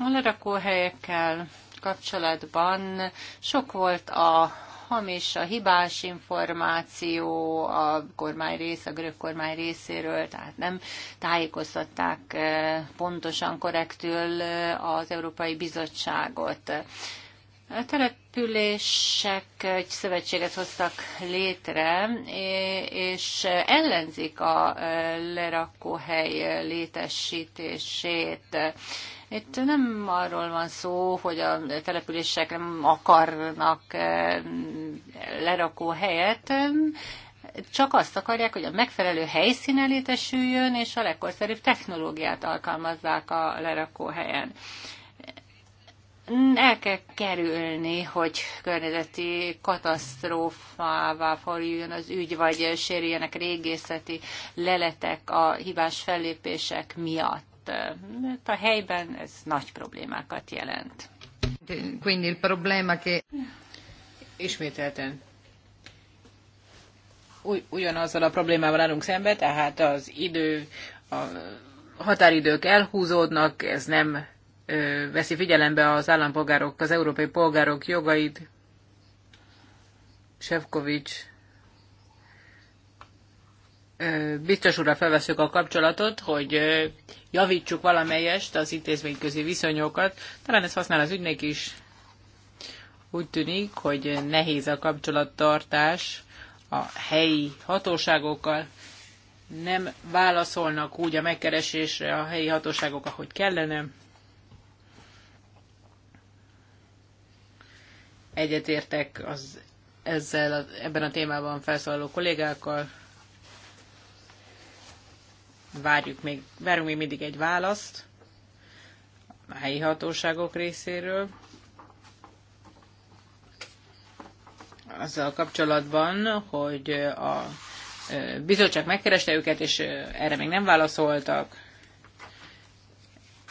A lerakóhelyekkel kapcsolatban sok volt a hamis, a hibás információ a kormány rész, a görög kormány részéről, tehát nem tájékoztatták eh, pontosan, korrektül az Európai Bizottságot. A települések egy szövetséget hoztak létre, és ellenzik a e, lerakóhely létesítését. Itt nem arról van szó, hogy a települések nem akarnak e, lerakó helyet, csak azt akarják, hogy a megfelelő helyszín létesüljön, és a legkorszerűbb technológiát alkalmazzák a lerakó helyen. Mm, el kell kerülni, hogy környezeti katasztrófává forjuljon az ügy, vagy sérüljenek régészeti leletek a hibás fellépések miatt. Mert a helyben ez nagy problémákat jelent. Quindi il problema che... Ismételten uj, ugyanazzal a problémával állunk szembe, tehát az idő, a határidők elhúzódnak, ez nem veszi figyelembe az állampolgárok, az európai polgárok jogait. Sefcovics biztos úrra felveszük a kapcsolatot, hogy javítsuk valamelyest az intézményközi viszonyokat. Talán ez használ az ügynek is. Úgy tűnik, hogy nehéz a kapcsolattartás a helyi hatóságokkal. Nem válaszolnak úgy a megkeresésre a helyi hatóságok, ahogy kellene. Egyetértek az, ezzel a, ebben a témában felszólaló kollégákkal. Várjuk még, várunk még mindig egy választ a helyi hatóságok részéről. Azzal kapcsolatban, hogy a bizottság megkereste őket, és erre még nem válaszoltak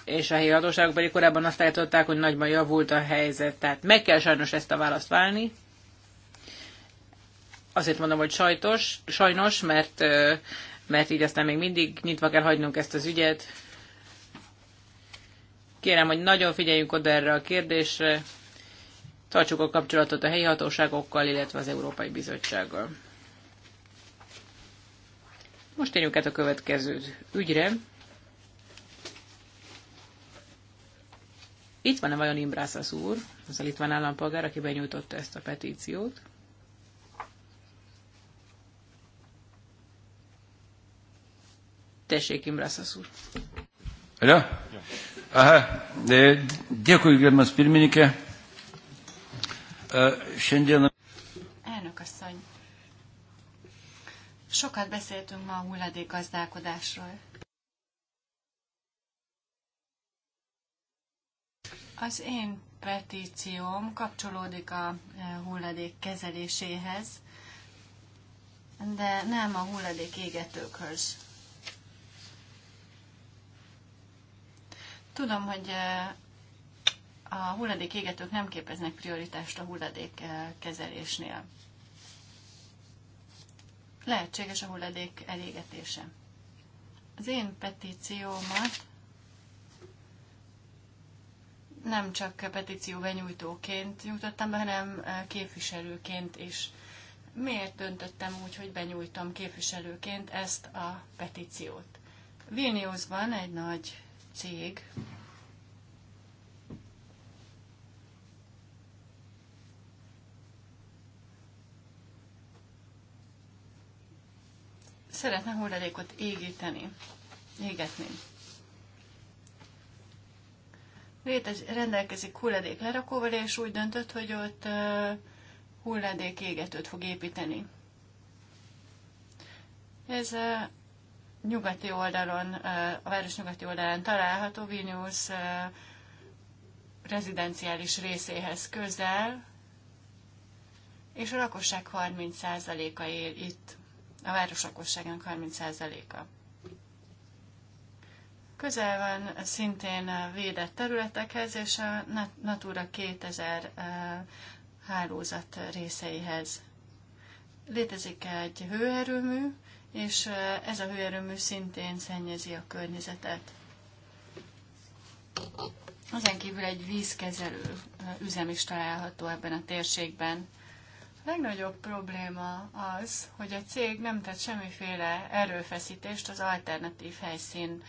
és a helyi hatóságok pedig korábban azt állították, hogy nagyban javult a helyzet. Tehát meg kell sajnos ezt a választ válni. Azért mondom, hogy sajtos, sajnos, mert, mert így aztán még mindig nyitva kell hagynunk ezt az ügyet. Kérem, hogy nagyon figyeljünk oda erre a kérdésre, tartsuk a kapcsolatot a helyi hatóságokkal, illetve az Európai Bizottsággal. Most térjünk át a következő ügyre. Itt van-e vajon Imbrász úr, az a litván állampolgár, aki benyújtotta ezt a petíciót? Tessék, Imbrasas úr. Ja? Aha, dėkui, gerbiamas pirmininkė. Šiandieną. Uh, Elnök asszony, sokat beszéltünk ma a hulladék gazdálkodásról. Az én petícióm kapcsolódik a eh, hulladék kezeléséhez, de nem a hulladék égetőkhöz. Tudom, hogy eh, a hulladék égetők nem képeznek prioritást a hulladék eh, kezelésnél. Lehetséges a hulladék elégetése. Az én petíciómat nem csak petíció benyújtóként nyújtottam be, hanem eh, képviselőként is. Miért döntöttem úgy, hogy benyújtom képviselőként ezt a petíciót? Vilniusban egy nagy cég szeretne hulladékot égíteni, égetni létez, rendelkezik hulladék lerakóval, és úgy döntött, hogy ott hulladék égetőt fog építeni. Ez a nyugati oldalon, a város nyugati oldalán található, Vilnius rezidenciális részéhez közel, és a lakosság 30%-a él itt, a város lakosságának 30%-a. Közel van szintén védett területekhez és a Natura 2000 hálózat részeihez. Létezik egy hőerőmű, és ez a hőerőmű szintén szennyezi a környezetet. Ezen kívül egy vízkezelő üzem is található ebben a térségben. A legnagyobb probléma az, hogy a cég nem tett semmiféle erőfeszítést az alternatív helyszín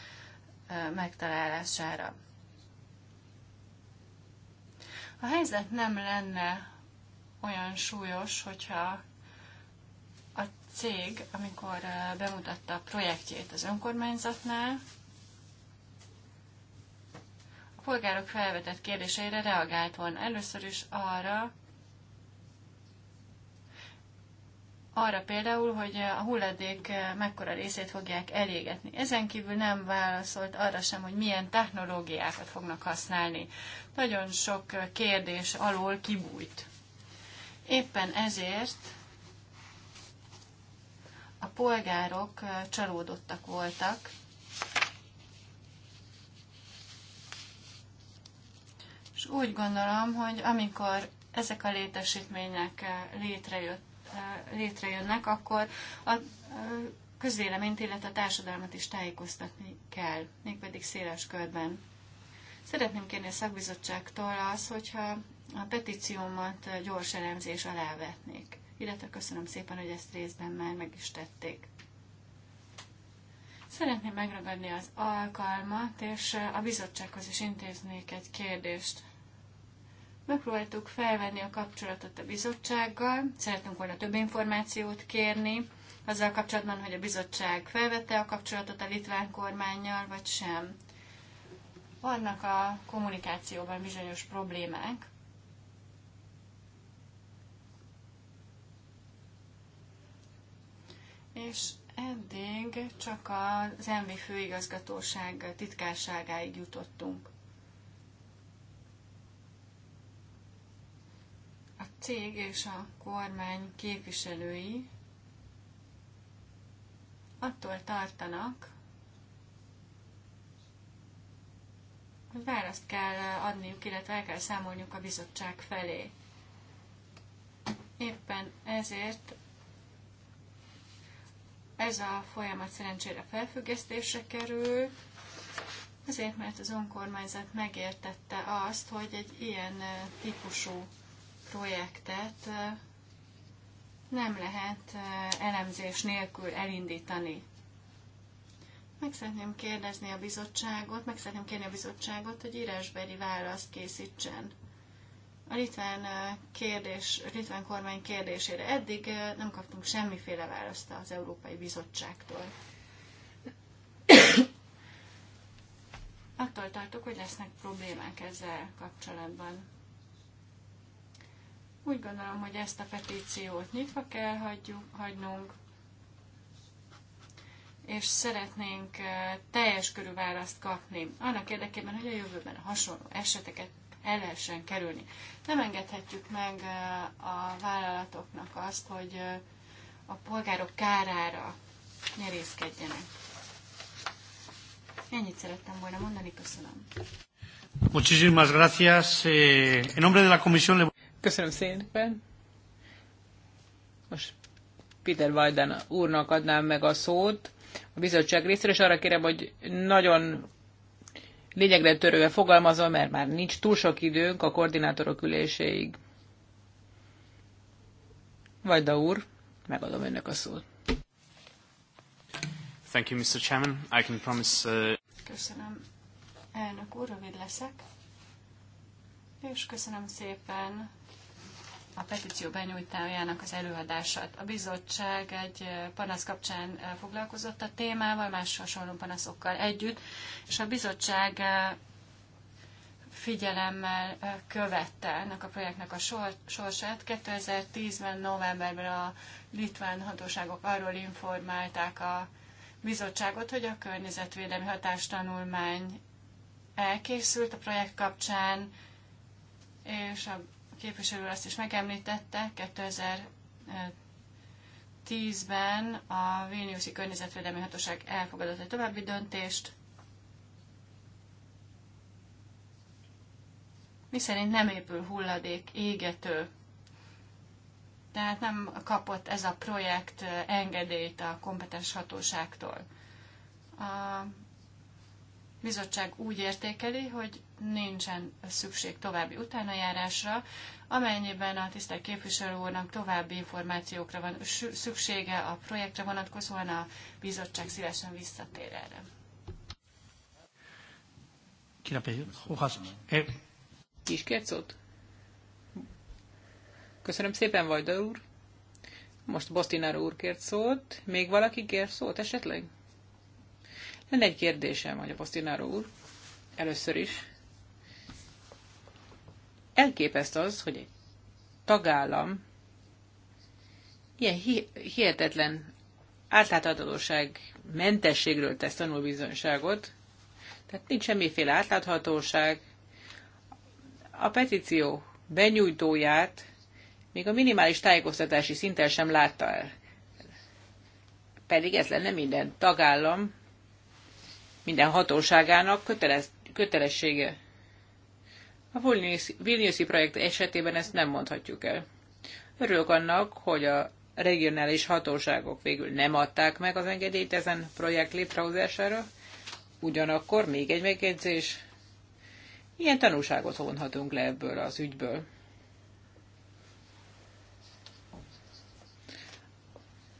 megtalálására. A helyzet nem lenne olyan súlyos, hogyha a cég, amikor bemutatta a projektjét az önkormányzatnál, a polgárok felvetett kérdéseire reagált volna. Először is arra, arra például, hogy a hulladék mekkora részét fogják elégetni. Ezen kívül nem válaszolt arra sem, hogy milyen technológiákat fognak használni. Nagyon sok kérdés alól kibújt. Éppen ezért a polgárok csalódottak voltak, és úgy gondolom, hogy amikor ezek a létesítmények létrejött, létrejönnek, akkor a közvéleményt, illetve a társadalmat is tájékoztatni kell, mégpedig széles körben. Szeretném kérni a szakbizottságtól az, hogyha a petíciómat gyors elemzés alá vetnék, illetve köszönöm szépen, hogy ezt részben már meg is tették. Szeretném megragadni az alkalmat, és a bizottsághoz is intéznék egy kérdést. Megpróbáltuk felvenni a kapcsolatot a bizottsággal, szeretünk volna több információt kérni, azzal kapcsolatban, hogy a bizottság felvette a kapcsolatot a litván kormányjal, vagy sem. Vannak a kommunikációban bizonyos problémák, és eddig csak az MV főigazgatóság titkárságáig jutottunk. a cég és a kormány képviselői attól tartanak, hogy választ kell adniuk, illetve el kell számolniuk a bizottság felé. Éppen ezért ez a folyamat szerencsére felfüggesztésre kerül, azért mert az önkormányzat megértette azt, hogy egy ilyen típusú projektet nem lehet elemzés nélkül elindítani. Meg szeretném kérdezni a bizottságot, meg szeretném kérni a bizottságot, hogy írásbeli választ készítsen a litván, kérdés, a litván kormány kérdésére. Eddig nem kaptunk semmiféle választ az Európai Bizottságtól. Attól tartok, hogy lesznek problémák ezzel kapcsolatban. Úgy gondolom, hogy ezt a petíciót nyitva kell hagyjuk, hagynunk, és szeretnénk eh, teljes körű választ kapni, annak érdekében, hogy a jövőben a hasonló eseteket el lehessen kerülni. Nem engedhetjük meg eh, a vállalatoknak azt, hogy eh, a polgárok kárára nyerészkedjenek. Ennyit szerettem volna mondani, köszönöm. Muchísimas gracias. En nombre de la comisión le... Köszönöm szépen. Most Peter Vajdán úrnak adnám meg a szót a bizottság részéről, és arra kérem, hogy nagyon lényegre törően fogalmazom, mert már nincs túl sok időnk a koordinátorok üléséig. Vajda úr, megadom önnek a szót. Thank you, Mr. Chairman. I can promise... Uh... Köszönöm. Elnök úr, rövid leszek. És köszönöm szépen a petíció benyújtájának az előadását. A bizottság egy panasz kapcsán foglalkozott a témával, más hasonló panaszokkal együtt, és a bizottság figyelemmel követte ennek a projektnek a sor, sorsát. 2010-ben novemberben a litván hatóságok arról informálták a bizottságot, hogy a környezetvédelmi hatástanulmány elkészült a projekt kapcsán, és a képviselő azt is megemlítette, 2010-ben a Vilniuszi Környezetvédelmi Hatóság elfogadott egy további döntést, miszerint nem épül hulladék égető. Tehát nem kapott ez a projekt engedélyt a kompetens hatóságtól. A bizottság úgy értékeli, hogy nincsen szükség további utánajárásra, amennyiben a tisztelt képviselő úrnak további információkra van szüksége a projektre vonatkozóan, a bizottság szívesen visszatér erre. Kis eh. kércót? Köszönöm szépen, Vajda úr. Most Bostinára úr kért szót. Még valaki kért szót esetleg? Lenne egy kérdésem, hogy a Bostinára úr. Először is Elképeszt az, hogy egy tagállam ilyen hihetetlen átláthatóság mentességről tesz tanulbizonyságot, tehát nincs semmiféle átláthatóság. A petíció benyújtóját még a minimális tájékoztatási szinten sem látta el. Pedig ez lenne minden tagállam, minden hatóságának kötelez, kötelessége. A Vilniuszi projekt esetében ezt nem mondhatjuk el. Örülök annak, hogy a regionális hatóságok végül nem adták meg az engedélyt ezen projekt létrehozására. Ugyanakkor még egy megjegyzés. Ilyen tanúságot vonhatunk le ebből az ügyből.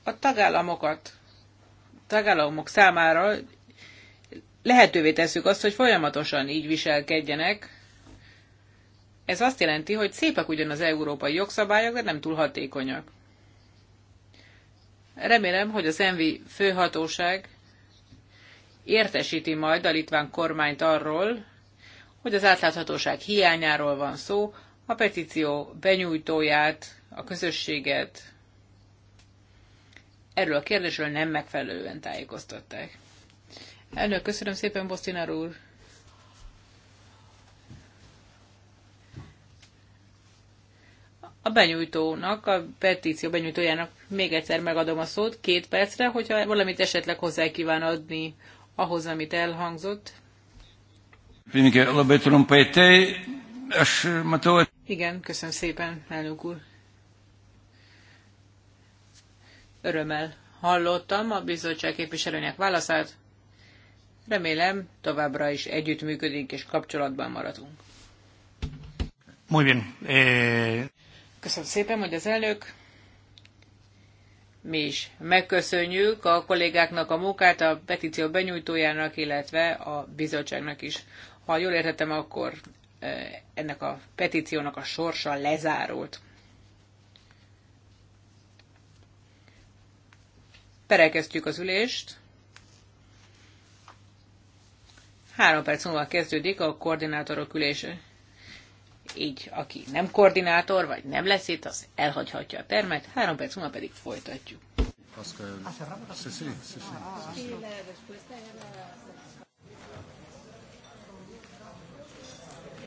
A tagállamokat, tagállamok számára lehetővé tesszük azt, hogy folyamatosan így viselkedjenek, ez azt jelenti, hogy szépek ugyan az európai jogszabályok, de nem túl hatékonyak. Remélem, hogy az ENVI főhatóság értesíti majd a litván kormányt arról, hogy az átláthatóság hiányáról van szó, a petíció benyújtóját, a közösséget erről a kérdésről nem megfelelően tájékoztatták. Elnök, köszönöm szépen, Bosztinár úr! A benyújtónak, a petíció benyújtójának még egyszer megadom a szót két percre, hogyha valamit esetleg hozzá kíván adni ahhoz, amit elhangzott. Igen, köszönöm szépen, elnök úr. Örömmel hallottam a bizottság képviselőnek válaszát. Remélem, továbbra is együttműködünk és kapcsolatban maradunk. Muy bien. Eh... Köszönöm szépen, hogy az elnök. Mi is megköszönjük a kollégáknak a munkát, a petíció benyújtójának, illetve a bizottságnak is. Ha jól értettem, akkor e, ennek a petíciónak a sorsa lezárult. Perekeztjük az ülést. Három perc múlva kezdődik a koordinátorok ülése így aki nem koordinátor, vagy nem lesz itt, az elhagyhatja a termet, három perc múlva pedig folytatjuk. Parce